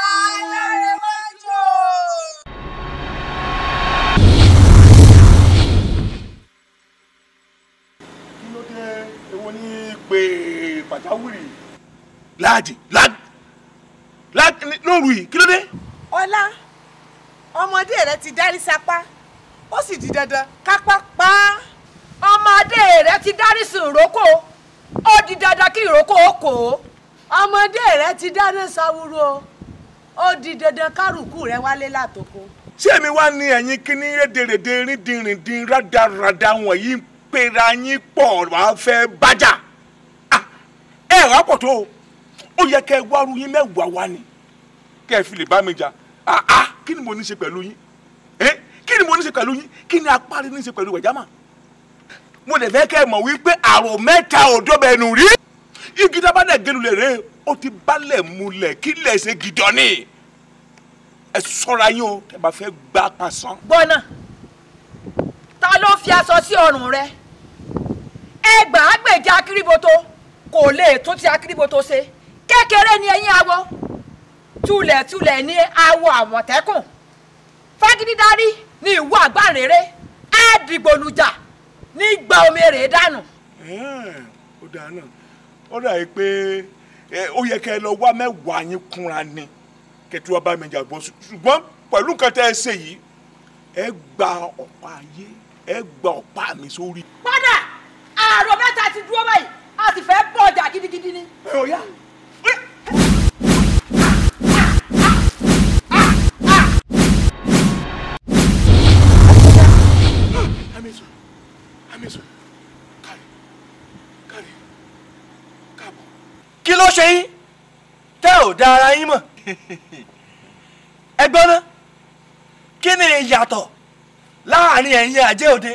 S4: Alárewájú.
S1: kí ló dé èwo ní pé pàjáwìrì.
S7: láàdì láàdì lóru yìí kí ló dé. ọlá ọmọdé rẹ ti dárí sapá ó sì di dandan kápá pa á ọmọdé rẹ ti dárí sun ìrókò ó di dandan kí ìrókò ó kò ó ọmọdé rẹ ti dáná sáwúrú o ó di dandan kárùkù rẹ wálé látòkò.
S1: ṣé èmi wá ní ẹ̀yin kíní rédèrèdè rídìrìndín rádaràdà wọ̀nyí ń pera yín pọ̀ wá fẹ́ bájà ẹ wá pọ̀ tó ó yẹ kẹ́ ẹ wárú yín mẹ́wàá wá ni kẹ́ ẹ fi lè bá mi jà kí ni mo ní ṣe pẹ̀lú yín kí ni mo ní ṣe pẹ̀lú yín kí ni apárí ní ṣe pẹ̀lú wẹ̀jámà mo lè fẹ́ kẹ́ ẹ mọ̀ wípé àrò mẹ́ta ò dọ́bẹ̀ nù rí igi dábàá dẹ̀ gẹlulẹ̀ rẹ ó ti balẹ̀ mulẹ̀ kí lẹ̀ ṣe gidọ̀ ni ẹ sọ́ra yín o ẹ
S7: bá fẹ́ gbá paṣán. gbọ́nà ta ló fi aṣọ sí ọrùn rẹ
S9: ẹgbàá àgbèjà akíríboto kò lè tún ti akíríboto ṣe kékeré ni ẹ̀yin awọ tulẹ̀tulẹ̀ ni awọ àmọ̀tẹ́kùn fagididari ni ìwọ àgbàrere àdìgbòlùjà ní gba
S7: omi rè dànù.
S1: ó dáa náà ó dà yìí pé ó yẹ kẹ́ ẹ lọ wá mẹ́wàá yín kúnra ni kẹtù ọba mi jà bọ́ ṣùgbọ́n pẹ̀lú nǹkan tẹ́ ẹ ṣe yìí ẹ gba ọ̀pá ayé ẹ gba ọ̀pá mi sórí.
S7: padà
S9: àrò mẹ́ta ti dúró báyìí a sì fẹ́ bọ̀ ọjà gidigidi ni. ẹ ò yá.
S2: kí ló ṣe yín tẹ́ ò dá ara yín mọ̀ ẹgbọ́n náà
S1: kí ni ìyàtọ̀ láàrin ẹ̀yin àjẹ́ òde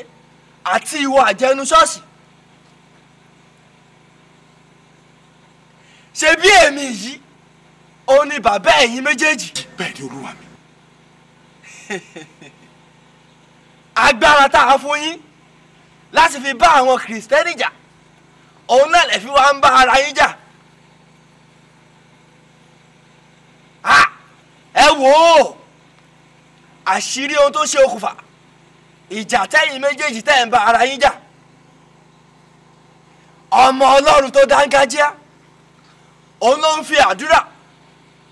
S1: àti ìwọ àjẹnu ṣọ́ọ̀ṣì ṣe bí èmi yìí òun ni bàbá ẹ̀yin méjèèjì. bẹ́ẹ̀ ni olúwa mi. agbára tá a fún yín láti fi bá
S7: àwọn kìrìsìtẹ́nì jà òun náà lè fi wá ń bá ara yín jà. ẹ wò ó
S2: àṣírí ohun tó ṣe okùnfà ìjà tẹ́yìn méjèèjì tẹ́ ń bá ara yín jà ọmọ ọlọ́run tó dángájíá òun
S1: ló ń fi àdúrà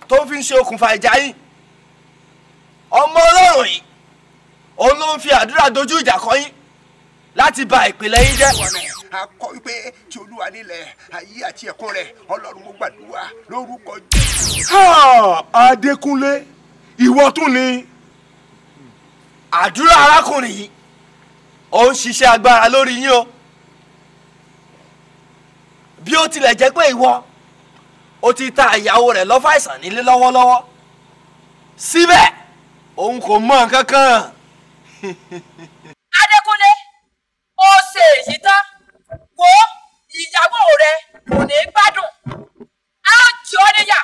S1: tó fi ń ṣe okùnfà ìjà yín ọmọ ọlọ́run yìí òun ló ń fi àdúrà dojú ìjà kọ yín láti bà ìpìlẹ̀ yín
S5: jẹ́ a kọ wípé tí olúwa nílẹ̀ ayé àti ẹ̀kún rẹ̀ ọlọ́run mo gbàdúrà lórúkọ
S1: jésù. adékúnlé ìwọ tún ni. àdúrà arákùnrin yìí ó ń ṣiṣẹ́ agbára lórí yín o bí ó tilẹ̀ jẹ́ pé ìwọ ó ti ta ìyàwó rẹ̀ lọ́fà àìsàn nílé lọ́wọ́lọ́wọ́ síbẹ̀ òun kò
S2: mọ nǹkan kan.
S9: adékúnlé ó ṣe èyí tán wo ìyàwó rẹ kò ní gbádùn á jọ ọ́ níyà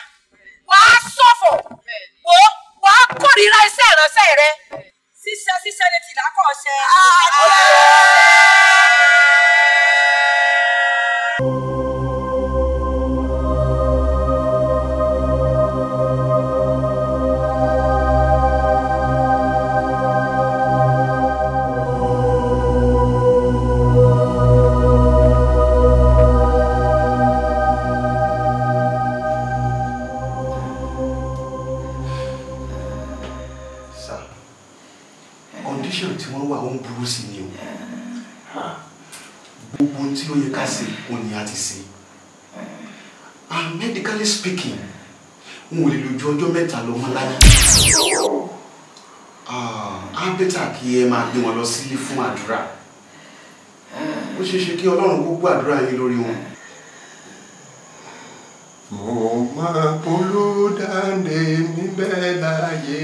S9: wàá ṣọ̀fọ̀ wo wàá kórìíra iṣẹ́ ìránṣẹ́ rẹ ṣíṣe ṣíṣe ni tìlákọ̀ ṣe.
S8: practically
S1: speaking n ò lè lójú ọjọ́ mẹ́ta lọ mọ́ láyé á ah, bẹ́tà kí ẹ máa gbé wọn lọ sílé fún àdúrà
S5: ó ṣeé ṣe kí ọlọ́run kó gbàdúrà yín lórí wọn. mo máa polúdáǹdè mi bẹ́ẹ̀ láyé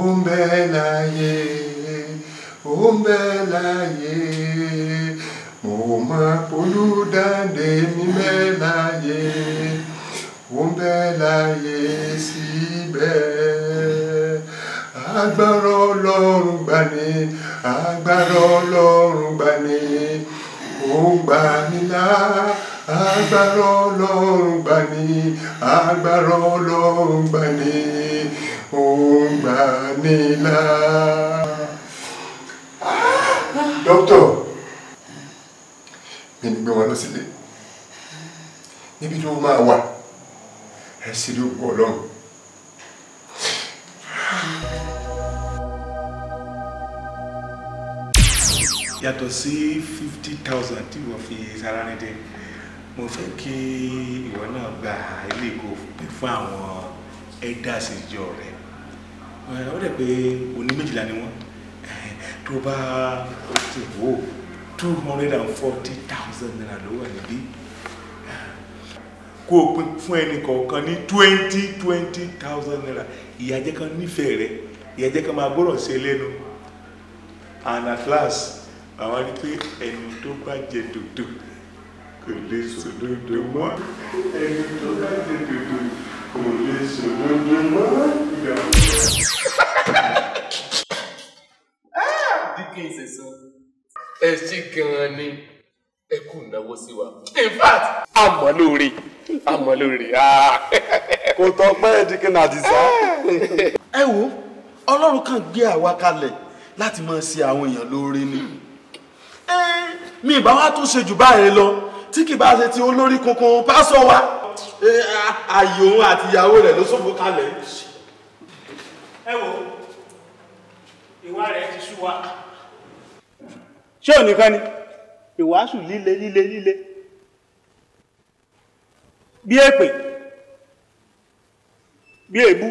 S5: ó ń bẹ́ẹ̀ láyé ó ń bẹ́ẹ̀ láyé mọ olùdáǹdè mi bẹ́ láyé ó ń bẹ́ láyé síbẹ̀ agbára ọlọ́run gbà ní agbára ọlọ́run gbà ní ó ń gbà mí là agbára ọlọ́run gbà ní agbára mi gbé wọn lọ sílé níbi tó máa wà ẹ sì ló gbọ́ ọlọ́run. yàtọ̀ sí
S1: fifty thousand tí wọ́n fi sára ní dé mo fẹ́ kí ìwọ náà gba ilé ìkó fún àwọn elders ìjọ rẹ̀ ó dẹ̀ pé òní méjìlá two hundred and forty thousand naira ló wà níbí kó o pín fún ẹnì kọ̀ọ̀kan ní twenty twenty thousand naira ìyàjẹ́ kan nífẹ̀ẹ́ rẹ ìyàjẹ́ kan máa gbọ́dọ̀ ṣe lẹ́nu and at last àwọn rí pé ẹni tó bá jẹ dòdò
S4: kò lè sòdodo mọ́ ẹni tó bá jẹ dòdò kò lè
S1: sòdodo mọ́ ìyàwó. (laughs)
S8: Ah! Dickens is so ẹ ṣí gan-an ni ẹ kú náwó sí wa in fact
S1: àmọ́ lóore àmọ́ lóore (laughs) kò tọ́ pẹ́ ẹ̀dínkì náà ti sá. ẹ wo ọlọ́run kan gbé àwa kalẹ̀ láti máa ṣe àwọn èèyàn lóore ni mi ìbá wa tún ṣe jù báyìí lọ tí kì bá ṣe ti olórí kankan bá sọ wa ààyè òun àti ìyàwó rẹ̀ ló ṣòfò kalẹ̀.
S6: ẹ wo ìwà rẹ̀ ti sú wa
S1: ṣé ò nìkan ni ìwàásù líle líle líle bí èpè bí èbú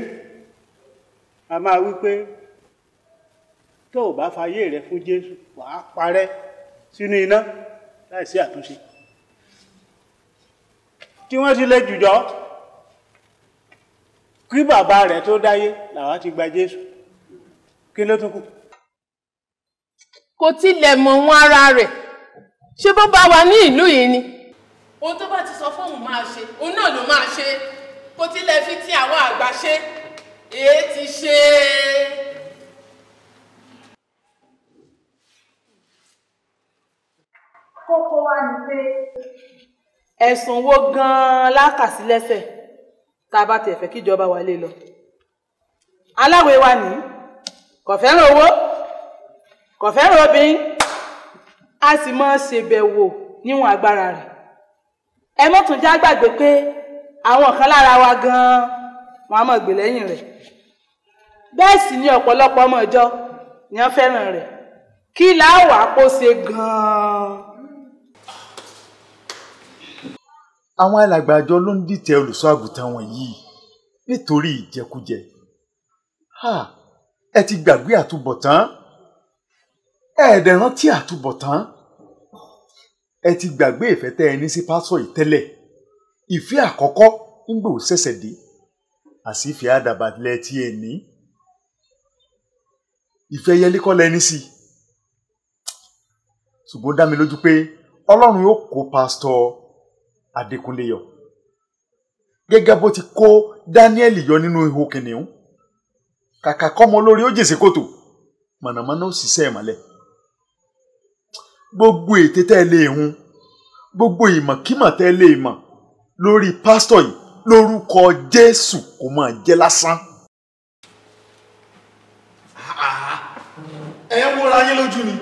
S1: a máa wípé tó ò bá fayé rẹ fún Jésù wàá parẹ́ sínú iná láìsí àtúnṣe tí wọ́n ti lè jùjọ kí bàbá rẹ̀ tó dáyé làwa ti gba Jésù
S7: kí ló tún kù kò tilẹ̀ mọ̀ wọn ara rẹ̀ ṣé bó bá wà ní ìlú yìí ni. ohun tó bá ti sọ fóun máa ṣe òun náà ló máa ṣe kò tilẹ̀ fi ti àwọn àgbà ṣe èé ti ṣe é. kókó wá ni pé. ẹ̀sùn wo gan-an lákàsí lẹ́sẹ̀ tá a bá tiẹ̀ fẹ́ kíjọba wálé lọ. aláwẹ̀ wa ní kò fẹ́ràn owó kò fẹ́ràn obìnrin a sì máa ṣèbẹ̀wò níwọ̀n agbára rẹ̀ ẹ má tún já gbàgbé pé àwọn kan lára wa gan-an wọn a máa gbè lẹ́yìn rẹ̀ bẹ́ẹ̀ sì ni ọ̀pọ̀lọpọ̀ ọmọ ìjọ ni wọ́n fẹ́ràn rẹ̀ kí láwàá kó ṣe gan-an.
S8: àwọn alàgbàjọ ló ń dìtẹ̀ olùṣọ́ àgùntàn wọn yìí nítorí ìjẹkújẹ
S1: ẹ ti gbàgbé àtúbọ̀tán ẹ̀ẹ́dẹ̀ rántí àtúbọ̀tán ẹ ti gbàgbé ìfẹ́ tẹ́ ẹ ní sí pásọ̀ yìí tẹ́lẹ̀ ìfẹ́ àkọ́kọ́ nígbà ò ṣẹ̀ṣẹ̀ dé àsìfẹ́ àdàbà lẹ ti ẹ̀ ní ìfẹ́ yẹlé kọ́ lẹni sí ṣùgbọ́n dá mi lójú pé ọlọ́run yóò kó pásítọ̀ Adékúnlé yọ gẹ́gẹ́ bó ti kó Daniel yọ nínú ihò kìnìún kàkà kọ́mọ lórí ó jèsè kòtò mọ̀nàmọ́ná ó ṣiṣẹ́ ìmọ̀lẹ́ gbogbo ète tẹ́ ẹ lè hun gbogbo ìmọ̀kímọ̀ tẹ́ ẹ lè mọ̀ lórí pásítọ̀ yìí lórúkọ Jésù kò máa jẹ́ lásán. ẹ ń wọra yín lójú ni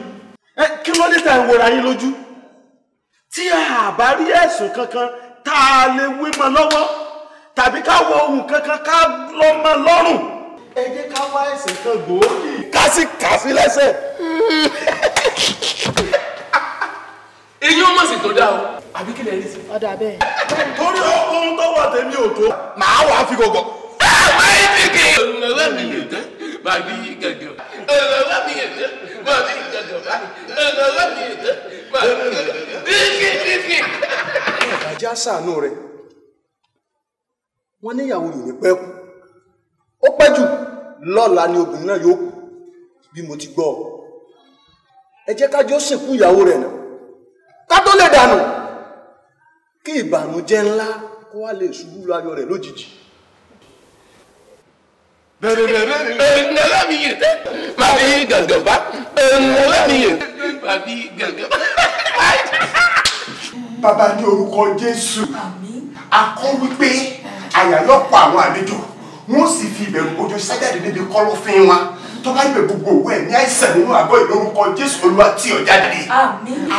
S1: kí ló dé tá ẹ ń wọra yín lójú tí a bá rí ẹ̀sùn kankan tá a lè wé mọ́ lọ́wọ́ tàbí ká wọ ohun kankan ká lọ́ mọ́ lọ́rùn ẹ jẹ́ ká wá ẹ̀sìn
S7: kan gbòógì. ká lẹ́sẹ̀. (laughs) èyí ó mọ̀ sí tó dá o àbí kí lè rí sí. ọ̀dà bẹ́ẹ̀.
S1: torí ohun tó wà tèmi ò tó. màá wà á fi gọ̀gọ̀. ẹ máa ń fi kí. ọ̀rọ̀ mi yẹn tẹ́ bàbí gàgà. ọ̀rọ̀ mi yẹn tẹ́ bàbí gàgà. ọ̀rọ̀ mi yẹn tẹ́
S4: bàbí gàgà. bíkí bíkí.
S8: ìdájá sàánú rẹ wọn níyàwó yìí ní pẹ́ kú ó pẹ́ jù lọ́la ni obìnrin náà yóò kú bí mo ti gbọ́ ẹ jẹ́ ká jọ sìnkú ìyàwó rẹ̀ náà
S1: ká tó lè dànù kí ìbànújẹ́ ńlá kó wá lè ṣubú láyọ̀ rẹ̀ lójijì. Nalami yìí tẹ́,
S5: màá fi gàngàn bá. Nalami yìí tẹ́, màá fi gàngàn bá. Bàbá ní orúkọ Jésù, a kọ́ wípé àyà yọ̀pọ̀ àwọn àlejò, wọ́n sì fi ìbẹ̀rù ojú sájáde níbi kọ́lọ́fín wa tọ́ba ibẹ̀ gbogbo òwú ẹ̀ ní àìsàn nínú àgọ́ ìlórúkọ jésù olúwa tí ọ jáde.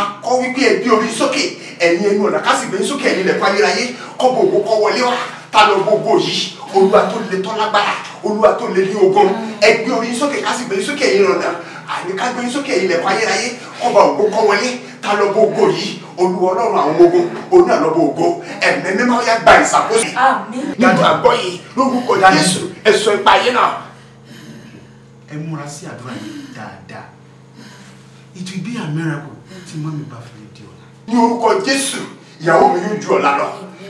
S5: akọ wípé ẹbí orí sókè ẹ̀yin ẹnu ọ̀nà kásìgbé sókè ẹ̀yin lẹ̀kọ́ ayérayé kọ́ gbogbo kọ́ wọlé wa ta lọ gbogbo yìí olúwa tó le tọ́ lágbára olúwa tó le ní ogun ẹgbẹ́ orí sókè kásìgbé sókè ẹ̀yin ọ̀nà àníkágbé sókè ẹ̀yin lẹ̀kọ́ ayérayé kọ́ bá ògbó kọ́ wọlé ta lọ gbogbo yìí olúwa ọlọ́run àwọn ogun onú àlọ́bọ̀ ògo ẹ̀mẹ́mẹ́mọ́ yá gba ìṣàkóso.
S9: yàtọ̀
S1: àgbọ̀ yìí lórúkọ jésù ẹ̀sọ́ ìpàyé náà ẹ múra sí àdúrà yìí dáadáa it will be a miracle tí mọ́mí bá fi lè di ọ̀la. ní orúkọ jésù ìyàwó mi yóò ju ọ̀la lọ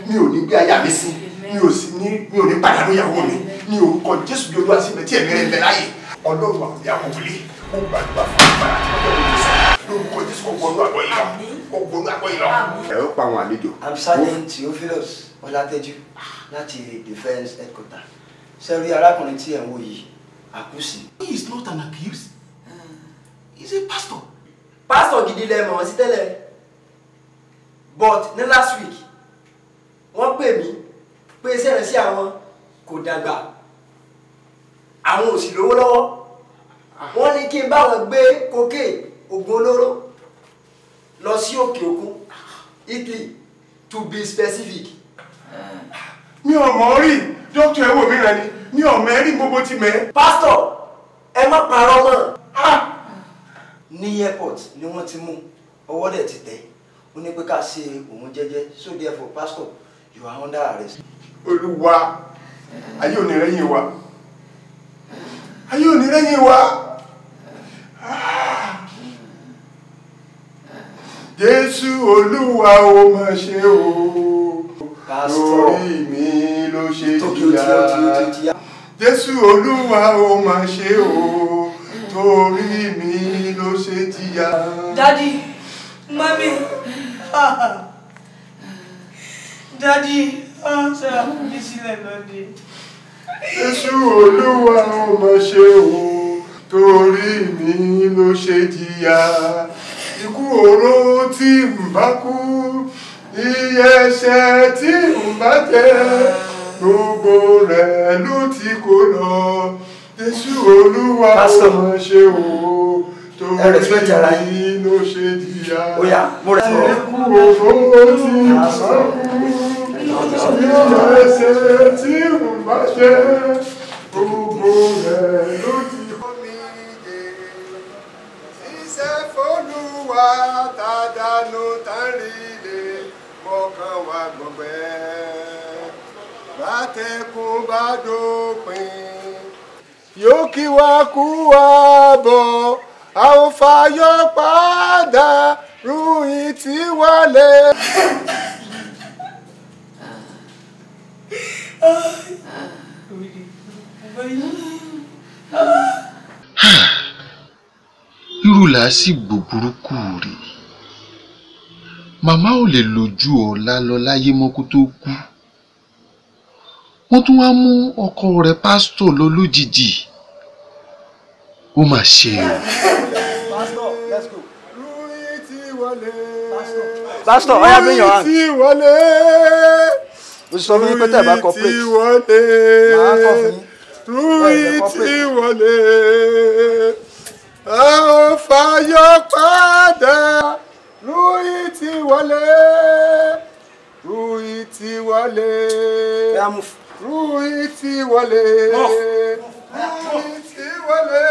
S1: mi ò ní gbé aya mi sí mi ò sì ní mi ò ní pàdánù
S5: ìyàwó mi ní orúkọ jésù bí olúwa sí mi tí ẹ̀mí rẹ̀ ń bẹ ọlọ́run àwọn ìyàwó wọlé ó gbàdúrà fún agbára tí wọ́n lè sá lórúkọ jésù kò gbọ́nú àgọ́
S8: yìí lọ kò gbọ́nú àgọ́ yìí lọ. ẹ pa àwọn àlejò. I'm Sergeant accusing. he is not an accused he is a pastor. pastor gidi lẹ mọ̀
S6: sí but ní last week wọ́n pè mí pé iṣẹ́ rẹ̀ sí àwọn kò dàgbà àwọn ò sì lówó lọ́wọ́
S8: wọ́n ní kí n bá wọn gbé cocaine oògùn olóró lọ sí òkè Italy to be specific.
S1: mi o mọ̀ rí dókítà ẹ̀wò mi rẹ ni mi ò mẹ́rí gbogbo ti mẹ́. pásítọ̀
S6: ẹ má parọ́ mọ́. ní airport ni wọ́n ti mú ọwọ́ dẹ̀ ti tẹ̀ ó ní pé ká ṣe òun jẹ́jẹ́ so therefore pásítọ̀ you are under arrest.
S5: olúwa ayé òní rẹ́yìn wa ayé òní rẹ́yìn wa jésù olúwa ó mà ṣe o lórí mi ló ṣe jìyà jésù olúwa ó máa ṣe o torí mi ló ṣe jìyà.
S7: dadi mami dadi ṣọlá fún sílẹ̀ lọ́dẹ.
S5: jésù olúwa ó máa ṣe o torí mi ló ṣe jìyà ikú oró tí n bá kú iye ẹ̀ṣẹ̀ tí n bá jẹ gbogbo rẹ̀ ló ti kó lọ jésù olúwa ó ṣe o torí yìí ló ṣe jìyà
S4: ikú òfò tí ah, sọ́kù nínú
S5: ẹsẹ̀ tí mo bá ṣe gbogbo rẹ̀ ló ti kó mi dé ṣiṣẹ́ fọlúwa tàdánù tán rí lè mọ́kàn gbọ̀gbẹ́ bátẹkùn bá dópin yóò kí wa kú àbọ̀ àwọn fàyọ padà rúyìn tí wọlé.
S8: irú làásìgbò burúkú rèé màmá ò lè lójú ọ̀la lọ láyé mọ́ kó tó kú wọ́n tún wá mú ọkọ rẹ̀ pásítọ̀ lọ lójijì ó mà ṣe o.
S5: pásítọ̀ ọ̀yá bí yàn án. mo sọ fún yín pé tẹ̀ bá kọ pé màá kọ wọlé, a ò fàyọ padà. Rúyì tí wọlé, rúyì tí wọlé. Rúyì ti wọlé. Oh. Rúyì ti wọlé.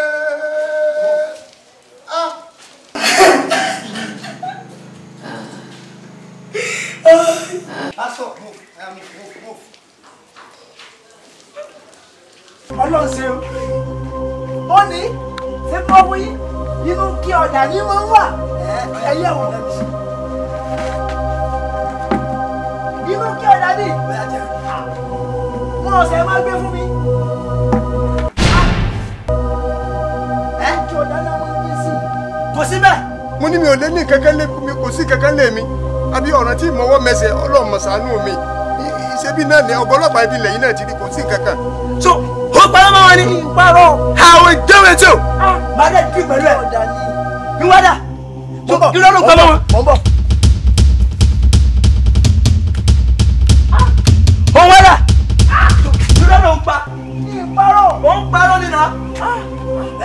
S2: Aṣọ ah. ah. ah. move, move, move.
S4: Ọlọ́run ṣe o.
S7: Ó ní ṣé kọ́ wí inú kí Yeah. ní máa ń wà ẹ̀yẹ òun. Inú kí ọ̀dà ní
S8: ọmọ ọ̀sẹ̀ máa gbé fún mi.
S2: Ah! ẹ
S5: sí i. mo ní mi ò lé ní kankan lé mi kò sí kankan lé mi àbí ọ̀ràn tí ìmọ̀wọ́ mẹsẹ̀ ọlọ́run mọ̀sánú mi ṣebí náà ni ọgọlọpàá ibi ilẹ̀ yìí náà ti rí kò sí kankan. so ó parọ́ mọ́ wọn ni. parọ́. àwọn
S1: ìjọba ètò. màá dẹ̀ dín pẹ̀lú ẹ̀. níwádà. mo bọ̀ mo ń bọ̀ mo
S7: ń bọ̀. òun ah! wádà irọ́ ló ń pa ìparọ́ ò ń parọ́ nínú a.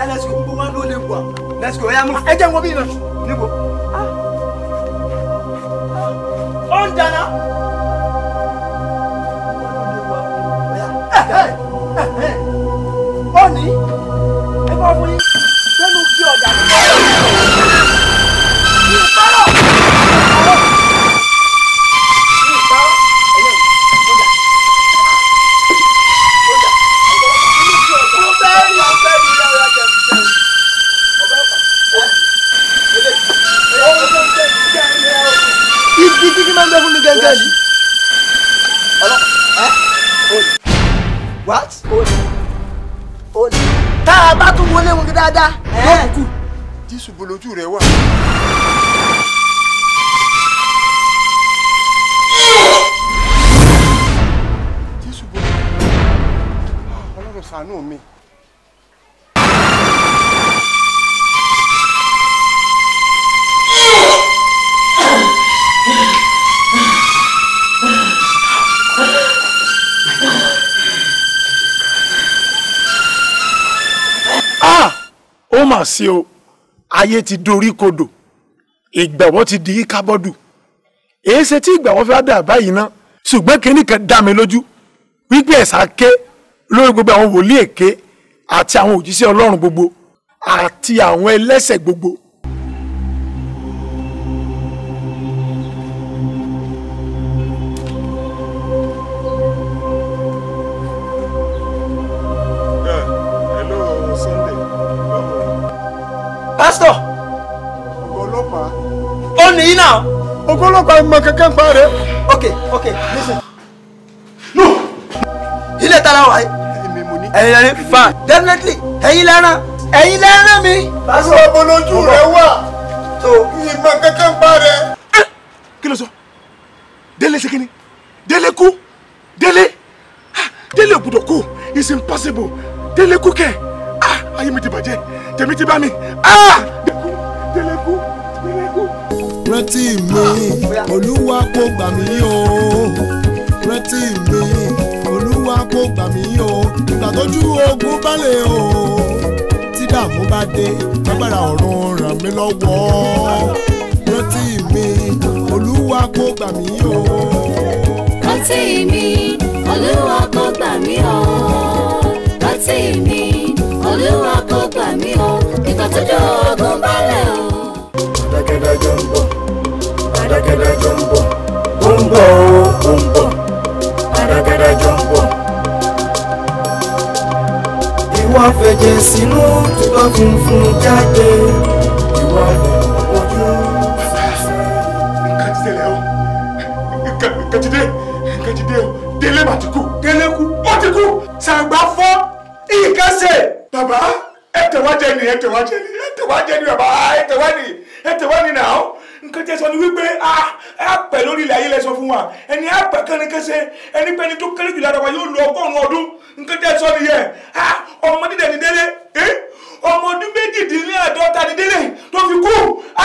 S1: ẹ kò gbogbo wọn ló lè wà lẹ́sìn kò ẹ̀yà mú ẹ jẹ́ bí iná níbo.
S7: ó ń dáná. ó ní
S4: ẹ bá fún
S5: a bá tún wọlé wọn dáadáa yóò kúkú. jésù bolójú rẹ wà. jésù bolójú ọlọ́run ṣàánú mi.
S1: sí o ayé ti dorí kodò ìgbẹ̀wọ́ ti di kábọ́dù èyí ṣe tí ìgbẹ̀wọ́ fẹ́ dà báyìí ná ṣùgbọ́n kínní kan dá mi lójú wípé ẹ̀sà ké lórí gbogbo àwọn wòlíì èké àti àwọn òjíṣẹ́ ọlọ́run gbogbo àti àwọn ẹlẹ́sẹ̀ gbogbo
S5: pásítọ̀. ògo ọlọ́pàá. ó nìyí
S1: náà. ògo ọlọ́pàá mọ kẹ̀kẹ́ ń parẹ́. ok ok listen. no.
S2: ilé tara wa. èmi mo ní. ẹ̀yin lẹ́rìn fan. definitely ẹ̀yin lẹ́rìn ẹ̀yin lẹ́rìn mi. pásítọ̀ ọmọlójú rẹ wà. tó ìmọ̀ kẹ̀kẹ́ ń parẹ́.
S1: Eh, kí ló sọ délé ṣe kíni délé kú délé ah, délé ògbúdọ̀ kú it's impossible délé kú kẹ́ ah ayé mi ti bàjẹ́ tèmi ti bá mi. Ah! rántí mi olúwa kò gbà mí o rántí mi olúwa kò gbà mí o ìgbà tójú ogun balẹ̀ o tí dààmú bá dé agbára ọ̀run ràn mí lọ́wọ́ rántí
S4: mi olúwa kò gbà mí o. rántí mi olúwa kò gbà mí o rántí mi olúwa kò gbà mí o ìgbà tó jọ ogun balẹ̀ o. adákẹ́dájọ́ ń bọ̀
S2: adákẹ́dájọ́ ń bọ̀ ó ń bọ̀ ó ń bọ̀ adákẹ́dájọ́ ń bọ̀. ìwọ fẹ̀jẹ̀ sínú túbọ̀ funfun jáde ìwọ ojú.
S5: nǹkan ti tẹ̀lé o
S1: nǹkan ti dé nǹkan ti bàbá ẹ tẹ̀wájẹ ni ẹ tẹ̀wájẹ ni ẹ tẹ̀wájẹ ni bàbá ẹ tẹ̀wá ni ẹ tẹ̀wá ni nà ó nǹkan tẹ sọ ni wípé a ah, ẹ pẹ lórí ilẹ̀ ayé lẹ sọ fún wa ẹni ẹ pẹ kẹrìnkẹsẹ ẹni pẹni tó kéré jù lára wa yóò lo ọgọ́rùn ọdún nǹkan tẹ sọ nìyẹn a ah, ọmọ dídẹ ni délé eh? ọmọ ọdún méjìdínláàdọ́ta ni délé tó fi kú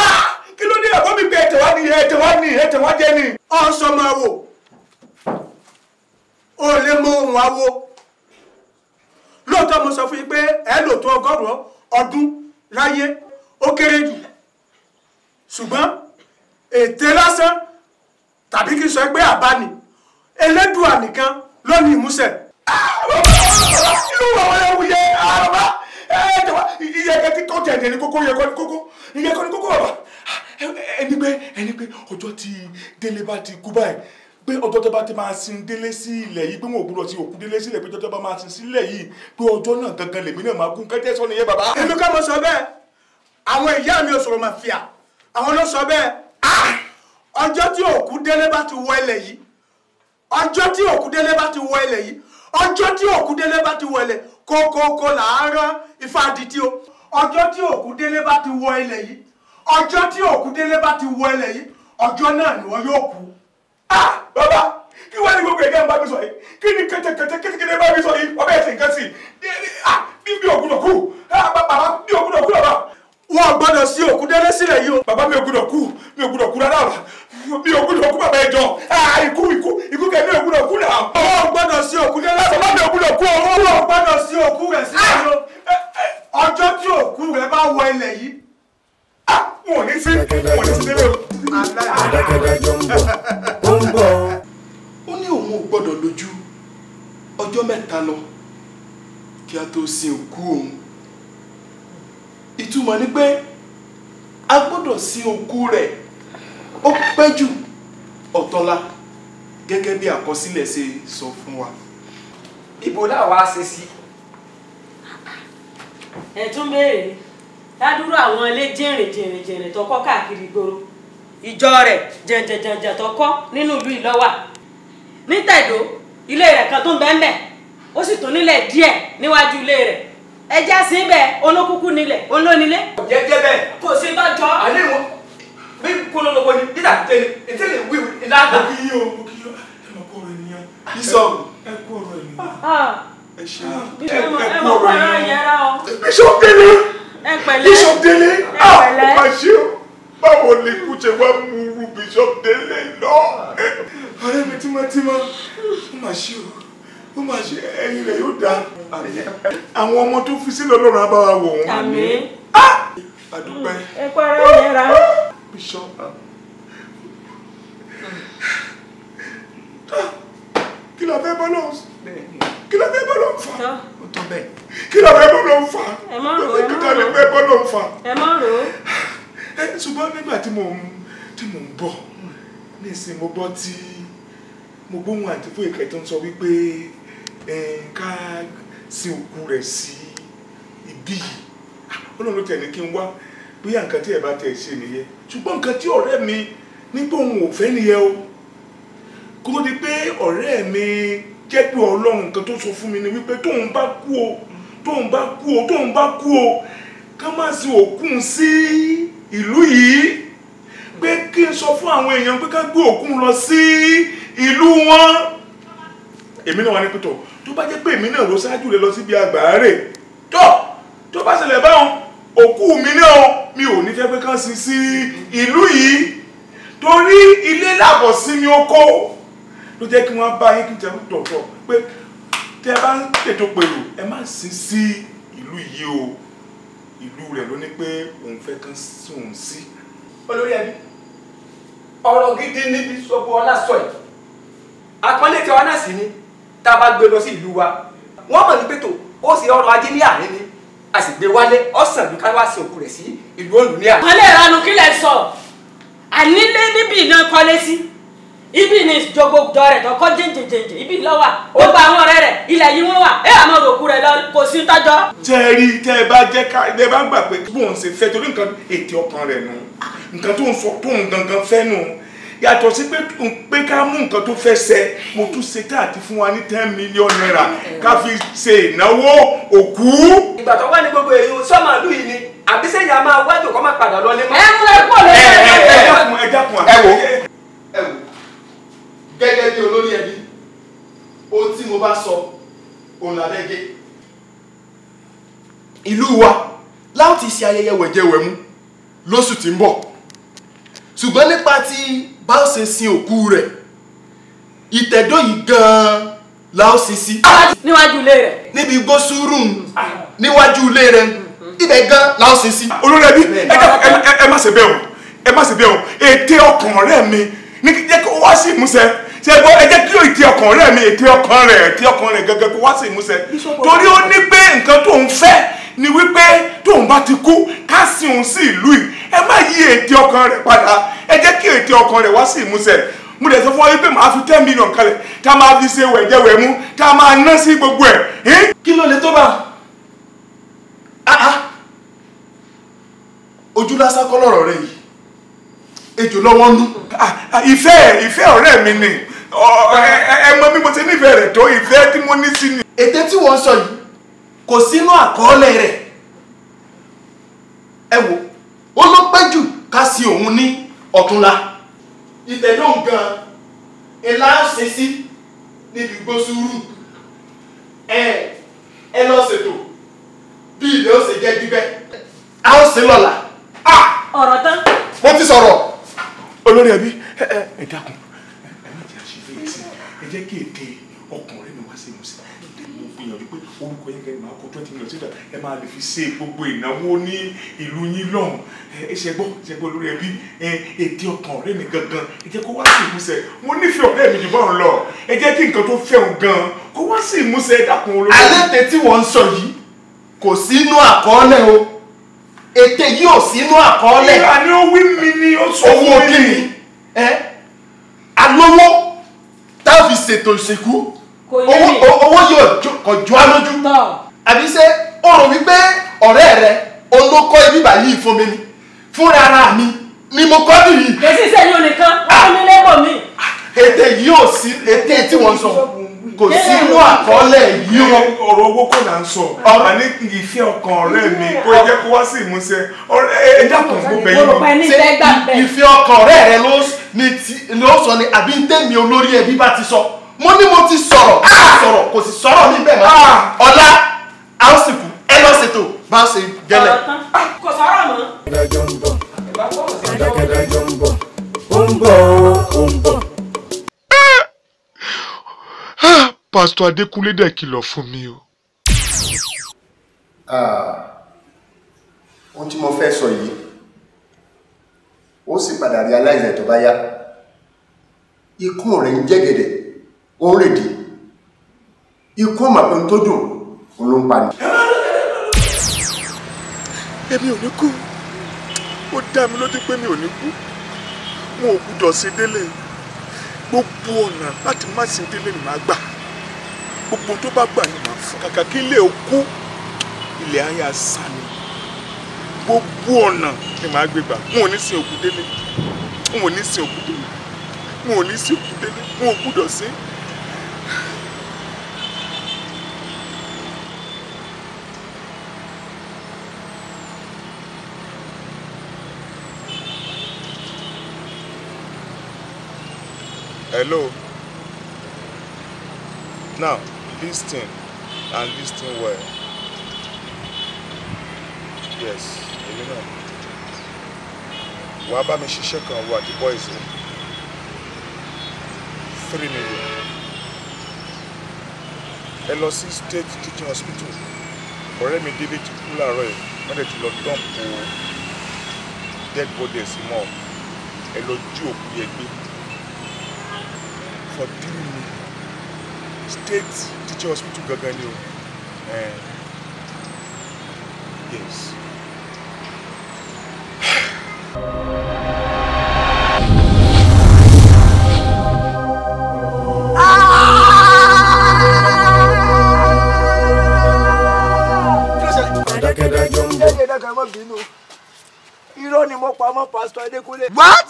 S1: ah, kí ló dé ẹ̀kọ́ mi pé ẹ ni ẹ ni ẹ tẹ̀wá ni. ọ̀sán máa wò ó lè mọ ohun àwo lóòótọ́ mo sọ fún yín pé ẹ lò tó ọgọ́rùn ọdún láyé ó kéré jù ṣùgbọ́n ète lásán tàbí kí n sọ pé àbá ni nìkan ló ní ìmúṣẹ. ẹni pé ọjọ́ tí délé bá ti kú báyìí pé ọjọ́ tó bá ti máa sin délé sí ilẹ̀ yìí pé wọn ò gbúdọ̀ ti òkú délé sílẹ̀ pé ọjọ́ tó bá máa sin sílẹ̀ yìí pé ọjọ́ náà gangan lèmi náà máa gún kẹ́tẹ́ sọ nìyẹn bàbá. èmi kọ́ mo sọ bẹ́ẹ̀ àwọn ìyá mi ò sọ̀rọ̀ mà fìyà àwọn ló sọ bẹ́ẹ̀ ah! ọjọ́ tí òkú délé bá ti wọ ilẹ̀ yìí ọjọ́ tí òkú délé bá ti wọ ilẹ̀ yìí ọjọ́ tí òkú délé bá ti wọ ilẹ̀ o ọjọ́ tí òkú délé bá yìí ọjọ́ ah bàbá kí wọ́n ní gbogbo ẹ̀gẹ́ ń bá mi sọ yìí kí ni kẹtẹkẹtẹ kẹtẹkẹtẹ bá mi sọ yìí ọbẹ̀ ẹ̀sìn kan sí i ah, bí ògùnà ah, kú bàbá bí ògùnà kú bàbá. wọn gbọ́dọ̀ sí òkú délé sílẹ̀ yìí o. bàbá mi ògùnà kú mi ògùnà kú rárá mi ògùnà kú bàbá ẹjọ ah, ikú ikú ikú kẹ mi ògùnà kú náà. wọn gbọ́dọ̀ sí òkú délé sílẹ̀ yìí. bàbá mi ògùnà kú o. wọn gbọ́dọ̀ sí òkú rẹ̀ sílẹ̀ yìí o. Eh, eh, ọjọ́ tí òkú rẹ̀ bá wọ ilẹ̀ yìí wọn ò ní sí wọn ò ní sí rẹ o. adákẹ́dájọ́ ń bọ̀ ó ń bọ̀. ó ní òun ò gbọ́dọ̀ lójú ọjọ́ mẹ́ta lọ kí a tó sin òkú òun ìtumọ̀ ni pé a gbọ́dọ̀ sin òkú rẹ̀ ó pẹ́ jù ọ̀tọ́lá gẹ́gẹ́ bí àkọsílẹ̀ ṣe sọ fún wa.
S9: ibo náà ṣe sí. ẹ̀ tún béèrè dádúró àwọn ilé jẹ̀rìn jẹ̀rìn jẹ̀rìn tó kọ́ káàkiri ìgboro ìjọ rẹ̀ jẹ̀jẹ̀jẹ̀jẹ̀ tó kọ́ nínú ìlú ìlọ́wà ní tẹ̀dó ilé rẹ̀
S7: kan tó ń bẹ́ẹ̀ mẹ́ ó sì tún nílẹ̀ díẹ̀ níwájú ilé rẹ̀ ẹja sí bẹ́ẹ̀ olókùkù nílẹ̀ olónílé. jẹjẹ bẹ́ẹ̀. kò sí bá jọ. àlẹ́ wọn bí kólólógbó ni
S1: dídà tẹ̀lé ìtẹ̀lé wíwí ìlànà. mo kì í yọ mo kì í yọ ẹ máa kó ọ̀rọ̀ ènìyàn. ìsọ̀rọ̀ ẹ kó ọ̀rọ̀ ènìyàn. Ah. ẹ
S4: ṣe é ẹ kó ọ̀rọ̀ ènìyàn. bíṣọ̀ bẹ̀rẹ̀.
S1: Bishop Dele ah má ṣe o báwo lè kú ṣe wá mú irú Bishop Dele lọ. ọ̀rẹ́ mi tímọ́tímọ́ ó mà ṣe o ó mà ṣe ẹyin rẹ̀ yóò dáa àwọn ọmọ tó fi sílẹ̀ ọlọ́run á bá wa wò wọ́n. àmín. àdúpẹ́. Ah! ẹ kó ara yẹn ra. Bishop. Ah.
S5: Ah. kí la fẹ́ bọ́ lọ́wọ́ kí la fẹ́ bọ́ lọ́wọ́ fún tó bẹ́ẹ̀. kí ló rẹ bọ́lọ̀ ń fa. ẹ má rò ẹ má
S1: rò kíkọ́ lè pẹ́ bọ́lọ̀ ń fa. ẹ má rò. ṣùgbọ́n nígbà tí mò ń tí mò ń bọ̀ nísìnyí mo gbọ́ tí mo gbóhùn àti fún ìkẹ́ tó ń sọ wípé ká sin òkú rẹ̀ sí ibí yìí ah, ọlọ́run ló tẹ̀ ní kí n wá bóyá nǹkan tí ẹ̀ bá tẹ̀ ṣe nìyẹn ṣùgbọ́n nǹkan tí ọ̀rẹ́ mi nígbà òun ò fẹ́ nìyẹn o kó tó di pé ọ̀rẹ́ mi jẹ́ pé ọlọ́run nǹkan tó sọ fún mi ni wípé tóun bá kú o tóun bá kú o tóun bá kú o ká má sin òkun sí ìlú yìí pé kí n sọ fún àwọn èèyàn pé ká gbé òkun lọ sí ìlú wọn èmi náà wà ní pẹ̀tọ̀ tó bá jẹ́ pé èmi náà ló ṣáájú rẹ lọ síbi àgbáre tó tó bá ṣẹlẹ̀ báwọn òkú mi náà mi ò ní fẹ́ pé ká sin sí ìlú yìí torí ilé làbọ̀ sí mi ó kó ló jẹ́ kí wọ́n bá yín kí n tẹ̀ ń tọ̀tọ̀ pé tẹ́ ẹ bá ń tètò pèrò ẹ má sin sí ìlú yìí o ìlú rẹ̀ ló ní pé òun fẹ́ kán sùn sí. olórí ẹbí ọ̀rọ̀ gidi níbi sọ́gbó ọlá sọ yìí àpọ́nlé tiwa náà sì ni tá a bá gbé lọ sí ìlú wa wọ́n mọ̀ ní pẹ̀tọ̀ ó sì ọrọ̀ ajé ní àárín ni a sì gbé wálé
S7: ọ̀sán ní káwá sí òkú rẹ̀ sí ìlú olùníà. wọ́n lè ranú kílẹ̀ sọ ànílé níbi ìná kọ́lé sí ibi ni jogbo dọrẹ tọkọ jẹjẹjẹjẹ ibi lọwà ó gba àwọn
S9: ọ̀rẹ́ rẹ̀ ilẹ̀ yìí wọn wà ẹ àmọ́ òkú rẹ lọ kò sí tọjọ.
S7: jẹ́rí tẹ́ ẹ bá jẹ́ ká
S1: ẹ bá gbà pé bóun ṣe fẹ́ torí nǹkan ètè ọkàn rẹ̀ nù nǹkan tó ń sọ tó ń gangan fẹ́ nù yàtọ̀ sí pé ká mú nǹkan tó fẹ́ ṣẹ mo tún ṣe tá àti fún wa ní ten million naira ká fi ṣe ìnáwó òkú. ìgbà tó wà ní gbogbo èyí sọ́màlú yìí ni àbí sẹ́yìn a máa wájú kó má padà lọ lé mọ́. ẹ fún ẹ kúrò
S4: lórí ẹ ẹ ẹ ẹ ẹ
S1: ẹ ẹ wò ẹ wò gẹ́gẹ́ bí olórí ẹbí ohun tí mo bá sọ òun làbẹ́ gé ìlú wa láti ṣe ayẹyẹ wẹ̀jẹwẹ̀mu lóṣù tí ń bọ̀ ṣùgbọ́n nípa ti bá ṣe sin òkú rẹ̀ ìtẹ̀dó yìí gan-an la ó sin sí. níwájú ilé rẹ̀. níbi gbósùrù níwájú ilé rẹ̀ ibẹ̀ gan la ó sin sí. olórí ẹbí ẹ má ṣe bẹ́ẹ̀ o ẹ má ṣe bẹ́ẹ̀ o ète ọkàn ọ̀rẹ́ mi ní kí jẹ́ kó wá sí ìmúṣẹ ṣe bọ́ ẹ jẹ́ kí ètè ọkàn rẹ̀ mi ètè ọkàn rẹ̀ ètè ọkàn rẹ̀ gẹ́gẹ́ kó wá sí ìmúṣẹ torí ó ní pé nǹkan tó ń fẹ́ ni wípé tóun bá ti kú ká sí òun sí ìlú yìí ẹ má yí ètè ọkàn rẹ̀ padà ẹ jẹ́ kí ètè ọkàn rẹ̀ wá sí ìmúṣẹ mo dẹ̀ sọ fún ọ wípé màá fi ten million kalẹ̀ tá a máa fi ṣe wẹ̀jẹ̀wẹ̀ mú tá a máa ná sí gbogbo ẹ̀. kí ló lè tó bá ojú lásán kọ́ lọ́rọ̀ rẹ yìí ejò lọ́wọ́ nú. ìfẹ́ ìfẹ́ ọ̀rẹ́ mi ni ẹ mọ bí mo ti nífẹ̀ẹ́ rẹ̀ tó ìfẹ́ tí mo ní sí ni. ète tí wọ́n sọ yìí kò sínú àkọọ́lẹ̀ rẹ̀ ẹ wò ó ló pẹ́ jù ká sí òun ní ọ̀túnla. ìtẹ̀lóhùn gan-an ńlá ṣe sí níbi gbósùrù ẹ ẹ lọ ṣètò bí ilé ó ṣe jẹ́ gbígbẹ́. a ó ṣe lọ́la.
S9: Ah! ọ̀rọ̀ tán. mo
S1: ti sọ̀rọ̀ olórí ẹbí ẹ ẹ dákun ẹ jẹ́ kí ète ọkùnrin mi wá sí ìmúsí mo fi hàn wípé orúkọ yín kẹ́ni máa kó twenty million so that ẹ máa lè fi ṣe gbogbo ìnáwó ní ìlú yín lọ́hùn ẹ ṣe gbọ́ ṣe gbọ́ lórí ẹbí ète ọkàn ọ̀rẹ́ mi gangan ẹ jẹ́ kó wá sí ìmúsẹ mo nífẹ̀ẹ́ ọ̀rẹ́ mi jù báwọn lọ ẹ jẹ́ kí nǹkan tó fẹ́ òun gan kó wá sí ìmúsẹ dákun olórí. alẹ́ tí wọ́n ń sọ yìí kò sínú àkọọ́lẹ̀ o ète yìí ò sínú àkọọ́lẹ̀ fi ṣètò ìsìnkú owó yóò kọjú á lójú àbí ṣé o rò wípé ọ̀rẹ́ rẹ olókọ́ ibi báyìí fún mi ni fúnra ara mi ni mo kọ́ nìyí. kèsì sẹ́yìn onìkan wọ́n ní ah. lẹ́bọ̀ mi. Ah. ètè yìí ò sí ètè tí wọ́n sọ kò sínú àkọọ́lẹ̀ yìí o. ọ̀rọ̀ owó kò náà ń sọ ọ̀rọ̀ ní ìfẹ́ ọkàn ọ̀rẹ́ mi kó jẹ́ kó wá sí ìmúṣẹ ẹ dákun mo bẹ̀ yín o. ṣé ìfẹ́ ọkàn ọ̀rẹ́ rẹ ló sọ ni àbí ń tẹ̀mí olórí ẹbí bá ti sọ mo ní mo ti sọ̀rọ̀ ah! sọ̀rọ̀ kò sì sọ̀rọ̀ níbẹ̀ mọ́ ah! ọ̀la àásìkò ẹ lọ ṣètò bá ṣe gẹ́lẹ̀.
S9: Ah! kò sọ̀rọ̀ mọ́.
S2: adájọ́ ń bọ̀ ó ń bọ̀ ó ń bọ̀. pásítọ̀
S1: Adékúnlé dẹ̀ kìlọ̀ fún mi o.
S8: Ah, ohun tí mo fẹ́ sọ yìí ó sì padà realize ẹ̀ tó bá
S5: yá ikú rẹ̀ ń jẹ́gẹ̀dẹ̀ ó ń rèdí ikú ọmọ pé ń tó dùn òun ló ń pa ni.
S1: èmi ò ní kú ó dá mi lójú pé mi ò ní kú wọn ò gbúdọ̀ sí délé gbogbo ọ̀nà láti má sí délé ni màá gbà gbogbo tó bá gbà ní màá fún kàkà kí ilé òkú ilé ayé àṣà ni gbogbo ọ̀nà ni màá gbé gbà n ò ní sin òkú délé n ò ní sin òkú délé n ò ní sin òkú délé n ò gbúdọ̀ sí. Hello. Now listen and listen well yes èmi náà wàá bá mi ṣiṣẹ́ kan wọ àti boys o three million ẹ lọ sí state teaching hospital ọ̀rẹ́ mi délé ti kú láàárọ̀ yìí wọ́n dẹ̀ ti lọ dọ́ǹpù dead bodies mọ́ ẹ lọ jí òkú yẹn gbé for three million state teaching hospital gangan ni o eh, yes. irọ́ ni mo pa mọ́ pásítọ̀ adékúnlé. what?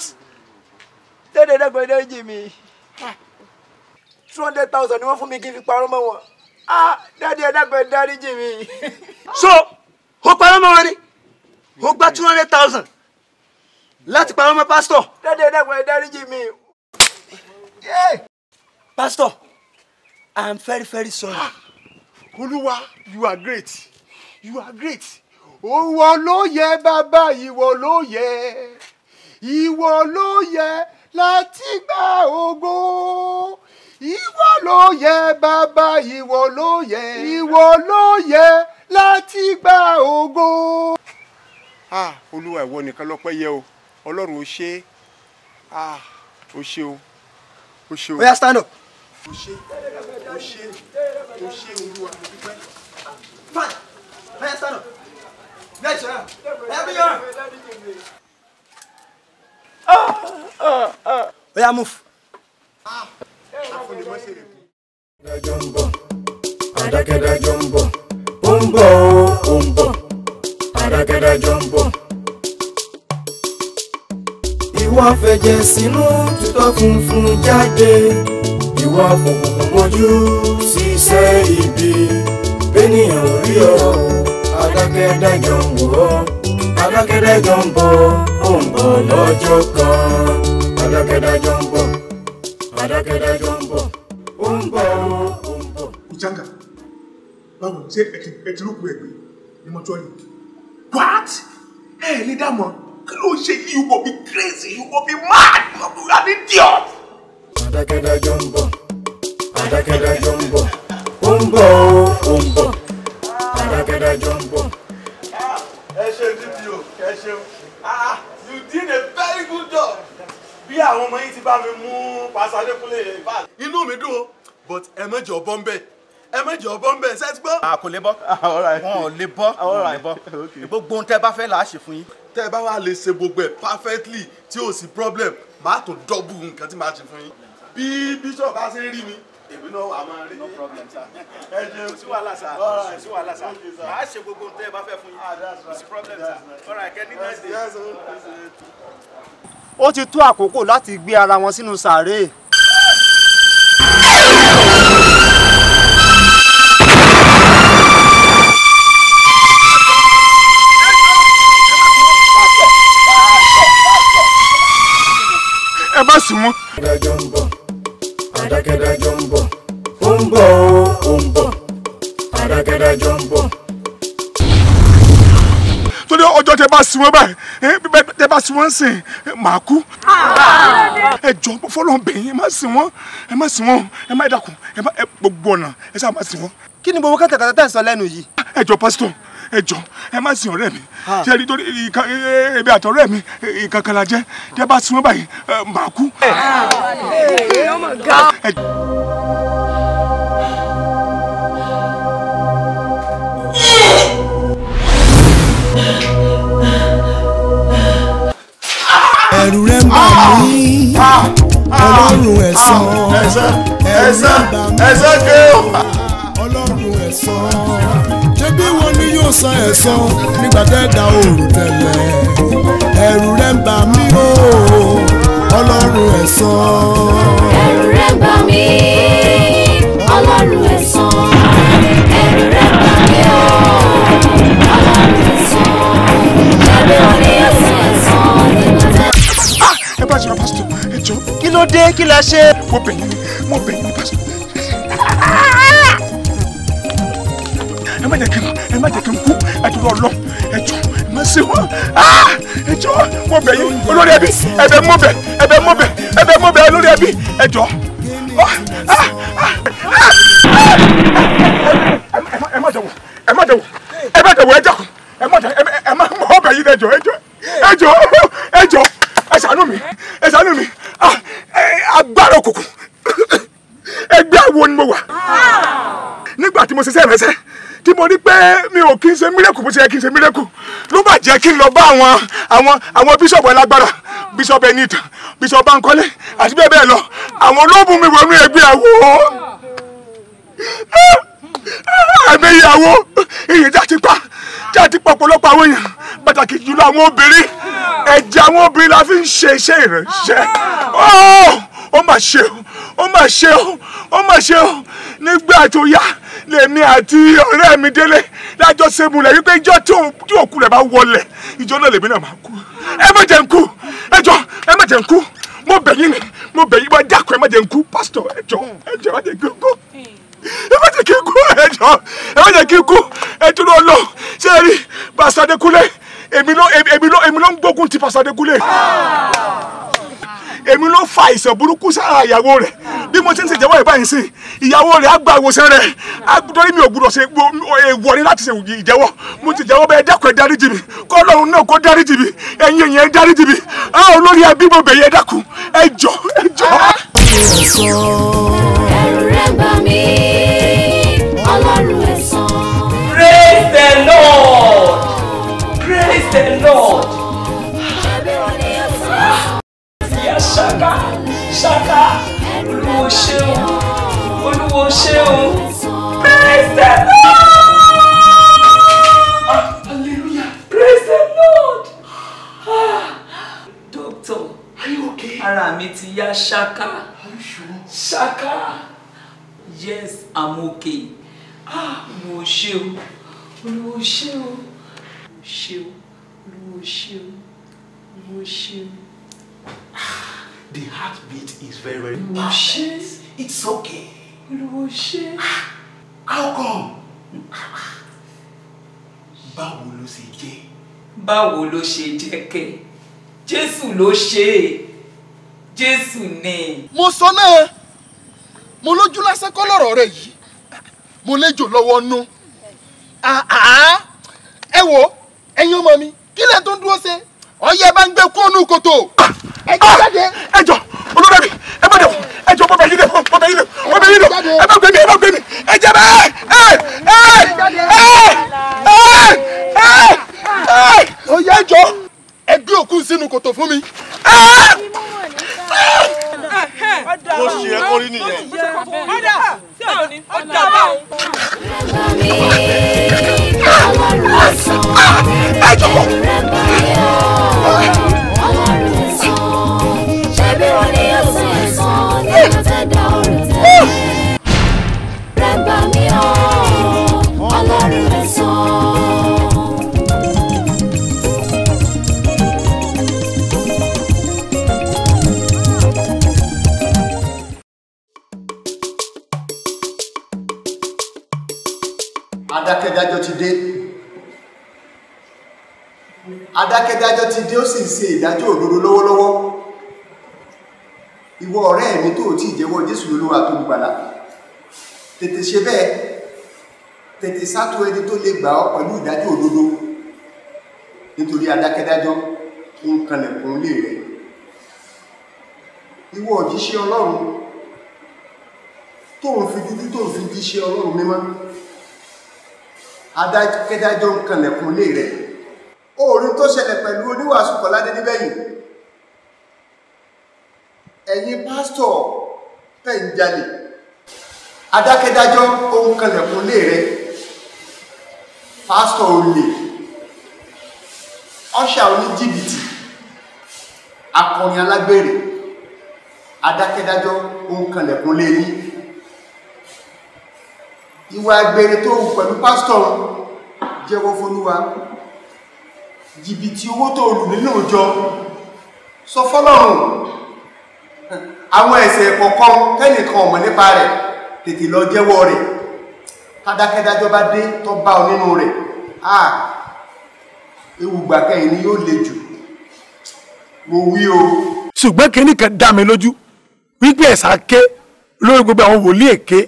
S2: tẹ́lẹ̀ dẹ́gbẹ̀dẹ́ jì mí two hundred thousand ni wọ́n fún mi kí n fi parọ́ mọ́ wọn ah dáadé ẹ dàgbẹ́ dáríjì mi. (laughs) so o parọ́ mọ́ wọn ni o gba two hundred thousand láti parọ́ mọ́ pásítọ̀. dáadé ẹ dàgbẹ́
S1: dáríjì mi. pásítọ̀ i am very
S5: very sorry. Ah, olúwa you are great you are great ìwọ ló yẹ bàbá ìwọ ló yẹ ìwọ ló yẹ láti gba ògo ìwọ ló yẹ bàbá ìwọ ló yẹ ìwọ ló yẹ láti gba ogo. olúwa ìwọ nìkan lọ́pẹ́ yẹ o ọlọ́run ó ṣe ó ṣe o ó ṣe o. oya stand up. ó ṣe ó ṣe
S1: ó ṣe olúwa mo dúpẹ́. fan oya stand up. bẹ́ẹ̀ sọ̀rọ̀
S2: ẹ̀ bí yọ̀rọ̀. oya move adákẹ́dájọ́ ń bọ̀ adákẹ́dájọ́ ń bọ̀ ó ń bọ̀ ó ń bọ̀ adákẹ́dájọ́ ń bọ̀. ìwọ fẹ̀jẹ̀ sínú tutọ́ funfun jáde ìwọ fòkùnkùn mọ́jú ṣiṣẹ́ ibi bẹ́nìyàn rí ọ adákẹ́dájọ́ ń bọ̀ adákẹ́dájọ́ ń bọ̀ ó ń bọ̀ lọ́jọ́ kan adákẹ́dájọ́ ń bọ̀ adákẹ́dájọ́ ń bọ̀ ó ń bọ̀ ó ń
S1: bọ̀. ìjàngà báwo ṣé ẹtìrúkú ẹ ni mo tọ́ ni. what ẹ ẹ lè dá mọ kí ló ń ṣe yìí you go be crazy you go be mad
S2: you are an idiot. adákẹ́dájọ́ ń bọ̀ adákẹ́dájọ́ ń bọ̀ ó ń bọ̀ ó
S4: ń bọ̀ adákẹ́dájọ́ ń bọ̀. ẹ ṣe dpo ẹ ṣeun
S1: ah, ah, you did a best bí àwọn ọmọ yìí ti bá mi mú pàṣẹ adékúnlé yẹn inú mi dùn o but ẹ mẹ́jọ bọ́ ń bẹ̀ ẹ mẹ́jọ bọ́ ń bẹ̀ ṣe ti gbọ́. a ah, kò lè bọ́ (laughs) ah, wọn ò lè bọ́ wọn ò lè bọ́ (laughs) gbogbo ohun tẹ́ bá fẹ́ là á ṣe fún yín. tẹ́ ẹ bá wà lè ṣe gbogbo ẹ̀ perfectly tí ò sí problem màá tó dọ́bù nǹkan tí màá ṣe fún yín. bí bíṣọ̀ bá ṣe rí mi èmi náà wà máa rí. no problem sir. ẹ jẹ kò sí wàhálà sir kò sí wàhálà sir màá ṣe gbogbo ohun tẹ́ ẹ bá fẹ́ fún yín ah, kò sí
S4: problem sir. all right kẹ́ ní nice day
S1: ó ti tó àkókò láti
S2: gbé ara wọn sínú sàárè. ẹ bá sùn wọn. adájọ́ ń bọ̀ adákẹ́dájọ́ ń bọ̀ ó ń bọ̀ ó ń bọ̀ adákẹ́dájọ́ ń bọ̀.
S1: torí ọjọ́ tẹ bá sùn wọn báyìí bá sin wọ́n sìn màá kú. Ah. ẹ jọ fọlọ́nbẹ̀yìn ẹ má sin wọ́n ẹ má sin wọ́n ẹ má dàkún ẹ má gbogbo ọ̀nà ẹ sábà má sin wọ́n. kí ni gbogbo kátàkátà tẹ̀ sọ lẹ́nu yìí. ẹ jọ pásítọ̀ ẹ jọ ẹ má sin ọ̀rẹ́ mi ah. ṣe é nítorí ebi àtọ̀rẹ́ mi ìkankan la jẹ́ tẹ́ bá sin wọ́n báyìí màá kú. Ah.
S2: ẹ jọ.
S4: ẹ̀rù rẹ̀ ń bà mí
S2: ọlọ́run ẹ̀san ẹ̀rù ń bà mí
S4: ọlọ́run ẹ̀san
S2: ṣé bí wọn ni yóò san ẹ̀san nígbà tẹ́ẹ̀dá òòrùn tẹ̀lẹ̀ ẹ̀rù rẹ̀ ń bà mí o ọlọ́run
S4: ẹ̀san. ẹ̀rù rẹ̀ ń bà mí ọlọ́run ẹ̀san ẹ̀rù rẹ̀ ń bà mí ọlọ́run ẹ̀san ṣé bí ni yóò san sọ̀rọ̀ pásítọ̀ ẹ jọ. kí
S1: ló dé kí la ṣe. mo bẹ̀ yín mo bẹ̀ yín pásítọ̀. ẹ má jẹ́ kí n ẹ má jẹ́ kí n kú àdúrà ọlọ́ ẹ jọ ẹ má ṣe wọ́n ah! ẹ jọ mo bẹ̀ yín olórí ẹbí ẹbẹ̀ mo bẹ̀ ẹbẹ̀ mo bẹ̀ ẹbẹ̀ mo bẹ̀ olórí ẹbí ẹ jọ. Ah! Ah! ẹ má dẹ̀wọ̀ ẹ má dẹ̀wọ̀ ẹ má dẹ̀wọ̀ ẹ jọ ẹ má dẹ̀wọ̀ ẹ má mọ̀ ọ́ yín ẹ jọ ẹ jọ ẹ jọ ẹ jọ ẹ ṣàánú mi ẹ ṣàánú mi ah, agbára òkùnkùn ẹgbẹ́ àwo ni mo wà nígbà tí mo ṣiṣẹ́ ìrẹsẹ́ tí mo ní pé mi ò kí n ṣe mírẹ́kù bó ṣe yẹ kí n ṣe mírẹ́kù ló bà jẹ́ kí n lọ bá àwọn àwọn àwọn bíṣọ̀bù alágbára bíṣọ̀bù ẹni ìtàn bíṣọ̀bù Bankole àti bẹ́ẹ̀ bẹ́ẹ̀ lọ àwọn olóògùn mi wọnú ẹgbẹ́ àwo àmì ìyàwó èyí jáde pa jáde pa ọ̀pọ̀lọpọ̀ àwọn èèyàn pàtàkì jùlọ àwọn obìnrin ẹ̀jẹ̀ àwọn obìnrin la fi ń ṣe iṣẹ́ ìrànṣẹ́ ó mà ṣe o ó mà ṣe o ó mà ṣe o nígbà tó yá lèmi àti ọ̀rẹ́ mi délé lájọ sẹ́mulẹ̀ wípé ìjọ tí òkú rẹ̀ bá wọlẹ̀ ìjọ náà lèmi náà máa kú ẹ má jẹ́ n kú ẹ jọ ẹ má jẹ́ n kú mo bẹ̀ yín ni mo bẹ̀ yín wá dákun ẹ má jẹ́ n kú pásítọ̀ ẹ jọ ẹ jọ ẹ má jẹ́ n kú ẹ má jẹ́ kí n kú ẹ jọ kí n kú ẹ dúró lọ ṣé ẹ rí pásítọ̀ èmi ló èmi ló èmi ló ń gbógun ti pásítọ̀ èmi ló fa àìsàn burúkú sára ìyàwó rẹ bí mo ti ń ṣèjẹ́wọ́ ìbáyìí sí ìyàwó rẹ á gba ìwòsàn rẹ torí mi ò gbúdọ̀ ṣe èèwọ̀ láti ṣe ìjẹ́wọ́ mo ti jẹ́wọ́ bẹ́ẹ̀ dákun ẹ̀ dáríjì kọ́ lọ́run náà kó dáríjì mi ẹ̀yin èèyàn ẹ̀ dáríjì mi á ẹbí mo bẹ̀yẹ dákun ẹ
S2: jọ̀ọ́ ẹ̀rù
S4: rẹ̀ bà mí
S7: ọlọ́run ẹ̀san. praise the lord praise the lord. ìyá ṣáká ṣáká olúwo ṣeun olúwo ṣeun praise the lord.
S1: hallelujah praise
S7: the lord. Ah. doctor are you okay? ara mi ti yá ṣáká ṣáká yes i'm okay olùwò ṣe o olùwò ṣe o ṣe o olùwò ṣe o olùwò ṣe o.
S4: the
S1: heartbeat is very very perfect
S7: it's okay. olùwò ṣe. how come.
S1: báwo ló ṣe jẹ́.
S7: báwo ló ṣe jẹ́ kẹ́ jésù ló ṣe é jésù ni.
S1: mo sọ náà mo lójú lásán kọ́ lọ́rọ̀ rẹ yìí mo léjò lọ́wọ́ nú ẹ wo ẹ̀yin ọmọ mi kí lẹ tó ń dúró ṣe ọyẹ bá ń gbé kóònù kòtò ẹjọ jáde. ẹjọ olórí mi ẹ bá dẹ fún ẹjọ bọbẹ yìí dẹ fún bọbẹ yìí dẹ bọbẹ yìí dẹ ẹ bá gbé mi ẹ bá gbé mi ẹ jẹ bẹ ẹ ẹ ẹ ẹ ẹ. oyè ẹjọ ẹ gbé òkú sínú kòtò fún mi
S4: mo ṣe ẹ kórí nìyẹn. ọ̀dà ọ̀dà báwo. ẹ jọ̀wọ́. ṣé bí wọ́n ní ọ̀sán.
S8: adákẹ́dájọ́ ti dé
S5: adákẹ́dájọ́ ti dé ó sì ń ṣe ìdájọ́ òdodo lọ́wọ́lọ́wọ́ ìwọ ọ̀rẹ́ mi tó ti jẹ́wọ́ Jésù lólúwa tó gbàlà tètè ṣe bẹ́ẹ̀ tètè sátó ẹni tó lè gbà ọ́ pẹ̀lú ìdájọ́ òdodo nítorí adákẹ́dájọ́ ń kanlẹ̀kùn lè rẹ̀ ìwọ òjíṣẹ́ Ọlọ́run tó ń fi dúdú tó ń fi jíṣẹ́ Ọlọ́run mímọ́ adájọ́ ń kanlẹ̀kùn lé rẹ̀ orin tó ṣẹlẹ̀ pẹ̀lú oníwàásù Kọ́ládé níbẹ̀yìn ẹ̀yin pásítọ̀ pẹ̀ǹjalè adákẹ́dájọ́ ohun kanlẹ̀kùn lé rẹ̀ pásítọ̀ olè ọ̀ṣà oníjìbìtì akọrin alágbèrè adákẹ́dájọ́ ohun kanlẹ̀kùn lé yín ìwà àgbèrè tó hù pẹ̀lú pásítọ̀ jẹ́wọ́ fólúwa
S1: jìbìtì owó tó lù nínú òjọ sọ fọ́lọ́run
S5: àwọn ẹ̀ṣẹ̀ kọ̀ọ̀kan kẹ́nìkan ọ̀mọ̀ nípa rẹ̀ tètè lọ jẹ́wọ́ rẹ̀ tádákẹ́dájọ́ bá dé tó bá ọ nínú rẹ̀ à ewu gbàkẹ́yìn ni yóò le jù mo wí o. ṣùgbọ́n kínní kan dá mi
S1: lójú wípé ẹ̀sà ké lórí gbogbo àwọn wòlíì èké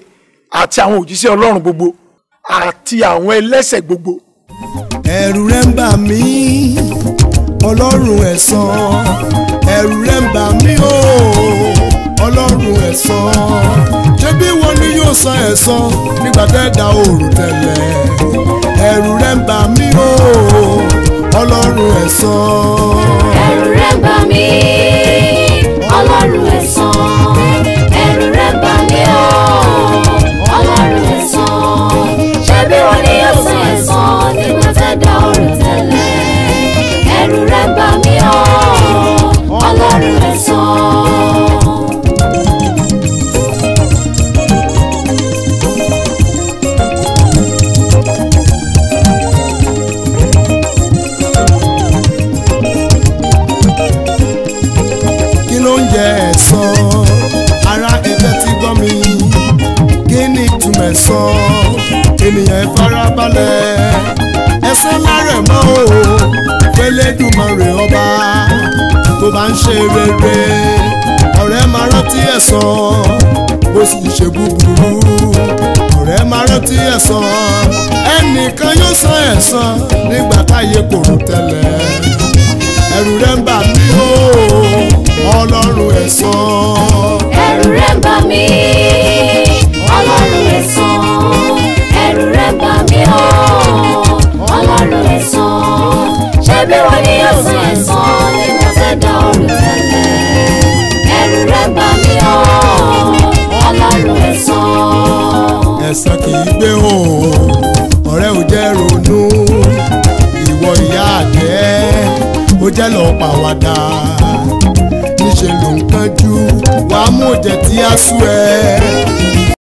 S1: àti àwọn òjíṣẹ́ ọlọ́run gbogbo àti àwọn ẹlẹ́ṣẹ̀ gbogbo. ẹ̀rù rẹ̀ ń bà mí ọlọ́run ẹ̀san ẹ̀rù rẹ̀ ń bà mí o ọlọ́run ẹ̀san ṣé bí wọn ni yóò san ẹ̀san nígbà
S2: tẹ́ẹ̀dá òòrùn tẹ̀lẹ̀ ẹ̀rù rẹ̀ ń bà mí o ọlọ́run ẹ̀san. ẹ̀rù rẹ̀ ń bà mí ọlọ́run
S4: ẹ̀san.
S8: mọ́lẹ̀ ẹ̀sán lárẹ̀ mọ́ o
S5: fẹ́lẹ́dùmarè ọba tó bá ń ṣe rere ọ̀rẹ́ máa rántí ẹ̀san bó sì ṣe búburú ọ̀rẹ́ máa rántí ẹ̀san ẹnìkan yóò san ẹ̀san nígbà táyé kò rò
S1: tẹ́lẹ̀
S2: ẹ̀rù rẹ̀ ń bà mí o ọlọ́run ẹ̀san.
S4: ẹ̀rù rẹ̀ ń bà mí ọlọ́run ẹ̀san ẹ̀rù rẹ̀ ń bà mí ọ̀rọ̀ ẹ̀san ṣé bí wọ́n ní yóò san ẹ̀san ni mo fẹ́ dá ọ̀rọ̀ tẹ́lẹ̀ ẹ̀rù rẹ̀ gbà mí ọ́ ọlọ́run
S8: ẹ̀san. ẹ̀san kì í gbé hàn ọ̀rẹ́ ò jẹ́ ronú ìwọ ìyá
S4: àjẹ́ ó jẹ́ lọ́ọ́ pàwádà níṣẹ́ ló ń kánjú wàá mú òjẹ̀ tí a sú ẹ.